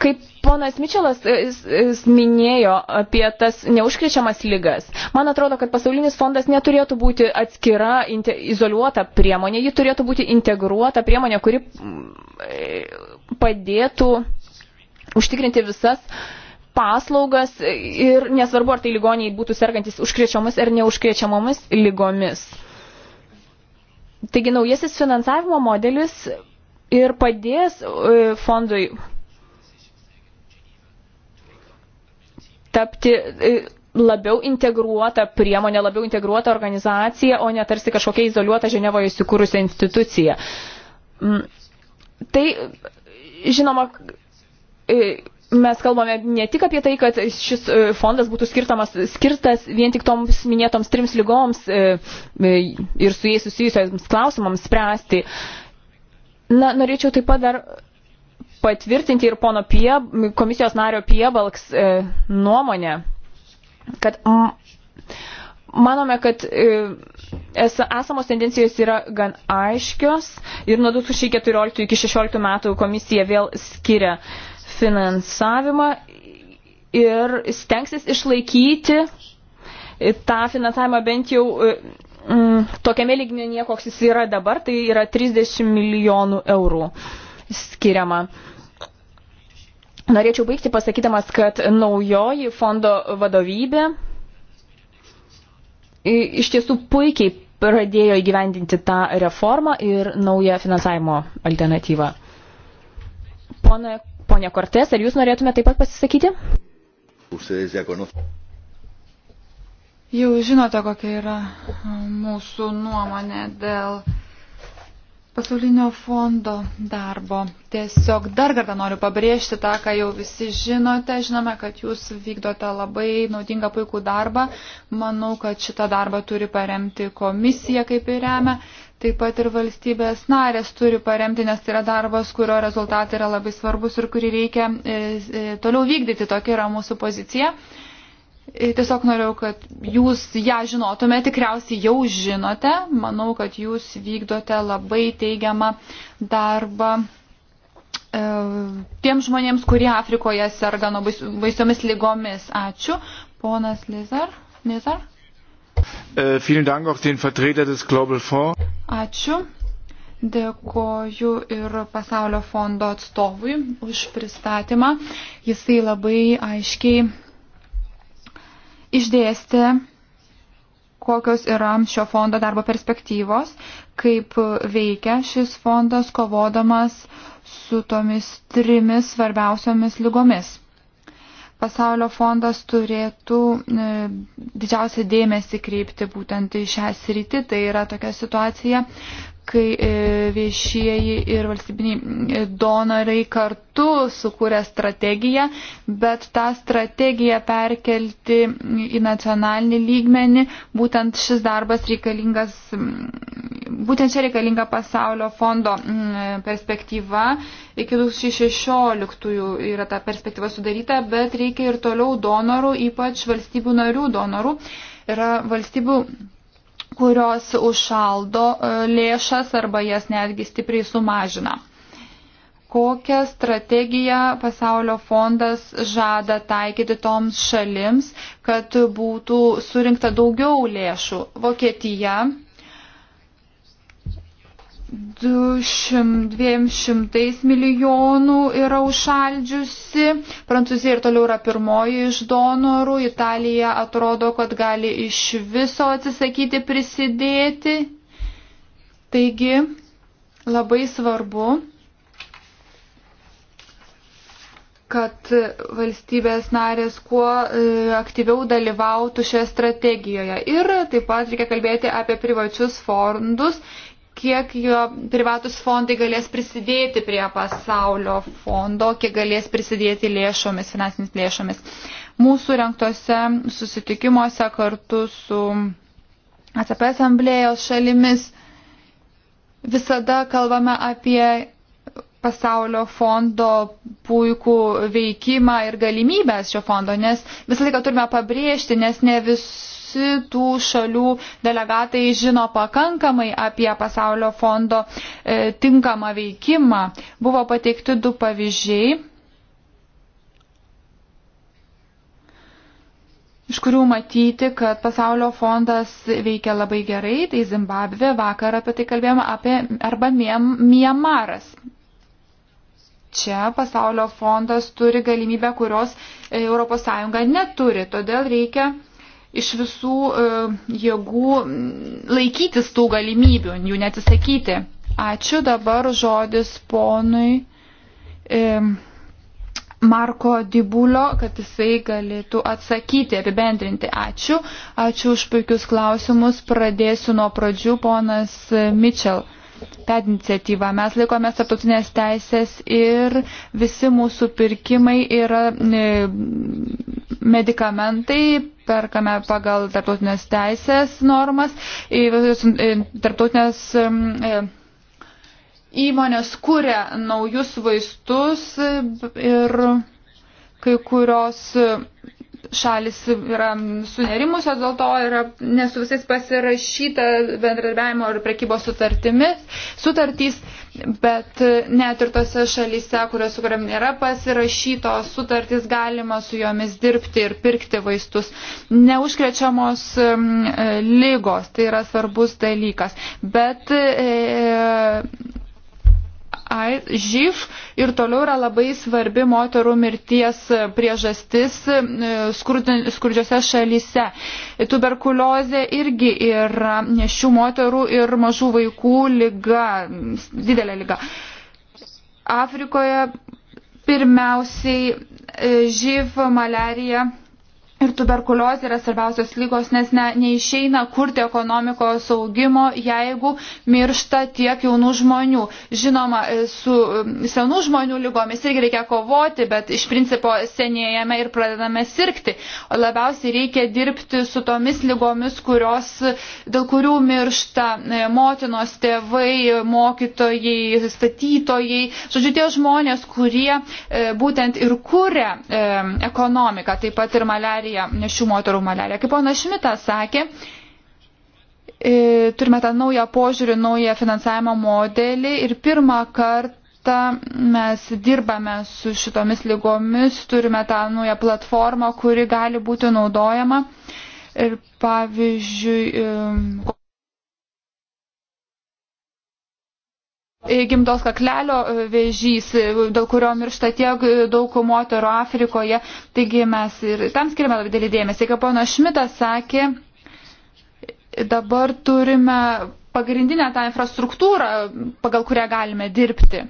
Kaip ponas Mičelas e, e, minėjo apie tas neužkrečiamas lygas, man atrodo, kad pasaulinis fondas neturėtų būti atskira, izoliuota priemonė, ji turėtų būti integruota priemonė, kuri e, padėtų užtikrinti visas paslaugas ir nesvarbu, ar tai ligoniai būtų sergantis užkrečiamomis ar neužkrečiamomis lygomis. Taigi naujasis finansavimo modelis ir padės fondui tapti e, labiau integruota priemonė, labiau integruota organizacija, o ne tarsi kažkokia izoliuota Ženevoje įsikūrusi institucija. Mm, tai, žinoma, e, mes kalbame ne tik apie tai, kad šis e, fondas būtų skirtamas, skirtas vien tik toms minėtoms trims lygoms ir su jais susijusiams klausimams spręsti. Na, norėčiau taip pat dar patvirtinti ir pono pie, komisijos nario Piebalks e, nuomonę, kad m, manome, kad e, esamos tendencijos yra gan aiškios ir nuo 2014 iki 2016 metų komisija vėl skiria finansavimą ir stengsis išlaikyti tą finansavimą bent jau mm, tokiame lygmenyje, koks jis yra dabar, tai yra 30 milijonų eurų. Mm, skiriama. Norėčiau baigti pasakydamas, kad naujoji fondo vadovybė iš tiesų puikiai pradėjo įgyvendinti tą reformą ir naują finansavimo alternatyvą. Pone, ponė Kortes, ar jūs norėtumėte taip pat pasisakyti? Jau žinote, kokia yra mūsų nuomonė dėl pasaulinio fondo darbo. Tiesiog dar kartą noriu pabrėžti tą, ką jau visi žinote. Žinome, kad jūs vykdote labai naudingą puikų darbą. Manau, kad šitą darbą turi paremti komisija, kaip ir remia. Taip pat ir valstybės narės turi paremti, nes tai yra darbas, kurio rezultatai yra labai svarbus ir kurį reikia e, e, toliau vykdyti. Tokia yra mūsų pozicija. Tiesiog norėjau, kad jūs ją žinotume, tikriausiai jau žinote. Manau, kad jūs vykdote labai teigiamą darbą e, tiem žmonėms, kurie Afrikoje serga nuo baisiomis lygomis. Ačiū. Ponas Lizar. Nizar. E, vielen Dank auch den Vertreter des Global Fund. Ačiū. Dėkoju ir pasaulio fondo atstovui už pristatymą. Jisai labai aiškiai išdėstė, kokios yra šio fondo darbo perspektyvos, kaip veikia šis fondas kovodamas su tomis trimis svarbiausiomis lygomis. Pasaulio fondas turėtų e, didžiausią dėmesį kreipti būtent į šią sritį. Tai yra tokia situacija, kai e, viešieji ir valstybiniai e, donorai kartu sukūrė strategiją, bet tą strategiją perkelti į nacionalinį lygmenį, būtent šis darbas reikalingas, būtent čia reikalinga pasaulio fondo perspektyva. Iki 2016 yra ta perspektyva sudaryta, bet reikia ir toliau donorų, ypač valstybių narių donorų. Yra valstybių kurios užšaldo e, lėšas arba jas netgi stipriai sumažina. Kokią strategiją pasaulio fondas žada taikyti toms šalims, kad būtų surinkta daugiau lėšų? Vokietija 200 milijonų yra užšaldžiusi. Prancūzija ir toliau yra pirmoji iš donorų. Italija atrodo, kad gali iš viso atsisakyti prisidėti. Taigi labai svarbu, kad valstybės narės kuo e, aktyviau dalyvautų šioje strategijoje. Ir taip pat reikia kalbėti apie privačius fondus kiek jo privatus fondai galės prisidėti prie pasaulio fondo, kiek galės prisidėti lėšomis, finansinis lėšomis. Mūsų renktose susitikimuose kartu su ACP asamblėjos šalimis visada kalbame apie pasaulio fondo puikų veikimą ir galimybės šio fondo, nes visą laiką turime pabrėžti, nes ne vis visi tų šalių delegatai žino pakankamai apie pasaulio fondo e, tinkamą veikimą. Buvo pateikti du pavyzdžiai. iš kurių matyti, kad pasaulio fondas veikia labai gerai, tai Zimbabvė, vakar apie tai kalbėjome, apie, arba Miemaras. Čia pasaulio fondas turi galimybę, kurios ES neturi, todėl reikia iš visų e, jėgų laikytis tų galimybių, jų neatsisakyti. Ačiū dabar žodis ponui e, Marko Dibulio, kad jisai galėtų atsakyti, apibendrinti. Ačiū. Ačiū už puikius klausimus. Pradėsiu nuo pradžių, ponas Mitchell. TED iniciatyvą. Mes laikomės tarptautinės teisės ir visi mūsų pirkimai yra e, medikamentai, perkame pagal tarptautinės teisės normas, e, tarptautinės e, įmonės kuria naujus vaistus ir kai kurios šalis yra sunerimusios, dėl to yra nesu visais pasirašyta bendradarbiavimo ir prekybos sutartimis, sutartys, bet net ir tose šalyse, kurios su kuriam nėra pasirašytos sutartys, galima su jomis dirbti ir pirkti vaistus. Neužkrečiamos e, lygos, tai yra svarbus dalykas. Bet e, živ ir toliau yra labai svarbi moterų mirties priežastis e, skurdžiose šalyse. Tuberkuliozė irgi yra nešių moterų ir mažų vaikų lyga, didelė lyga. Afrikoje pirmiausiai e, živ, malerija ir tuberkuliozė yra svarbiausios lygos, nes ne, neišeina kurti ekonomikos augimo, jeigu miršta tiek jaunų žmonių. Žinoma, su senų žmonių lygomis irgi reikia kovoti, bet iš principo senėjame ir pradedame sirgti. Labiausiai reikia dirbti su tomis lygomis, kurios, dėl kurių miršta e, motinos, tėvai, mokytojai, statytojai. Žodžiu, tie žmonės, kurie e, būtent ir kūrė e, ekonomiką, taip pat ir malerija malerija, nešių moterų malerija. Kaip pana Šmitas sakė, e, turime tą naują požiūrį, naują finansavimo modelį ir pirmą kartą mes dirbame su šitomis lygomis, turime tą naują platformą, kuri gali būti naudojama. Ir pavyzdžiui, e, E, gimdos kaklelio e, vėžys, e, dėl kurio miršta tiek daug moterų Afrikoje. Taigi mes ir tam skiriame labai dėlį dėmesį. Kaip pana Šmitas sakė, dabar turime pagrindinę tą infrastruktūrą, pagal kurią galime dirbti.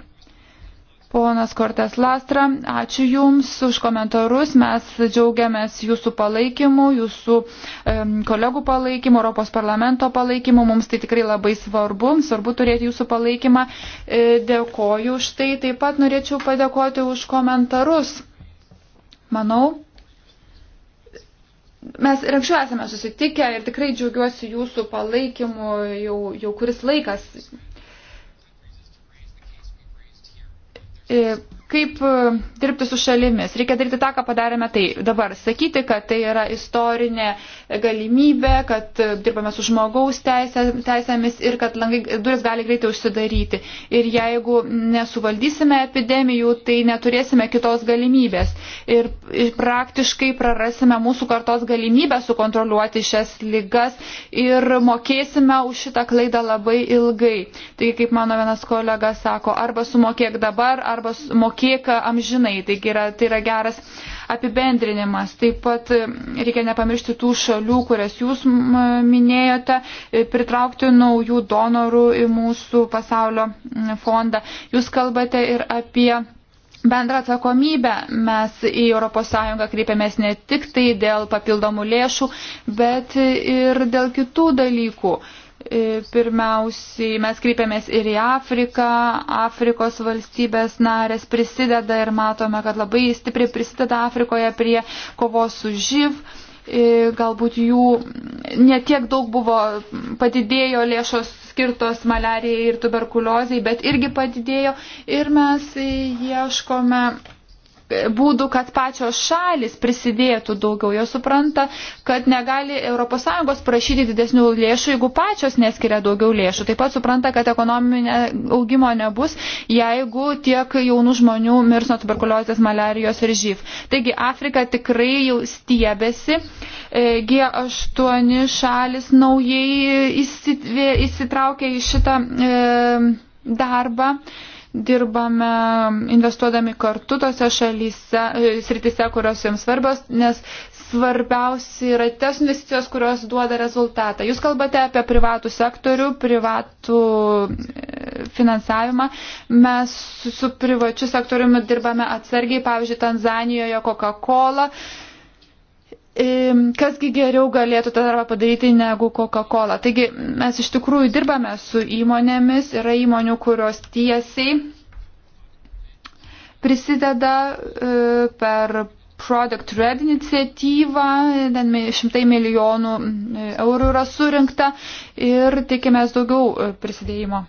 Ponas Kortes Lastra, ačiū Jums už komentarus. Mes džiaugiamės Jūsų palaikymu, Jūsų um, kolegų palaikymu, Europos parlamento palaikymu. Mums tai tikrai labai svarbu. Svarbu turėti Jūsų palaikymą. E, dėkoju už tai. Taip pat norėčiau padėkoti už komentarus. Manau. Mes ir anksčiau esame susitikę ir tikrai džiaugiuosi Jūsų palaikymu jau, jau kuris laikas e, kaip e, dirbti su šalimis. Reikia daryti tą, ką padarėme tai dabar. Sakyti, kad tai yra istorinė galimybė, kad e, dirbame su žmogaus teisė, teisėmis ir kad langai, duris gali greitai užsidaryti. Ir jeigu nesuvaldysime epidemijų, tai neturėsime kitos galimybės. Ir, ir praktiškai prarasime mūsų kartos galimybę sukontroliuoti šias lygas ir mokėsime už šitą klaidą labai ilgai. Taigi, kaip mano vienas kolega sako, arba sumokėk dabar, arba mokėk kiek amžinai. Taigi yra, tai yra geras apibendrinimas. Taip pat e, reikia nepamiršti tų šalių, kurias jūs minėjote, e, pritraukti naujų donorų į mūsų pasaulio fondą. Jūs kalbate ir apie bendrą atsakomybę mes į ES kreipiamės ne tik tai dėl papildomų lėšų, bet ir dėl kitų dalykų. E, pirmiausiai mes kreipiamės ir į Afriką, Afrikos valstybės narės prisideda ir matome, kad labai stipriai prisideda Afrikoje prie kovos su živ e, galbūt jų netiek daug buvo, padidėjo lėšos skirtos malarijai ir tuberkuliozijai, bet irgi padidėjo ir mes ieškome būdų, kad pačios šalis prisidėtų daugiau. Jos supranta, kad negali ES prašyti didesnių lėšų, jeigu pačios neskiria daugiau lėšų. Taip pat supranta, kad ekonominio augimo nebus, jeigu tiek jaunų žmonių mirs nuo tuberkuliozės, malerijos ir živ. Taigi Afrika tikrai jau stiebėsi. E, G8 šalis naujai įsitraukė į šitą e, darbą dirbame investuodami kartu tose šalyse, e, sritise, kurios jums svarbios, nes svarbiausia yra tas investicijos, kurios duoda rezultatą. Jūs kalbate apie privatų sektorių, privatų e, finansavimą. Mes su, su privačiu sektoriumi dirbame atsargiai, pavyzdžiui, Tanzanijoje Coca-Cola. Uh, kasgi geriau galėtų tą darbą padaryti negu Coca-Cola. Taigi mes iš tikrųjų dirbame su įmonėmis, yra įmonių, kurios tiesiai prisideda e, per Product Red iniciatyvą, ten šimtai milijonų eurų yra surinkta ir tikimės daugiau e, prisidėjimo.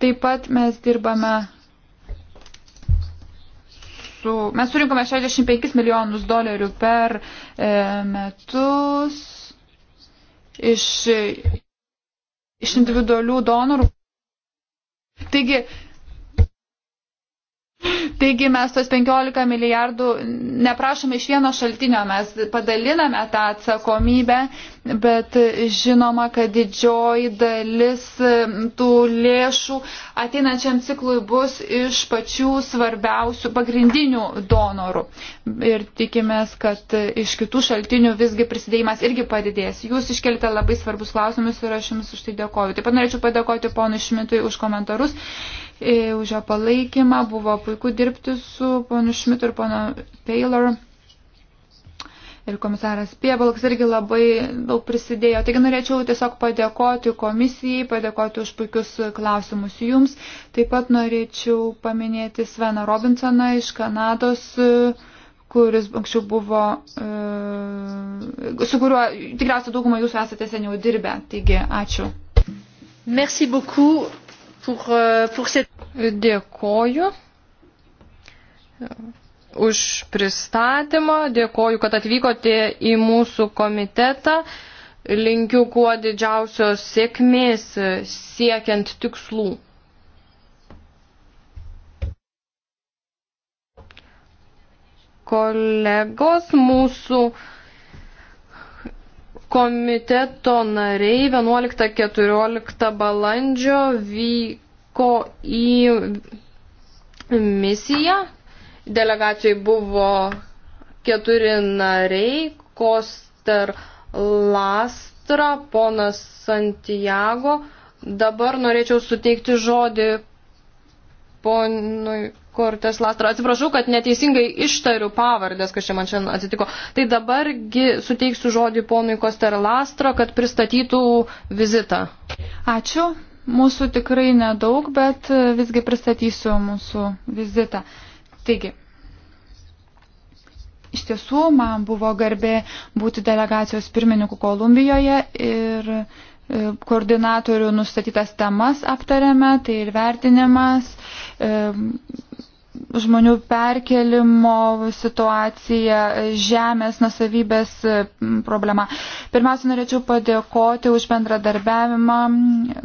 Taip pat mes dirbame mūsų, mes surinkome 65 milijonus dolerių per e, metus iš, iš individualių donorų. Taigi, Taigi mes tos 15 milijardų neprašome iš vieno šaltinio, mes padaliname tą atsakomybę, bet žinoma, kad didžioji dalis tų lėšų ateinančiam ciklui bus iš pačių svarbiausių pagrindinių donorų. Ir tikimės, kad iš kitų šaltinių visgi prisidėjimas irgi padidės. Jūs iškelite labai svarbus klausimus ir aš Jums už tai dėkoju. Taip pat norėčiau padėkoti ponui Šmitui už komentarus. E, už jo palaikymą. Buvo puiku dirbti su ponu Šmitu ir ponu Taylor. Ir komisaras Piebalks irgi labai daug prisidėjo. Taigi norėčiau tiesiog padėkoti komisijai, padėkoti už puikius klausimus jums. Taip pat norėčiau paminėti Sveną Robinsoną iš Kanados kuris anksčiau buvo, e, su kuriuo tikriausiai daugumą jūsų esate seniau dirbę. Taigi, ačiū. Merci beaucoup pour, euh, pour cette... Dėkoju už pristatymą, dėkoju, kad atvykote į mūsų komitetą. Linkiu kuo didžiausios sėkmės siekiant tikslų. Kolegos mūsų Komiteto nariai 11-14 balandžio vyko į misiją. Delegacijai buvo keturi nariai - Koster Lastra, ponas Santiago. Dabar norėčiau suteikti žodį ponui Kortes Lastro. Atsiprašau, kad neteisingai ištariu pavardės, kas čia man šiandien atsitiko. Tai dabargi suteiksiu žodį ponui Koster Lastro, kad pristatytų vizitą. Ačiū. Mūsų tikrai nedaug, bet e, visgi pristatysiu mūsų vizitą. Taigi, iš tiesų man buvo garbė būti delegacijos pirmininku Kolumbijoje ir e, koordinatorių nustatytas temas aptarėme, tai ir vertinimas, e, žmonių perkelimo situacija, žemės nusavybės problema. Pirmiausia, norėčiau padėkoti už bendradarbiavimą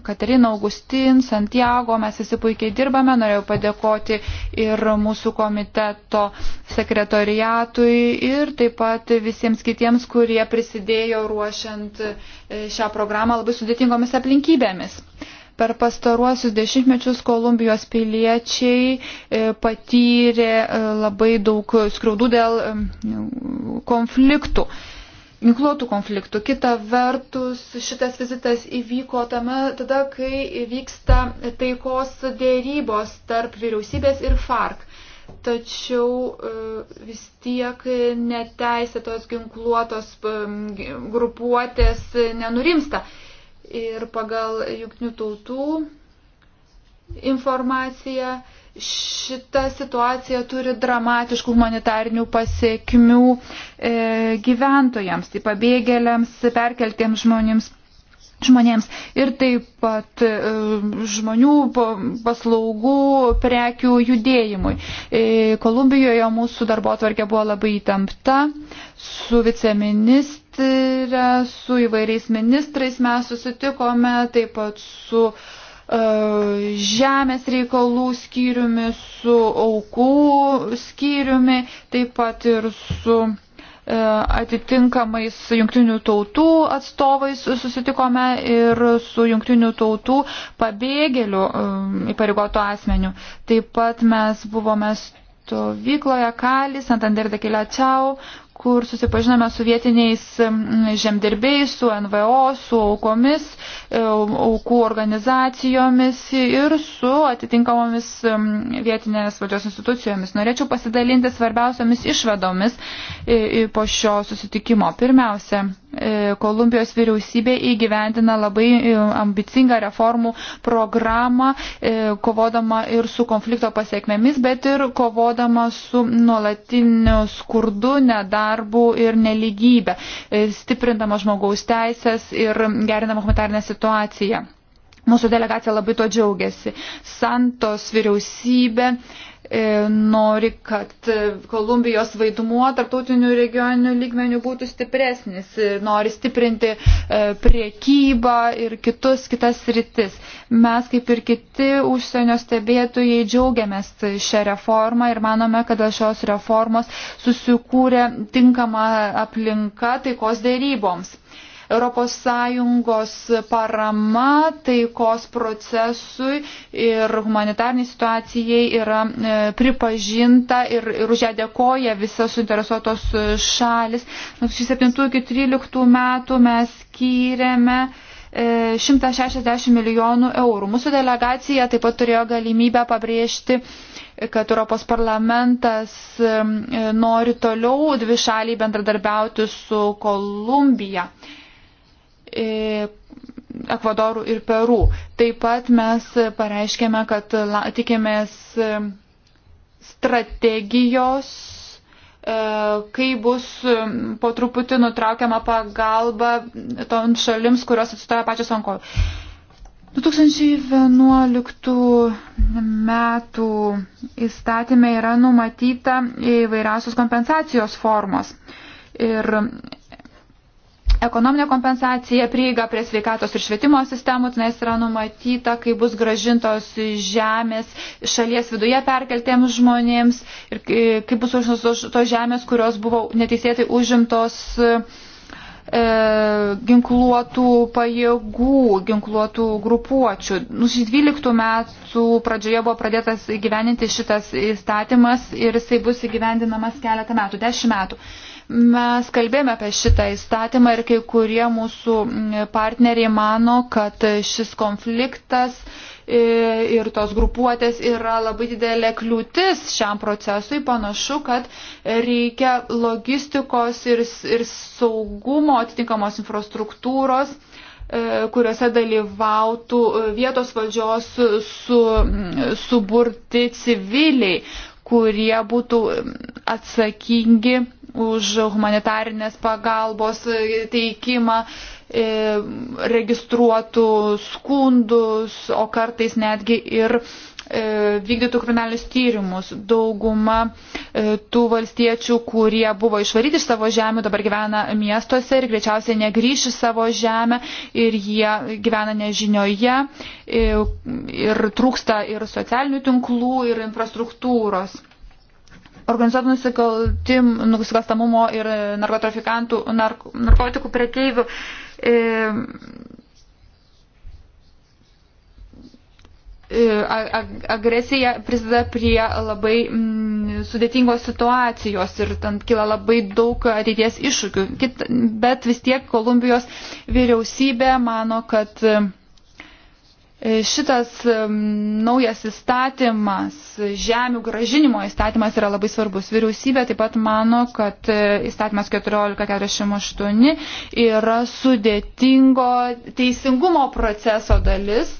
Katerina Augustin, Santiago, mes visi puikiai dirbame, norėjau padėkoti ir mūsų komiteto sekretoriatui ir taip pat visiems kitiems, kurie prisidėjo ruošiant e, šią programą labai sudėtingomis aplinkybėmis. Per pastaruosius dešimtmečius Kolumbijos piliečiai e, patyrė e, labai daug skriaudų dėl e, konfliktų ginkluotų konfliktų. Kita vertus, šitas vizitas įvyko tame, tada, kai vyksta taikos dėrybos tarp vyriausybės ir FARC. Tačiau vis tiek neteisėtos ginkluotos grupuotės nenurimsta ir pagal jungtinių tautų informaciją šita situacija turi dramatiškų humanitarnių pasiekmių e, gyventojams, tai pabėgėliams, perkeltiems žmonėms. Žmonėms. Ir taip pat e, žmonių paslaugų, prekių judėjimui. E, Kolumbijoje mūsų darbo tvarkė buvo labai įtempta su viceministė ministrė, su įvairiais ministrais mes susitikome, taip pat su uh, žemės reikalų skyriumi, su aukų skyriumi, taip pat ir su e, atitinkamais jungtinių tautų atstovais susitikome ir su jungtinių tautų pabėgėlių e, įpareigoto asmeniu. Taip pat mes buvome stovykloje Kali, Santander de Kilačiau, kur susipažinome su vietiniais mm, žemdirbiais, su NVO, su aukomis, e, aukų organizacijomis ir su atitinkamomis mm, vietinės valdžios institucijomis. Norėčiau pasidalinti svarbiausiamis išvadomis e, po šio susitikimo. Pirmiausia, e, Kolumbijos vyriausybė įgyvendina labai ambicingą reformų programą, kovodama ir su konflikto pasiekmėmis, bet ir kovodama su nuolatiniu skurdu, nedarbu nedarbų ir neligybę, e, stiprindama žmogaus teisės ir gerinama humanitarinę situaciją. Mūsų delegacija labai to džiaugiasi. Santos vyriausybė E, nori, kad Kolumbijos vaidmuo tarptautinių regioninių lygmenių būtų stipresnis, e, nori stiprinti e, priekybą ir kitus, kitas rytis. Mes, kaip ir kiti užsienio stebėtojai, džiaugiamės šią reformą ir manome, kad dėl šios reformos susikūrė tinkama aplinka taikos dėryboms. ES parama taikos procesui ir humanitarniai situacijai yra e, pripažinta ir, ir už ją dėkoja visas suinteresuotos šalis. 2007-2013 metų mes skyrėme 160 e, milijonų eurų. Mūsų delegacija taip pat turėjo galimybę pabrėžti, kad Europos parlamentas e, nori toliau dvišaliai bendradarbiauti su Kolumbija. Ekvadoru ir Peru. Taip pat mes pareiškėme, kad tikimės e, strategijos e, kai bus e, po truputį nutraukiama pagalba toms šalims, kurios atstoja pačios Ankovo. 2011 metų įstatymė yra numatyta įvairiausios kompensacijos formos. Ir Ekonominė kompensacija prieiga prie sveikatos ir švietimo sistemų tenais yra numatyta, kai bus gražintos žemės šalies viduje perkeltiems žmonėms ir kaip bus užimtos tos žemės, kurios buvo neteisėtai užimtos e, ginkluotų pajėgų, ginkluotų grupuočių. Nu, 12 metų pradžioje buvo pradėtas įgyveninti šitas įstatymas ir jisai bus įgyvendinamas keletą metų, 10 metų. Mes kalbėjome apie šitą įstatymą ir kai kurie mūsų partneriai mano, kad šis konfliktas e, ir tos grupuotės yra labai didelė kliūtis šiam procesui. Panašu, kad reikia logistikos ir, ir saugumo atitinkamos infrastruktūros e, kuriuose dalyvautų vietos valdžios su, suburti civiliai, kurie būtų atsakingi už humanitarinės pagalbos teikimą, e, registruotų skundus, o kartais netgi ir e, vykdytų kriminalinius tyrimus. Dauguma e, tų valstiečių, kurie buvo išvaryti iš savo žemių, dabar gyvena miestuose ir greičiausiai negryš į savo žemę ir jie gyvena nežinioje ir trūksta ir socialinių tinklų, ir infrastruktūros organizuotų nusikaltim, nusikalstamumo ir narkotrafikantų, nark, narkotikų prekeivių. E, e agresija prisideda prie labai mm, sudėtingos situacijos ir ten kyla labai daug ateities iššūkių. Kit, bet vis tiek Kolumbijos vyriausybė mano, kad mm, E, šitas naujas įstatymas, žemių gražinimo įstatymas yra labai svarbus. Vyriausybė taip pat mano, kad e, įstatymas 1448 yra sudėtingo teisingumo proceso dalis.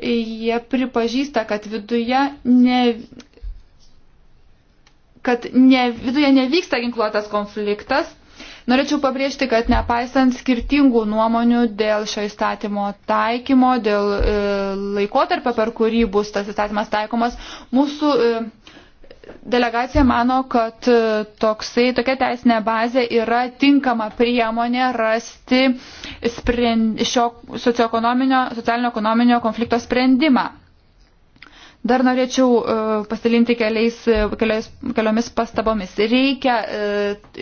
Jie pripažįsta, kad viduje ne, kad ne, viduje nevyksta ginkluotas konfliktas, Norėčiau pabrėžti, kad nepaisant skirtingų nuomonių dėl šio įstatymo taikymo, dėl e, laikotarpio, per kurį bus tas įstatymas taikomas, mūsų e, delegacija mano, kad e, toksai, tokia teisinė bazė yra tinkama priemonė rasti sprend, šio socialinio ekonominio konflikto sprendimą. Dar norėčiau e, pasidalinti keliais, keliais, keliomis pastabomis. Reikia e,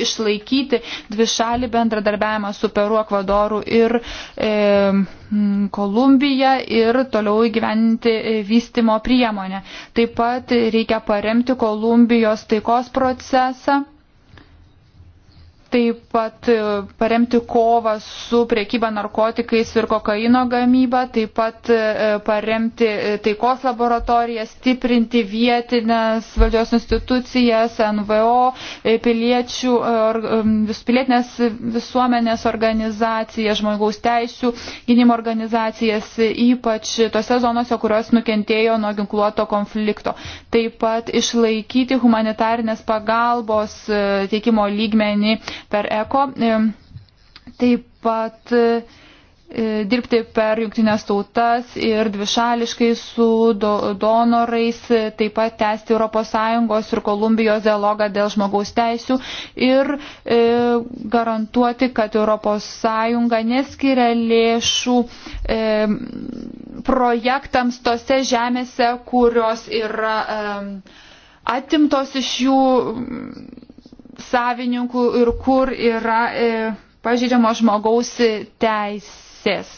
išlaikyti dvišalį bendradarbiavimą su Peru, Ekvadoru ir e, Kolumbija ir toliau įgyveninti e, vystimo priemonę. Taip pat reikia paremti Kolumbijos taikos procesą taip pat e, paremti kovą su priekyba narkotikais ir kokaino gamyba, taip pat e, paremti e, taikos laboratoriją, stiprinti vietinės valdžios institucijas, NVO, piliečių, pilietinės visuomenės organizacijas, žmogaus teisų gynimo organizacijas, ypač tose zonose, kurios nukentėjo nuo ginkluoto konflikto. Taip pat išlaikyti humanitarinės pagalbos teikimo lygmenį per ECO, e, taip pat e, e, dirbti per jungtinės tautas ir dvišališkai su donorais, taip pat tęsti ES ir Kolumbijos dialogą dėl žmogaus teisių ir e, garantuoti, kad ES neskiria lėšų e, projektams tose žemėse, kurios yra e, atimtos iš jų savininkų ir kur yra e, pažydžiamos žmogaus teisės.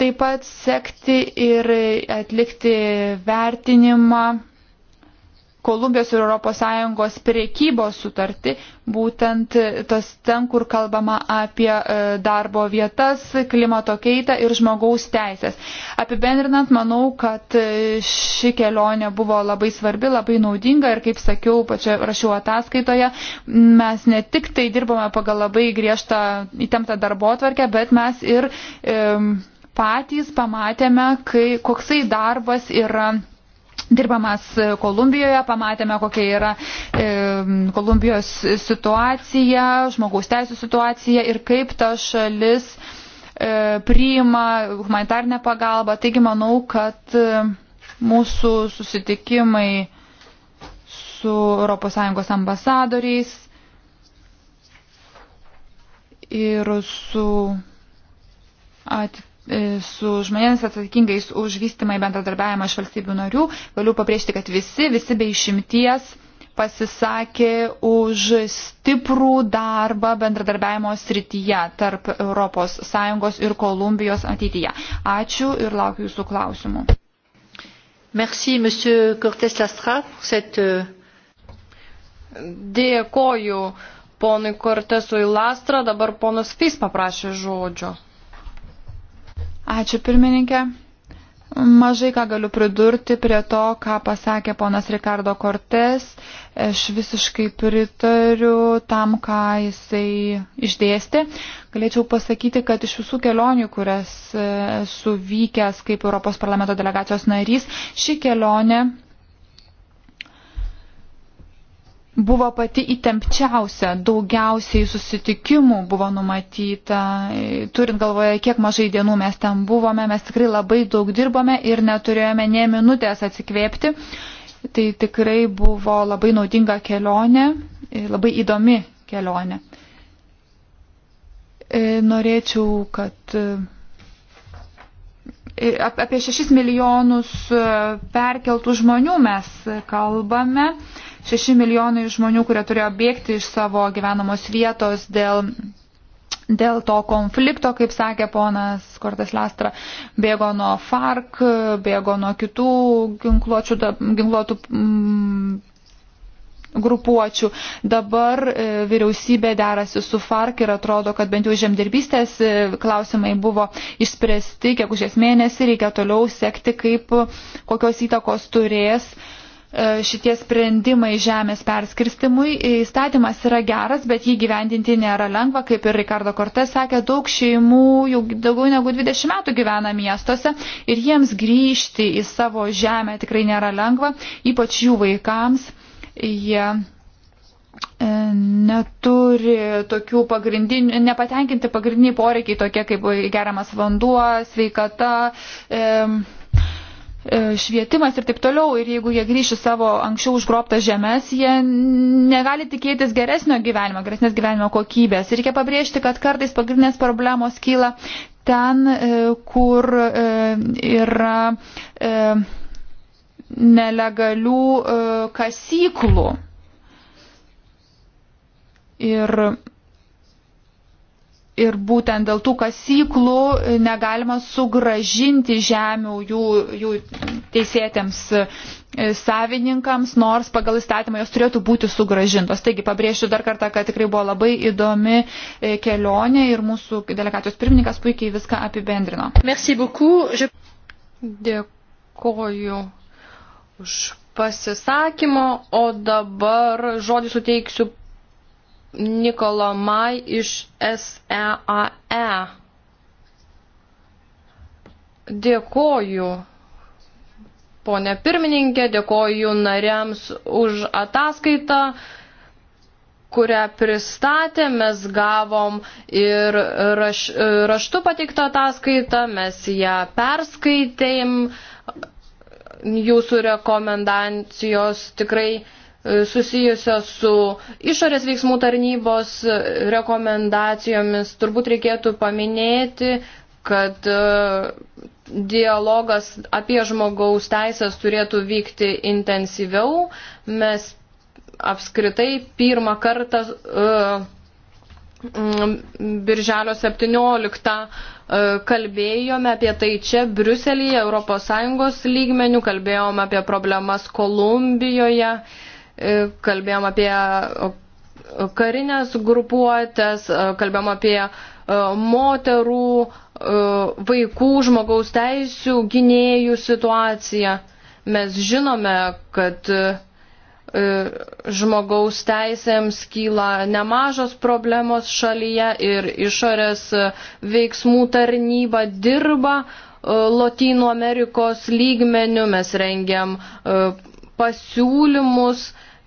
Taip pat sekti ir atlikti vertinimą Kolumbijos ir ES priekybos sutartį, būtent tas ten, kur kalbama apie e, darbo vietas, klimato keitą ir žmogaus teisės. Apibendrinant, manau, kad e, ši kelionė buvo labai svarbi, labai naudinga ir, kaip sakiau, pačia rašiau ataskaitoje, mes ne tik tai dirbome pagal labai griežtą įtemptą darbo atvarkę, bet mes ir e, patys pamatėme, kai, koksai darbas yra dirbamas e, Kolumbijoje, pamatėme, kokia yra e, Kolumbijos situacija, žmogaus teisų situacija ir kaip ta šalis e, priima humanitarnę pagalbą. Taigi manau, kad e, mūsų susitikimai su ES ambasadoriais ir su atitinkamais E, su žmonėmis atsakingais už vystimą į bendradarbiavimą iš valstybių narių. Galiu pabrėžti, kad visi, visi be išimties pasisakė už stiprų darbą bendradarbiavimo srityje tarp ES ir Kolumbijos ateityje. Ačiū ir laukiu jūsų klausimų. Merci, monsieur Cortés Lastra, pour cette... Euh, Dėkoju ponui Cortesui Lastra, dabar ponas Fis paprašė žodžio. Ačiū pirmininkė. Mažai ką galiu pridurti prie to, ką pasakė ponas Ricardo Cortes. Aš visiškai pritariu tam, ką jisai išdėstė. Galėčiau pasakyti, kad iš visų kelionių, kurias e, esu vykęs kaip Europos parlamento delegacijos narys, ši kelionė buvo pati įtempčiausia, daugiausiai susitikimų buvo numatyta, turint galvoje, kiek mažai dienų mes ten buvome, mes tikrai labai daug dirbome ir neturėjome nie minutės atsikvėpti. Tai tikrai buvo labai naudinga kelionė, labai įdomi kelionė. E, norėčiau, kad e, apie 6 milijonus e, perkeltų žmonių mes kalbame. 6 milijonai žmonių, kurie turėjo bėgti iš savo gyvenamos vietos dėl dėl to konflikto, kaip sakė ponas Kortas Lestra, bėgo nuo FARC, bėgo nuo kitų ginkluotų mm, grupuočių. Dabar e, vyriausybė derasi su FARC ir atrodo, kad bent jau žemdirbystės e, klausimai buvo išspręsti, kiek už esmėnesį reikia toliau sekti, kaip kokios įtakos turės uh, E, šitie sprendimai žemės perskirstimui. Įstatymas yra geras, bet jį gyvendinti nėra lengva, kaip ir Ricardo Kortes sakė, daug šeimų jau daugiau negu 20 metų gyvena miestuose ir jiems grįžti į savo žemę tikrai nėra lengva, ypač jų vaikams. Jie e, neturi tokių pagrindinių, nepatenkinti pagrindiniai poreikiai tokie kaip geriamas vanduo, sveikata. E, E, švietimas ir taip toliau. Ir jeigu jie grįš į savo anksčiau užgrobtas žemės, jie negali tikėtis geresnio gyvenimo, geresnės gyvenimo kokybės. Ir reikia pabrėžti, kad kartais pagrindinės problemos kyla ten, e, kur e, yra nelegalių kasyklų. Ir ir būtent dėl tų kasyklų e, negalima sugražinti žemių jų, jų teisėtėms e, savininkams, nors pagal įstatymą jos turėtų būti sugražintos. Taigi pabrėšiu dar kartą, kad tikrai buvo labai įdomi e, kelionė ir mūsų delegacijos pirmininkas puikiai viską apibendrino. Merci beaucoup. Je... Dėkoju už pasisakymą, o dabar žodį suteiksiu Nikola Mai iš SEAE. E. Dėkoju, ponė pirmininkė, dėkoju nariams už ataskaitą kurią pristatė, mes gavom ir raš, raštu pateiktą ataskaitą, mes ją perskaitėm, jūsų rekomendacijos tikrai susijusios su išorės veiksmų tarnybos rekomendacijomis. Turbūt reikėtų paminėti, kad e, dialogas apie žmogaus teisės turėtų vykti intensyviau. Mes apskritai pirmą kartą e, Birželio 17 e, kalbėjome apie tai čia Briuselėje, ES lygmenių, kalbėjome apie problemas Kolumbijoje, E, kalbėjom apie karinės grupuotės, e, kalbėjom apie e, moterų, vaikų, žmogaus teisių, gynėjų situaciją. Mes žinome, kad žmogaus teisėms kyla nemažos problemos šalyje ir išorės veiksmų tarnyba dirba Lotynų Amerikos lygmenių. Mes rengiam pasiūlymus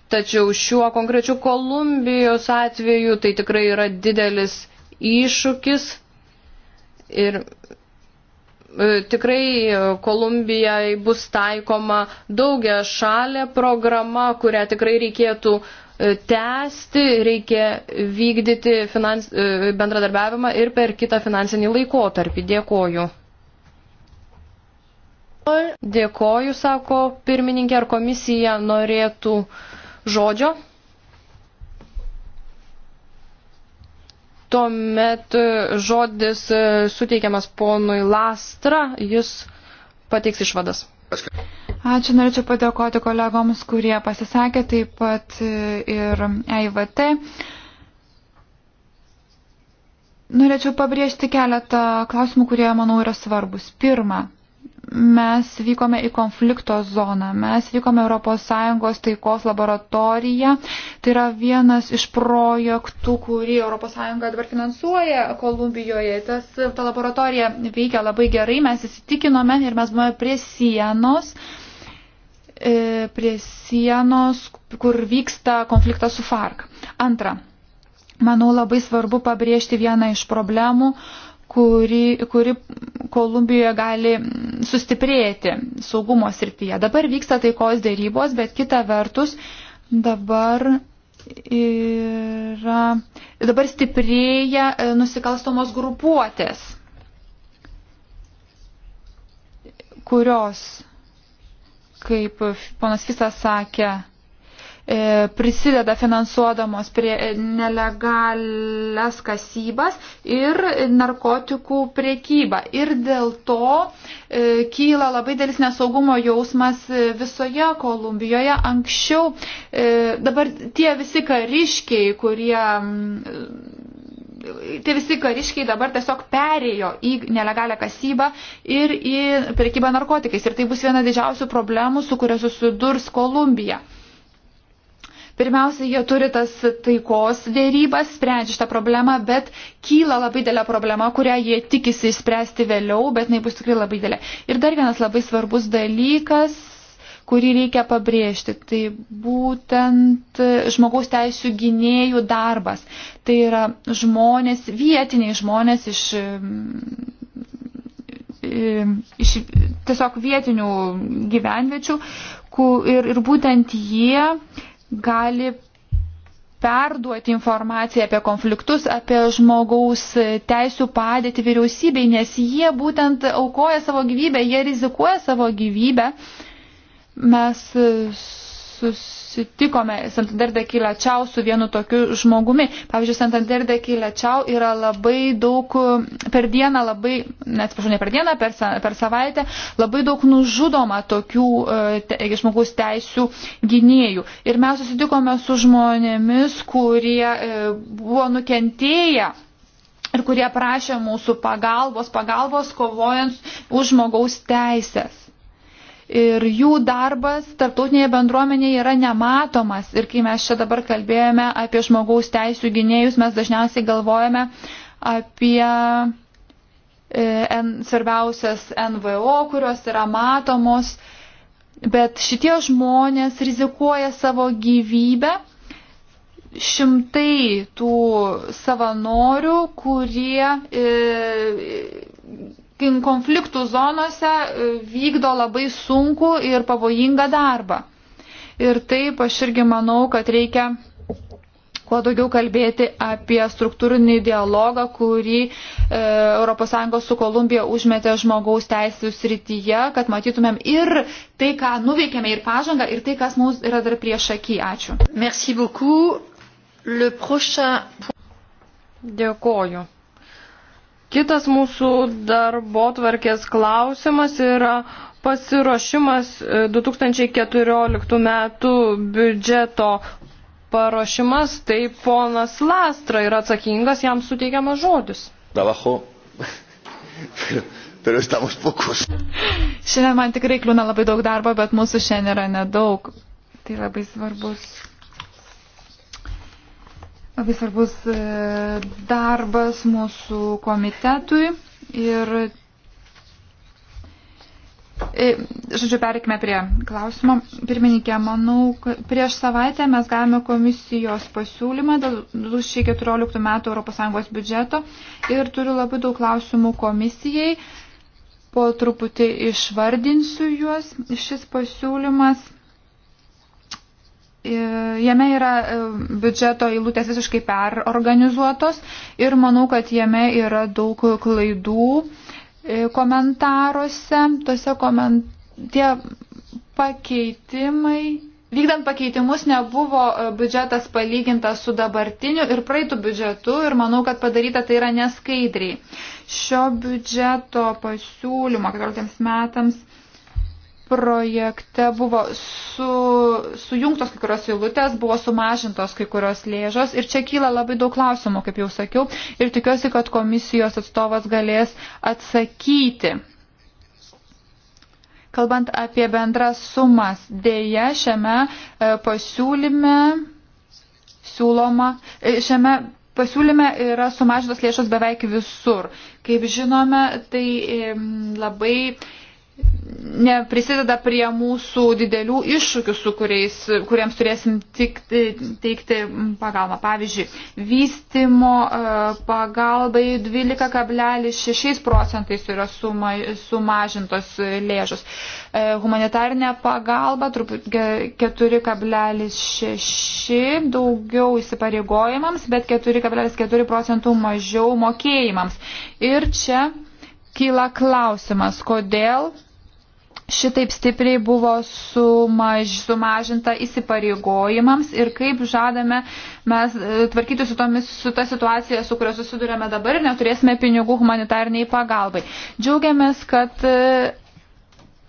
Tačiau šiuo konkrečiu Kolumbijos atveju tai tikrai yra didelis iššūkis ir e, tikrai e, Kolumbijai bus taikoma daugia šalė programa, kurią tikrai reikėtų e, tęsti, reikia vykdyti finans, bendradarbiavimą ir per kitą finansinį laikotarpį. Dėkoju. Dėkoju, sako pirmininkė, ar komisija norėtų žodžio. Tuomet e, žodis e, suteikiamas ponui Lastra, jis pateiks išvadas. Ačiū, norėčiau padėkoti kolegoms, kurie pasisakė, taip pat e, ir EIVT. Norėčiau pabrėžti keletą klausimų, kurie, manau, yra svarbus. Pirma, mes vykome į konflikto zoną, mes vykome ES taikos laboratoriją. Tai yra vienas iš projektų, kurį ES dabar finansuoja Kolumbijoje. Tas, ta laboratorija veikia labai gerai, mes įsitikinome ir mes buvome prie sienos e, prie sienos, kur vyksta konfliktas su FARC. Antra, manau labai svarbu pabrėžti vieną iš problemų, uh, kuri, kuri Kolumbijoje gali sustiprėti saugumo srityje. Dabar vyksta taikos dėrybos, bet kita vertus dabar yra, dabar stiprėja e, nusikalstamos grupuotės, kurios, kaip ponas Fisas sakė, E, prisideda finansuodamos prie nelegalias kasybas ir narkotikų priekybą. Ir dėl to e, kyla labai dėlis nesaugumo jausmas e, visoje Kolumbijoje. Anksčiau dabar tie visi kariškiai, kurie tie visi kariškiai dabar tiesiog perėjo į nelegalią kasybą ir į prekybą narkotikais. Ir tai bus viena didžiausių problemų, su kuria susidurs Kolumbija. Pirmiausia, jie turi tas taikos dėrybas, sprendžia šitą problemą, bet kyla labai dėlė problema, kurią jie tikisi išspręsti vėliau, bet jinai bus tikrai labai dėlė. Ir dar vienas labai svarbus dalykas, kurį reikia pabrėžti, tai būtent žmogaus teisų gynėjų darbas. Tai yra žmonės, vietiniai žmonės iš mm, iš tiesiog vietinių gyvenviečių ku, ir, ir būtent jie gali perduoti informaciją apie konfliktus, apie žmogaus teisų padėti vyriausybei, nes jie būtent aukoja savo gyvybę, jie rizikuoja savo gyvybę. Mes sus susitikome Santanderde Kilečiau su vienu tokiu žmogumi. Pavyzdžiui, Santanderde Kilečiau yra labai daug per dieną, labai, neatsiprašau, ne per dieną, per, per savaitę, labai daug nužudoma tokių e, te, e, žmogus teisų gynėjų. Ir mes susitikome su žmonėmis, kurie e, buvo nukentėję ir kurie prašė mūsų pagalbos, pagalbos kovojant už žmogaus teisės ir jų darbas tarptautinėje bendruomenėje yra nematomas. Ir kai mes čia dabar kalbėjome apie žmogaus teisų gynėjus, mes dažniausiai galvojame apie e, svarbiausias NVO, kurios yra matomos, bet šitie žmonės rizikuoja savo gyvybę. Šimtai tų savanorių, kurie e, konfliktų zonose e, vykdo labai sunku ir pavojingą darbą. Ir taip aš irgi manau, kad reikia kuo daugiau kalbėti apie struktūrinį dialogą, kurį e, ES su Kolumbija užmetė žmogaus teisų srityje, kad matytumėm ir tai, ką nuveikėme, ir pažangą, ir tai, kas mums yra dar prieš akį. Ačiū. Merci beaucoup. Le prochain... Dėkoju. Kitas mūsų darbo tvarkės klausimas yra pasiruošimas 2014 e, metų biudžeto paruošimas, tai ponas Lastra yra atsakingas, jam suteikiamas žodis. Trabajo, pero, pero estamos pocos. Šiandien man tikrai kliūna labai daug darbo, bet mūsų šiandien yra nedaug. Tai labai svarbus labai svarbus e, darbas mūsų komitetui ir e, Žodžiu, perikime prie klausimo. Pirmininkė, manau, prieš savaitę mes gavome komisijos pasiūlymą dėl 2014 metų ES biudžeto ir turiu labai daug klausimų komisijai. Po truputį išvardinsiu juos. Šis pasiūlymas E, jame yra e, biudžeto eilutės visiškai perorganizuotos ir manau, kad jame yra daug klaidų e, komentaruose. Tose koment... Tie pakeitimai, vykdant pakeitimus nebuvo biudžetas palygintas su dabartiniu ir praeitų biudžetu ir manau, kad padaryta tai yra neskaidriai. Šio biudžeto pasiūlymo 14 metams projekte buvo su, sujungtos kai kurios eilutės, buvo sumažintos kai kurios lėžos ir čia kyla labai daug klausimų, kaip jau sakiau, ir tikiuosi, kad komisijos atstovas galės atsakyti. Kalbant apie bendras sumas, dėja šiame e, pasiūlyme siūloma, e, šiame pasiūlyme yra sumažintos lėšos beveik visur. Kaip žinome, tai labai neprisideda prie mūsų didelių iššūkių, su kuriais, kuriems turėsim tikti, teikti pagalbą. Pavyzdžiui, vystimo e, pagalbai 12,6 procentais yra suma, sumažintos lėšos. E, humanitarinė pagalba 4,6 daugiau įsipareigojimams, bet 4,4 procentų mažiau mokėjimams. Ir čia kyla klausimas, kodėl šitaip stipriai buvo sumaž, sumažinta įsipareigojimams ir kaip žadame mes e, tvarkyti su, tomis, su ta situacija, su kuria susidurėme dabar ir neturėsime pinigų humanitarniai pagalbai. Džiaugiamės, kad e,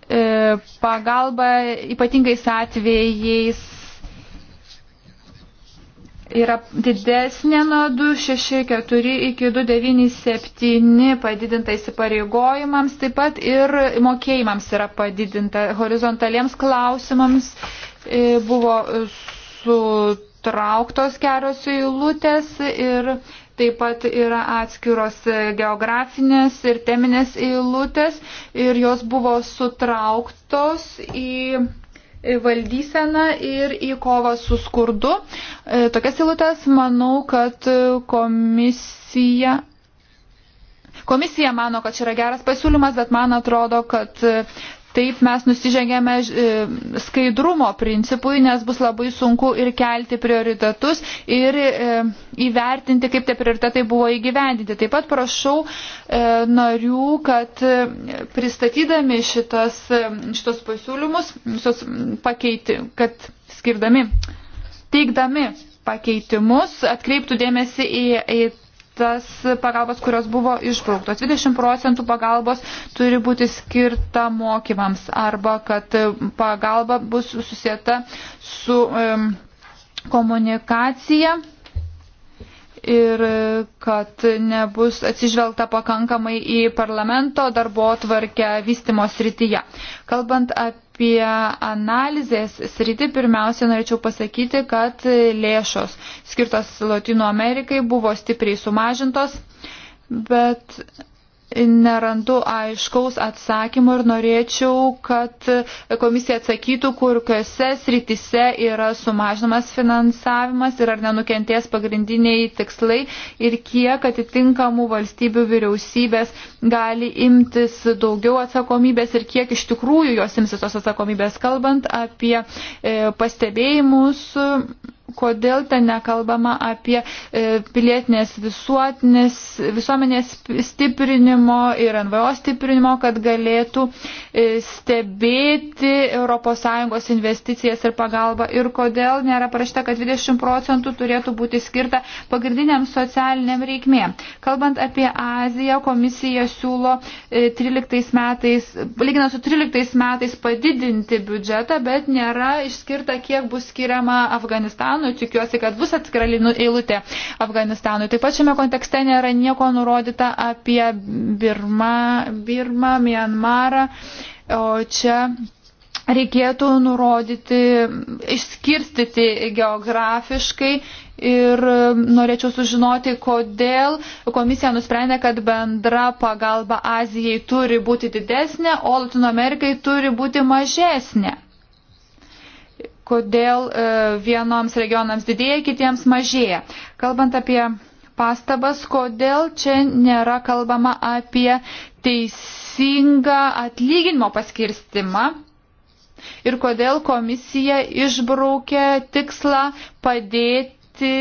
e, pagalba ypatingais atvejais yra didesnė nuo 264 iki 297 padidinta įsipareigojimams, taip pat ir mokėjimams yra padidinta. Horizontaliems klausimams e, buvo sutrauktos kelios eilutės ir taip pat yra atskiros geografinės ir teminės eilutės ir jos buvo sutrauktos į valdyseną ir į kovą su skurdu. E, tokias eilutes manau, kad komisija. Komisija mano, kad čia yra geras pasiūlymas, bet man atrodo, kad Taip mes nusižengėme e, skaidrumo principui, nes bus labai sunku ir kelti prioritetus ir e, įvertinti, kaip tie prioritetai buvo įgyvendinti. Taip pat prašau e, narių, kad pristatydami šitas, šitos pasiūlymus, šitos pakeiti, kad skirdami, teikdami pakeitimus, atkreiptų dėmesį į, į tas pagalbos, kurios buvo išbrauktos. 20 procentų pagalbos turi būti skirta mokymams arba kad e, pagalba bus susieta su um, komunikacija ir e, kad nebus atsižvelgta pakankamai į parlamento darbo tvarkę vystimo srityje. Kalbant apie apie analizės sritį, pirmiausia, norėčiau pasakyti, kad lėšos skirtos Latino Amerikai buvo stipriai sumažintos, bet nerandu aiškaus atsakymo ir norėčiau, kad komisija atsakytų, kuriuose sritise yra sumažinamas finansavimas ir ar nenukentės pagrindiniai tikslai ir kiek atitinkamų valstybių vyriausybės gali imtis daugiau atsakomybės ir kiek iš tikrųjų jos imsis tos atsakomybės, kalbant apie e, pastebėjimus kodėl ten nekalbama apie e, pilietinės visuotinės, visuomenės stiprinimo ir NVO stiprinimo, kad galėtų e, stebėti ES investicijas ir pagalbą ir kodėl nėra parašta, kad 20 procentų turėtų būti skirta pagrindiniam socialiniam reikmėm. Kalbant apie Aziją, komisija siūlo 13 e, metais, lyginant su 13 metais padidinti biudžetą, bet nėra išskirta, kiek bus skiriama Afganistanui Afganistanui, tikiuosi, kad bus atskira eilutė Afganistanui. Taip pat šiame kontekste nėra nieko nurodyta apie Birma, Birmą, Mianmarą, o čia reikėtų nurodyti, išskirstyti geografiškai ir norėčiau sužinoti, kodėl komisija nusprendė, kad bendra pagalba Azijai turi būti didesnė, o Latino Amerikai turi būti mažesnė kodėl e, vienoms regionams didėja, kitiems mažėja. Kalbant apie pastabas, kodėl čia nėra kalbama apie teisingą atlyginimo paskirstimą ir kodėl komisija išbraukė tikslą padėti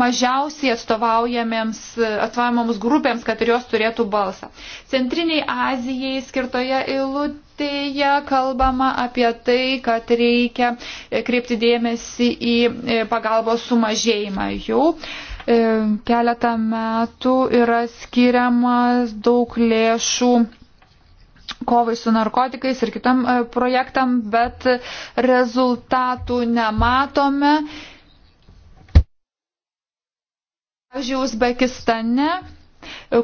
mažiausiai atstovaujamams grupėms, kad ir jos turėtų balsą. Centriniai Azijai skirtoje eilutėje Paskaitėje kalbama apie tai, kad reikia kreipti dėmesį į e, pagalbos sumažėjimą. Jau e, keletą metų yra skiriamas daug lėšų kovai su narkotikais ir kitam e, projektam, bet rezultatų nematome. Pavyzdžiui, Uzbekistane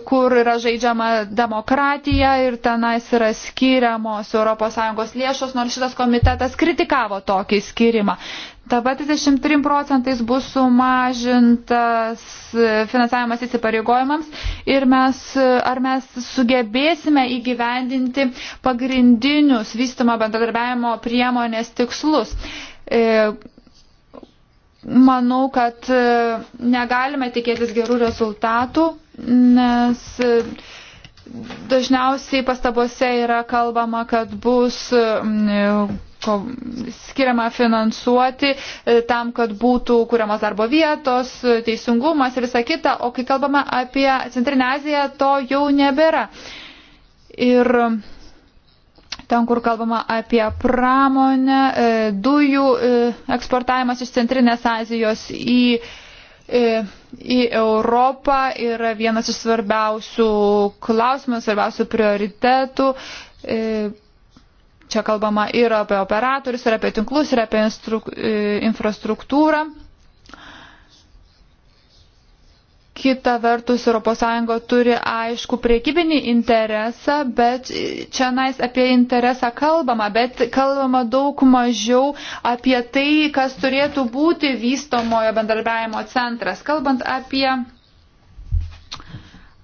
kur yra žaidžiama demokratija ir tenais yra skiriamos ES lėšos, nors šitas komitetas kritikavo tokį skirimą. Dabar 33 procentais bus sumažintas finansavimas įsipareigojimams ir mes, ar mes sugebėsime įgyvendinti pagrindinius vystimo bendradarbiavimo priemonės tikslus e, manau, kad e, negalime tikėtis gerų rezultatų, nes e, dažniausiai pastabose yra kalbama, kad bus e, skiriama finansuoti tam, kad būtų kuriamas darbo vietos, teisingumas ir visa kita, o kai kalbame apie Centrinę Aziją, to jau nebėra. Ir ten, kur kalbama apie pramonę, e, dujų e, eksportavimas iš Centrinės Azijos į, e, į Europą yra vienas iš svarbiausių klausimų, svarbiausių prioritetų čia kalbama ir apie operatorius, ir apie tinklus, ir apie infrastruktūrą. Kita vertus, ES turi aišku priekybinį interesą, bet čia nais apie interesą kalbama, bet kalbama daug mažiau apie tai, kas turėtų būti vystomojo bendarbiajimo centras. Kalbant apie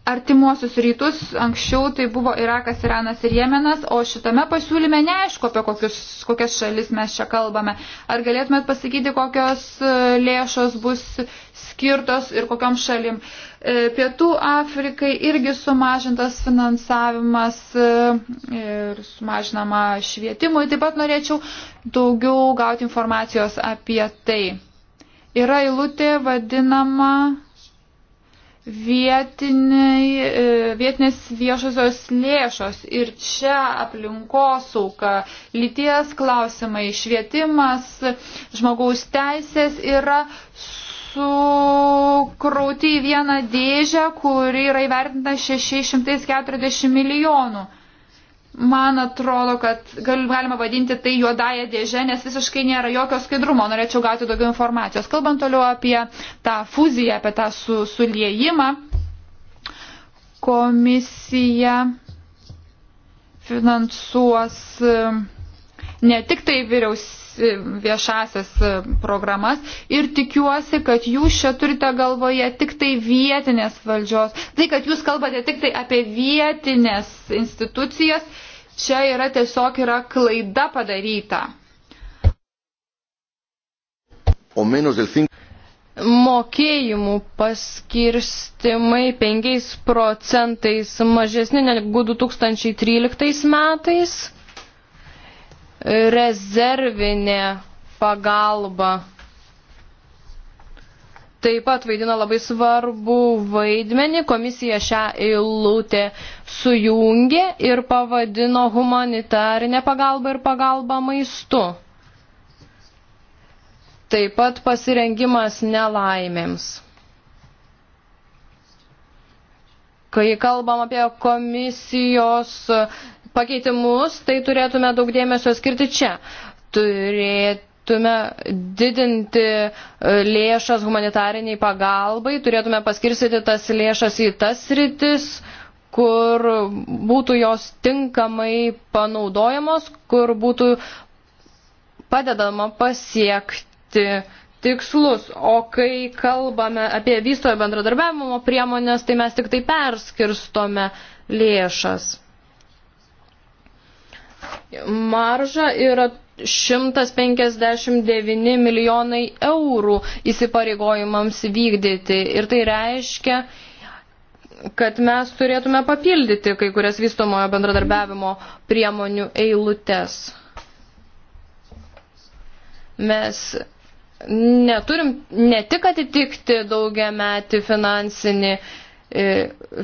artimuosius rytus, anksčiau tai buvo Irakas, Iranas ir Jemenas, o šitame pasiūlyme neaišku, apie kokius, kokias šalis mes čia kalbame. Ar galėtumėt pasakyti, kokios e, lėšos bus skirtos ir kokiam šalim? E, Pietų Afrikai irgi sumažintas finansavimas e, ir sumažinama švietimui. Taip pat norėčiau daugiau gauti informacijos apie tai. Yra eilutė vadinama vietiniai, e, vietinės viešosios lėšos ir čia aplinkosauka, lyties klausimai, švietimas, žmogaus teisės yra sukrauti į vieną dėžę, kuri yra įvertinta 640 milijonų. Man atrodo, kad gal, galima vadinti tai juodąją dėžę, nes visiškai nėra jokio skaidrumo. Norėčiau gauti daugiau informacijos. Kalbant toliau apie tą fuziją, apie tą su, suliejimą, komisija finansuos e, ne tik tai vyriaus e, viešasias e, programas ir tikiuosi, kad jūs čia turite galvoje tik tai vietinės valdžios. Tai, kad jūs kalbate tik tai apie vietinės institucijas, Čia yra tiesiog yra klaida padaryta. Mokėjimų paskirstimai 5 procentais mažesni negu 2013 metais. Rezervinė pagalba taip pat vaidina labai svarbu vaidmenį. Komisija šią eilutę sujungė ir pavadino humanitarinę pagalbą ir pagalbą maistu. Taip pat pasirengimas nelaimėms. Kai kalbam apie komisijos pakeitimus, tai turėtume daug dėmesio skirti čia. Turėt, turėtume didinti e, lėšas humanitariniai pagalbai, turėtume paskirstyti tas lėšas į tas rytis, kur būtų jos tinkamai panaudojamos, kur būtų padedama pasiekti tikslus. O kai kalbame apie vystojo bendradarbiavimo priemonės, tai mes tik tai perskirstome lėšas. Marža yra 159 milijonai eurų įsipareigojimams vykdyti. Ir tai reiškia, kad mes turėtume papildyti kai kurias vystomojo bendradarbiavimo priemonių eilutes. Mes neturim ne tik atitikti daugiametį finansinį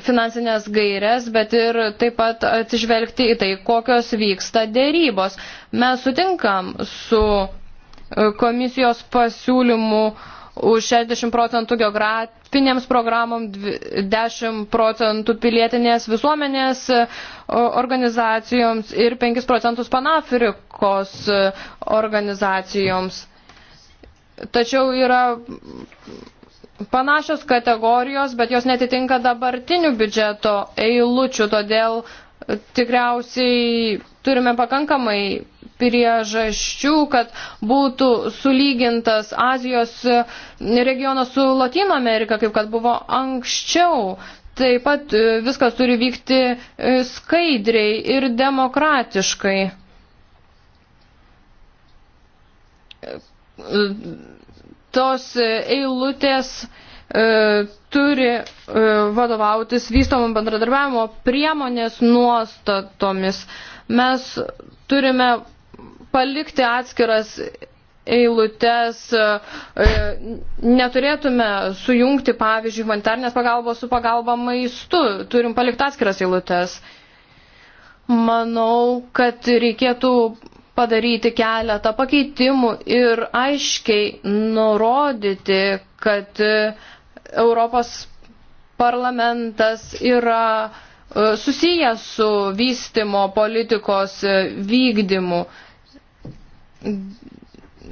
finansinės gairias, bet ir taip pat atsižvelgti į tai, kokios vyksta dėrybos. Mes sutinkam su e, komisijos pasiūlymu už 60 procentų geografinėms programom, 10 procentų pilietinės visuomenės e, organizacijoms ir 5 procentus panafrikos e, organizacijoms. Tačiau yra panašios kategorijos, bet jos netitinka dabartinių biudžeto eilučių, todėl e, tikriausiai turime pakankamai priežasčių, kad būtų sulygintas Azijos e, regionas su Latino Amerika, kaip kad buvo anksčiau. Taip pat e, viskas turi vykti skaidriai ir demokratiškai tos e, eilutės e, turi e, vadovautis vystomam bendradarbiavimo priemonės nuostatomis. Mes turime palikti atskiras eilutes, e, e, neturėtume sujungti, pavyzdžiui, humanitarnės pagalbos su pagalba maistu, turim palikti atskiras eilutes. Manau, kad reikėtų padaryti keletą pakeitimų ir aiškiai nurodyti, kad e, Europos parlamentas yra e, susijęs su vystimo politikos e, vykdymu.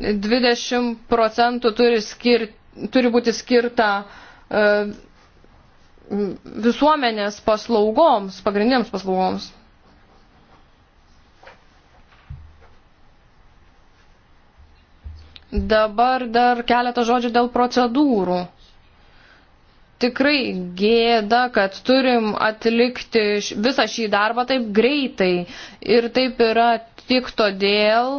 20 procentų turi, skir, turi būti skirta visuomenės paslaugoms, pagrindiniams paslaugoms. Dabar dar keletą žodžių dėl procedūrų. Tikrai gėda, kad turim atlikti visą šį darbą taip greitai. Ir taip yra tik todėl,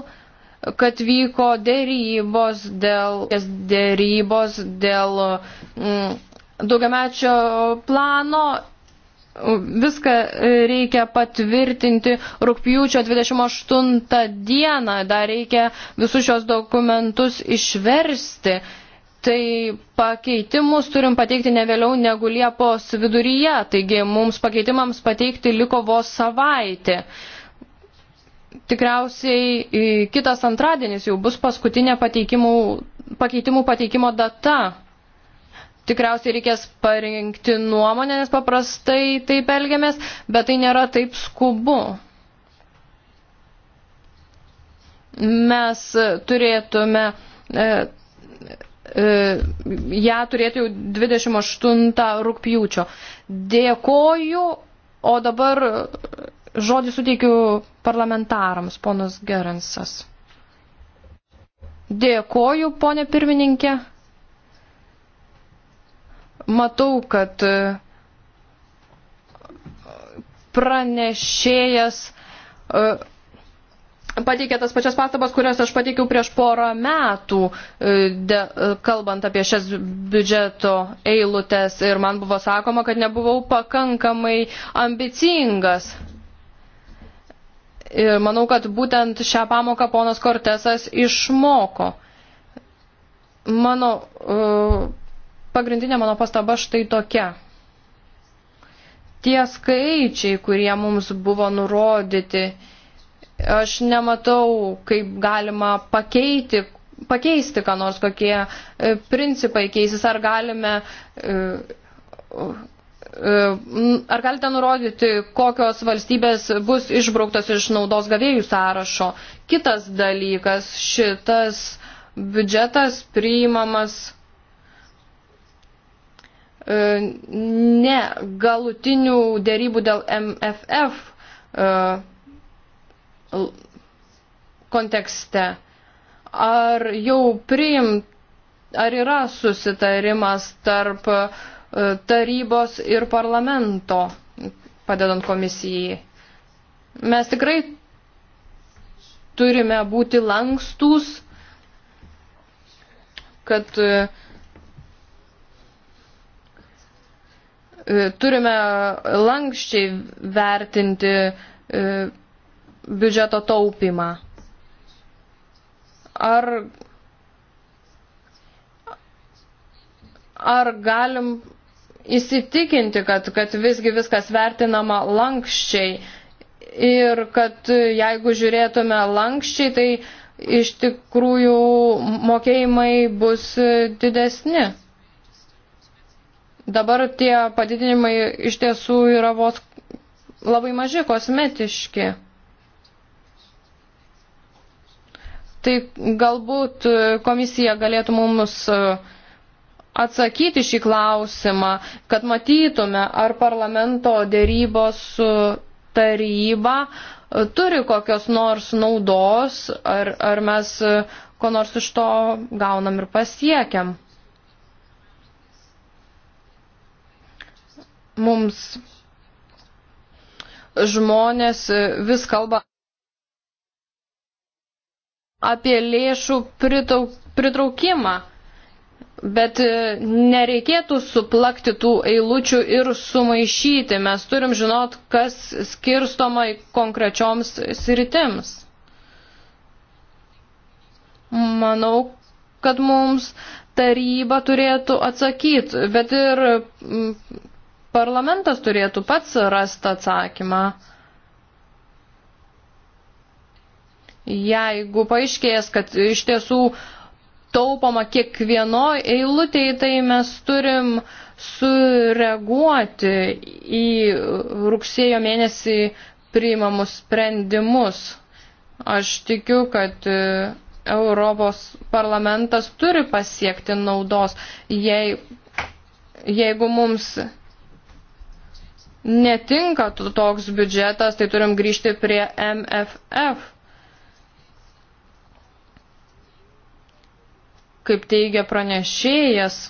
kad vyko dėrybos dėl, dėrybos dėl mm, daugiamečio plano Viską e, reikia patvirtinti rūpjūčio 28 dieną, dar reikia visus šios dokumentus išversti. Tai pakeitimus turim pateikti ne vėliau negu Liepos viduryje, taigi mums pakeitimams pateikti liko vos savaitė. Tikriausiai e, kitas antradienis jau bus paskutinė pakeitimų pateikimo data tikriausiai reikės parinkti nuomonę, nes paprastai taip elgiamės, bet tai nėra taip skubu. Mes turėtume e, e, ją turėti jau 28 rūpjūčio. Dėkoju, o dabar žodį suteikiu parlamentarams, ponas Gerensas. Dėkoju, ponė pirmininkė matau, kad e, pranešėjas e, pateikė tas pačias pastabas, kurias aš pateikiau prieš porą metų, e, de, kalbant apie šias biudžeto eilutes ir man buvo sakoma, kad nebuvau pakankamai ambicingas. Ir manau, kad būtent šią pamoką ponas Kortesas išmoko. Mano uh, pagrindinė mano pastaba štai tokia. Tie skaičiai, kurie mums buvo nurodyti, aš nematau, kaip galima pakeiti, pakeisti, ką nors kokie e, principai keisis, ar galime e, e, Ar galite nurodyti, kokios valstybės bus išbrauktos iš naudos gavėjų sąrašo? Kitas dalykas, šitas biudžetas priimamas E, ne galutinių dėrybų dėl MFF e, kontekste. Ar jau priim, ar yra susitarimas tarp e, tarybos ir parlamento, padedant komisijai? Mes tikrai turime būti lankstus, kad uh, E, turime lankščiai vertinti e, biudžeto taupimą. Ar, ar galim įsitikinti, kad, kad visgi viskas vertinama lankščiai ir kad jeigu žiūrėtume lankščiai, tai iš tikrųjų mokėjimai bus didesni. Dabar tie padidinimai iš tiesų yra vos labai maži, kosmetiški. Tai galbūt komisija galėtų mums e, atsakyti šį klausimą, kad matytume, ar parlamento dėrybos su taryba e, turi kokios nors naudos, ar, ar mes e, ko nors iš to gaunam ir pasiekiam. mums žmonės vis kalba apie lėšų pritraukimą, bet nereikėtų suplakti tų eilučių ir sumaišyti. Mes turim žinot, kas skirstoma konkrečioms sritims. Manau, kad mums taryba turėtų atsakyti, bet ir parlamentas turėtų pats rasti atsakymą. Jeigu paaiškės, kad iš tiesų taupoma kiekvienoj eilutėje, tai mes turim sureaguoti į rugsėjo mėnesį priimamus sprendimus. Aš tikiu, kad e, Europos parlamentas turi pasiekti naudos, jei, jeigu mums netinka toks biudžetas, tai turim grįžti prie MFF. Kaip teigia pranešėjas,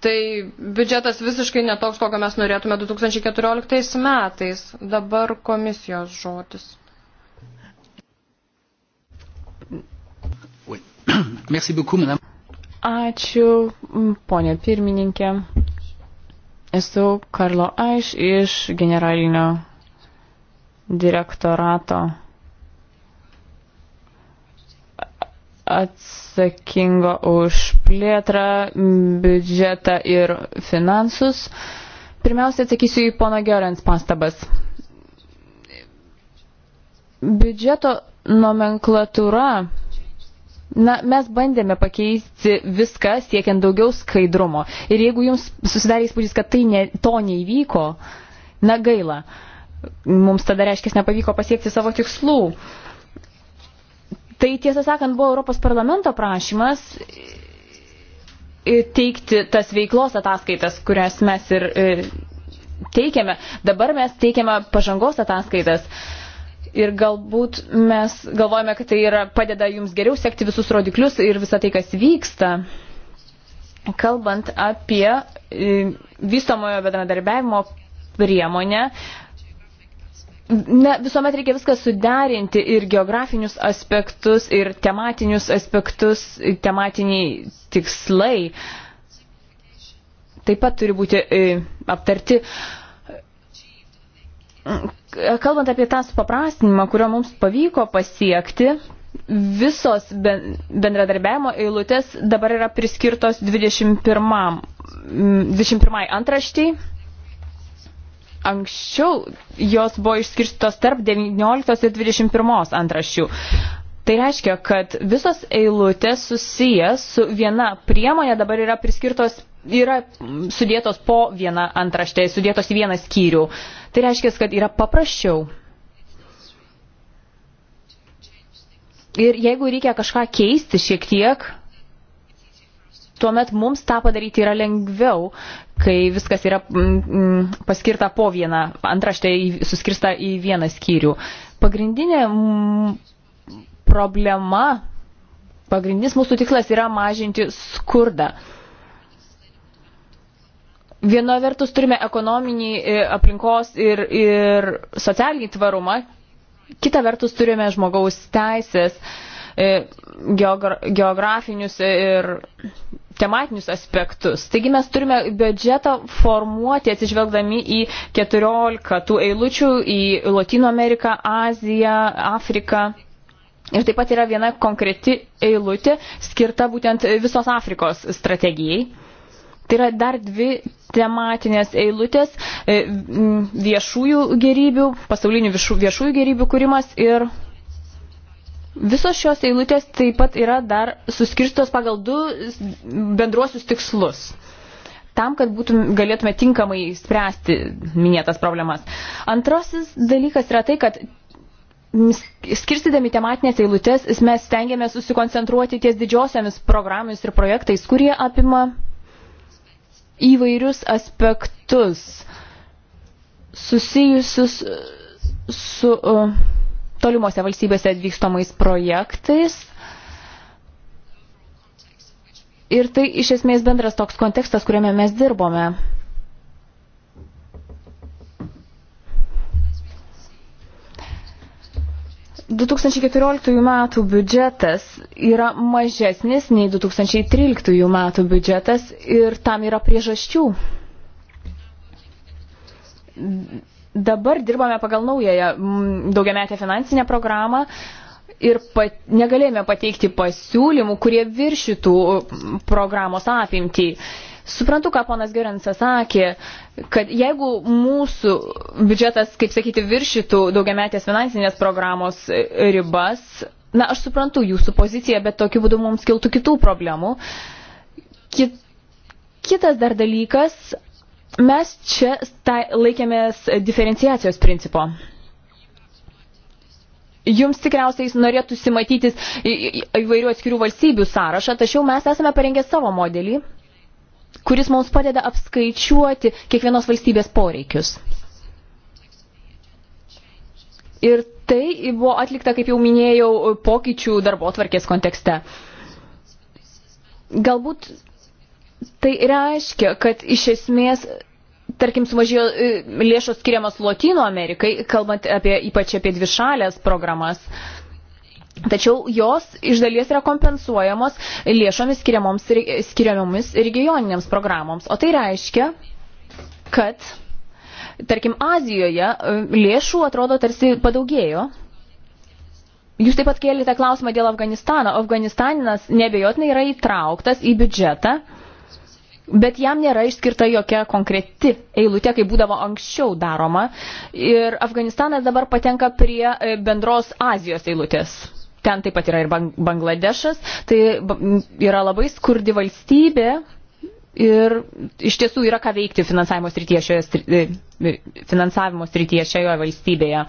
Tai biudžetas visiškai netoks, kokio mes norėtume 2014 metais. Dabar komisijos žodis. Merci beaucoup, madame. Ačiū, ponė pirmininkė. Esu Karlo Aiš iš generalinio direktorato atsakingo už plėtrą, biudžetą ir finansus. Pirmiausia, atsakysiu į pono Gerens pastabas. Biudžeto nomenklatūra Na, mes bandėme pakeisti viską, siekiant daugiau skaidrumo. Ir jeigu jums susidarė įspūdis, kad tai ne, to neįvyko, na gaila, mums tada reiškia, nepavyko pasiekti savo tikslų. Tai tiesą sakant, buvo Europos parlamento prašymas teikti tas veiklos ataskaitas, kurias mes ir teikiame. Dabar mes teikiame pažangos ataskaitas ir galbūt mes galvojame, kad tai yra, padeda jums geriau sekti visus rodiklius ir visą tai, kas vyksta. Kalbant apie e, vystomojo bendradarbiavimo priemonę, ne, visuomet reikia viską suderinti ir geografinius aspektus, ir tematinius aspektus, tematiniai tikslai. Taip pat turi būti e, aptarti kalbant apie tą supaprastinimą, kurio mums pavyko pasiekti, visos bendradarbiavimo eilutės dabar yra priskirtos 21, 21 antraštiai. Anksčiau jos buvo išskirstytos tarp 19 ir 21 antraščių. Tai reiškia, kad visos eilutės susijęs su viena priemonė dabar yra priskirtos yra sudėtos po vieną antraštę, sudėtos į vieną skyrių. Tai reiškia, kad yra paprasčiau. Ir jeigu reikia kažką keisti šiek tiek, tuomet mums tą padaryti yra lengviau, kai viskas yra mm, mm paskirta po vieną antraštę, suskirsta į vieną skyrių. Pagrindinė mm, problema, pagrindinis mūsų tikslas yra mažinti skurdą. Viena vertus turime ekonominį e, aplinkos ir, ir socialinį tvarumą, kita vertus turime žmogaus teisės, e, geografinius ir tematinius aspektus. Taigi mes turime biudžetą formuoti atsižvelgdami į 14 tų eilučių į Latino Ameriką, Aziją, Afriką. Ir taip pat yra viena konkreti eilutė skirta būtent visos Afrikos strategijai. Tai yra dar dvi tematinės eilutės e, viešųjų gerybių, pasaulinių viešųjų gerybių kūrimas ir Visos šios eilutės taip pat yra dar suskirstos pagal du bendruosius tikslus. Tam, kad būtum, galėtume tinkamai spręsti minėtas problemas. Antrasis dalykas yra tai, kad skirstydami tematinės eilutės mes stengiame susikoncentruoti ties didžiosiamis programomis ir projektais, kurie apima įvairius aspektus susijusius e, su e, tolimuose valstybėse atvykstomais projektais. Ir tai iš esmės bendras toks kontekstas, kuriame mes dirbome. 2014 metų biudžetas yra mažesnis nei 2013 metų biudžetas ir tam yra priežasčių. Dabar dirbame pagal naująją mm, daugiametę finansinę programą ir pat, negalėjome pateikti pasiūlymų, kurie viršytų mm, programos apimtį. Suprantu, ką ponas Gerensas sakė, kad jeigu mūsų biudžetas, kaip sakyti, viršytų daugiametės finansinės programos ribas, na, aš suprantu jūsų poziciją, bet tokiu būdu mums kiltų kitų problemų. Kit, kitas dar dalykas, mes čia tai laikėmės diferenciacijos principo jums tikriausiai norėtųsi matytis įvairių atskirų valstybių sąrašą, tačiau mes esame parengę savo modelį kuris mums padeda apskaičiuoti kiekvienos valstybės poreikius. Ir tai buvo atlikta, kaip jau minėjau, pokyčių darbo tvarkės kontekste. Galbūt tai reiškia, kad iš esmės, tarkim, sumažėjo e, lėšos skiriamas Lotino Amerikai, kalbant apie, ypač apie dvišalės programas. Uh, Tačiau jos iš dalies yra kompensuojamos lėšomis skiriamomis regioniniams programoms. O tai reiškia, kad, tarkim, Azijoje e, lėšų atrodo tarsi padaugėjo. Jūs taip pat kėlėte klausimą dėl Afganistano. Afganistanas nebejotinai yra įtrauktas į biudžetą, bet jam nėra išskirta jokia konkreti eilutė, kaip būdavo anksčiau daroma. Ir Afganistanas dabar patenka prie e, bendros Azijos eilutės ten taip pat yra ir Bangladešas, tai yra labai skurdi valstybė ir iš tiesų yra ką veikti finansavimo srityje šioje, e, e, finansavimo srityje šioje valstybėje.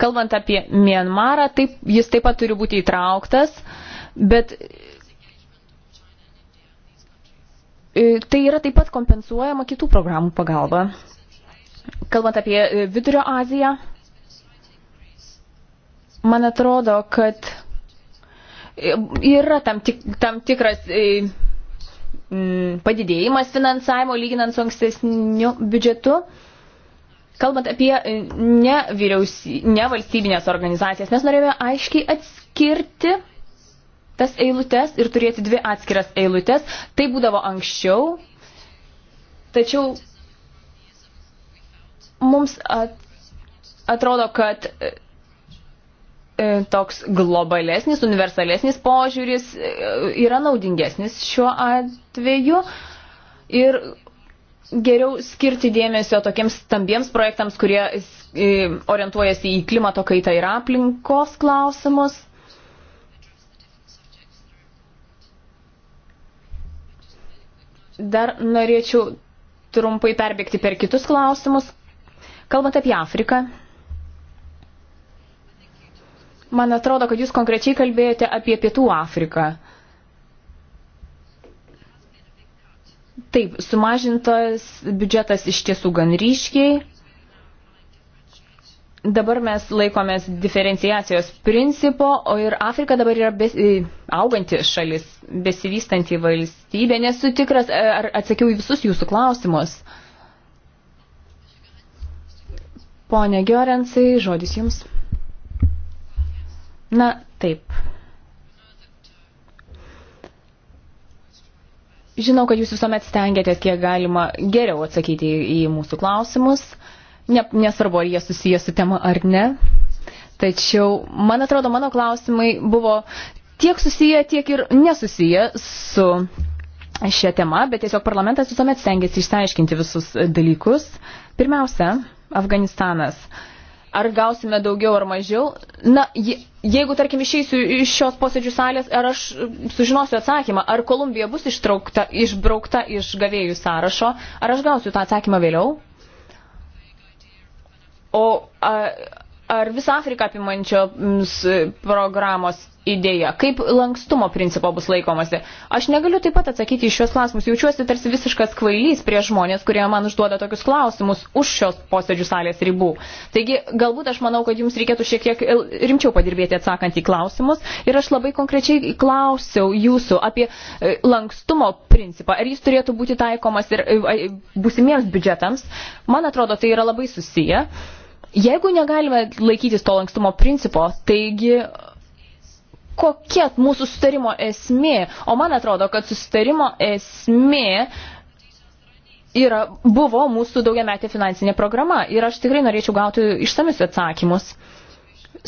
Kalbant apie Mienmarą, taip, jis taip pat turi būti įtrauktas, bet e, tai yra taip pat kompensuojama kitų programų pagalba. Kalbant apie Vidurio Aziją, Man atrodo, kad yra tam, tik, tam tikras e, padidėjimas finansavimo lyginant su ankstesniu biudžetu. Kalbant apie nevalstybinės ne organizacijas, mes norėjome aiškiai atskirti tas eilutes ir turėti dvi atskiras eilutes. Tai būdavo anksčiau, tačiau mums atrodo, kad e, E, toks globalesnis, universalesnis požiūris e, yra naudingesnis šiuo atveju ir geriau skirti dėmesio tokiems stambiems projektams, kurie e, orientuojasi į klimato kaitą ir aplinkos klausimus. Dar norėčiau trumpai perbėgti per kitus klausimus. Kalbant apie Afriką, Man atrodo, kad jūs konkrečiai kalbėjote apie Pietų Afriką. Taip, sumažintas biudžetas iš tiesų gan ryškiai. Dabar mes laikomės diferenciacijos principo, o ir Afrika dabar yra bes, e, auganti šalis, besivystanti valstybė. Nesu tikras, e, ar atsakiau į visus jūsų klausimus. Pone Giorensai, žodis jums. Na, taip. Žinau, kad jūs visuomet stengiatės kiek galima geriau atsakyti į mūsų klausimus, ne, nesvarbu, ar jie susiję su tema ar ne. Tačiau, man atrodo, mano klausimai buvo tiek susiję, tiek ir nesusiję su šia tema, bet tiesiog parlamentas visuomet stengiasi išsiaiškinti visus dalykus. Pirmiausia, Afganistanas. Uh, ar gausime daugiau ar mažiau. Na, je, jeigu, tarkim, išeisiu iš šios posėdžių salės, ar aš sužinosiu atsakymą, ar Kolumbija bus ištraukta, išbraukta iš gavėjų sąrašo, ar aš gausiu tą atsakymą vėliau? O a, ar visą Afriką apimančios programos idėja? Kaip lankstumo principo bus laikomasi? Aš negaliu taip pat atsakyti į šios klausimus. Jaučiuosi tarsi visiškas kvailys prie žmonės, kurie man užduoda tokius klausimus už šios posėdžių salės ribų. Taigi, galbūt aš manau, kad jums reikėtų šiek tiek rimčiau padirbėti atsakant į klausimus. Ir aš labai konkrečiai klausiau jūsų apie e, lankstumo principą. Ar jis turėtų būti taikomas ir e, e, būsimiems biudžetams? Man atrodo, tai yra labai susiję. Jeigu negalime laikytis to lankstumo principo, taigi kokia mūsų sustarimo esmė? O man atrodo, kad sustarimo esmė yra, buvo mūsų daugiametė finansinė programa ir aš tikrai norėčiau gauti išsamius atsakymus.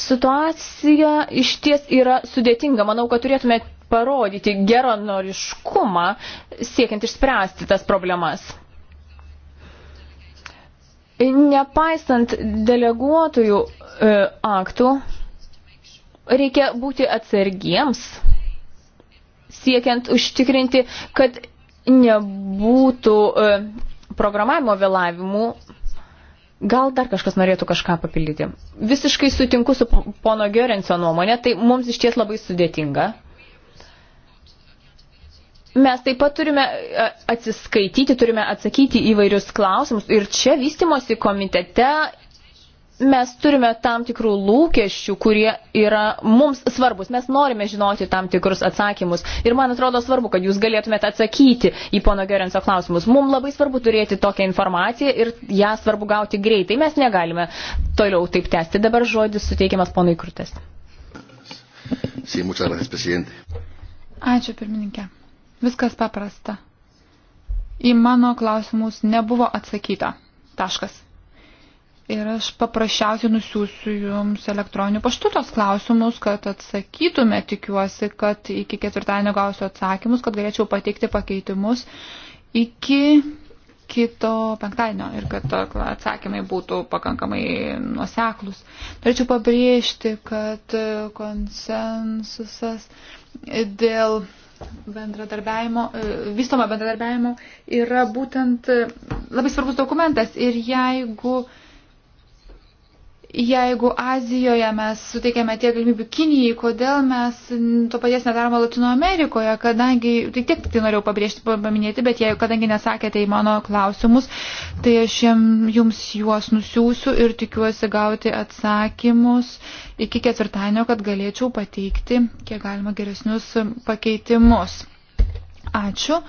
Situacija iš ties yra sudėtinga. Manau, kad turėtume parodyti geronoriškumą siekiant išspręsti tas problemas. Nepaisant deleguotojų e, aktų, reikia būti atsargiems, siekiant užtikrinti, kad nebūtų e, programavimo vėlavimų. Gal dar kažkas norėtų kažką papildyti. Visiškai sutinku su pono Gerencio nuomonė, tai mums iš ties labai sudėtinga Mes taip pat turime e, atsiskaityti, turime atsakyti įvairius klausimus ir čia vystimosi komitete mes turime tam tikrų lūkesčių, kurie yra mums svarbus. Mes norime žinoti tam tikrus atsakymus. Ir man atrodo svarbu, kad jūs galėtumėte atsakyti į pono Gerenso klausimus. Mums labai svarbu turėti tokią informaciją ir ją svarbu gauti greitai. Mes negalime toliau taip tęsti. Dabar žodis suteikiamas ponui Krūtės. Sí, gracias, Ačiū, pirmininkė. Viskas paprasta. Į mano klausimus nebuvo atsakyta. Taškas. Ir aš paprasčiausiai nusiųsiu jums elektroniniu paštu tos klausimus, kad atsakytume, tikiuosi, kad iki ketvirtadienio gausiu atsakymus, kad galėčiau pateikti pakeitimus iki kito penktadienio ir kad atsakymai būtų pakankamai nuoseklus. Norėčiau pabrėžti, kad konsensusas dėl bendradarbiavimo, e, vystoma bendradarbiavimo yra būtent e, labai svarbus dokumentas ir jeigu uh, Jeigu Azijoje mes suteikėme tiek galimybių Kinijai, kodėl mes to paties nedarome Latino Amerikoje, kadangi, tai tiek tai norėjau pabrėžti, paminėti, bet jei, kadangi nesakėte į mano klausimus, tai aš jums juos nusiųsiu ir tikiuosi gauti atsakymus iki ketvirtadienio, kad galėčiau pateikti kiek galima geresnius pakeitimus. Ačiū.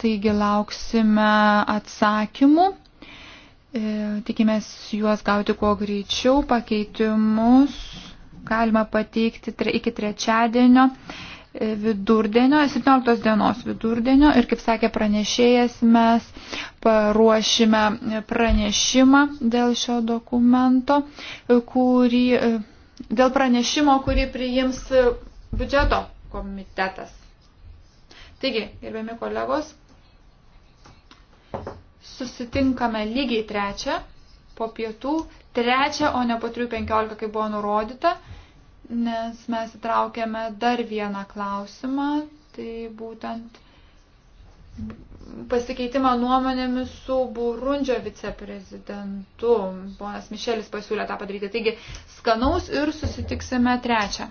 Taigi lauksime atsakymų. E, tikimės juos gauti kuo greičiau. Pakeitimus galima pateikti iki trečiadienio e, vidurdienio, 17 dienos vidurdienio ir, kaip sakė pranešėjas, mes paruošime pranešimą dėl šio dokumento, e, kurį, dėl pranešimo, kurį priims biudžeto komitetas. Taigi, gerbiami kolegos, susitinkame lygiai trečią po pietų, trečią, o ne po 3.15, kaip buvo nurodyta, nes mes įtraukėme dar vieną klausimą, tai būtent pasikeitimą nuomonėmis su Burundžio viceprezidentu. Ponas Mišelis pasiūlė tą padaryti. Taigi, skanaus ir susitiksime trečią.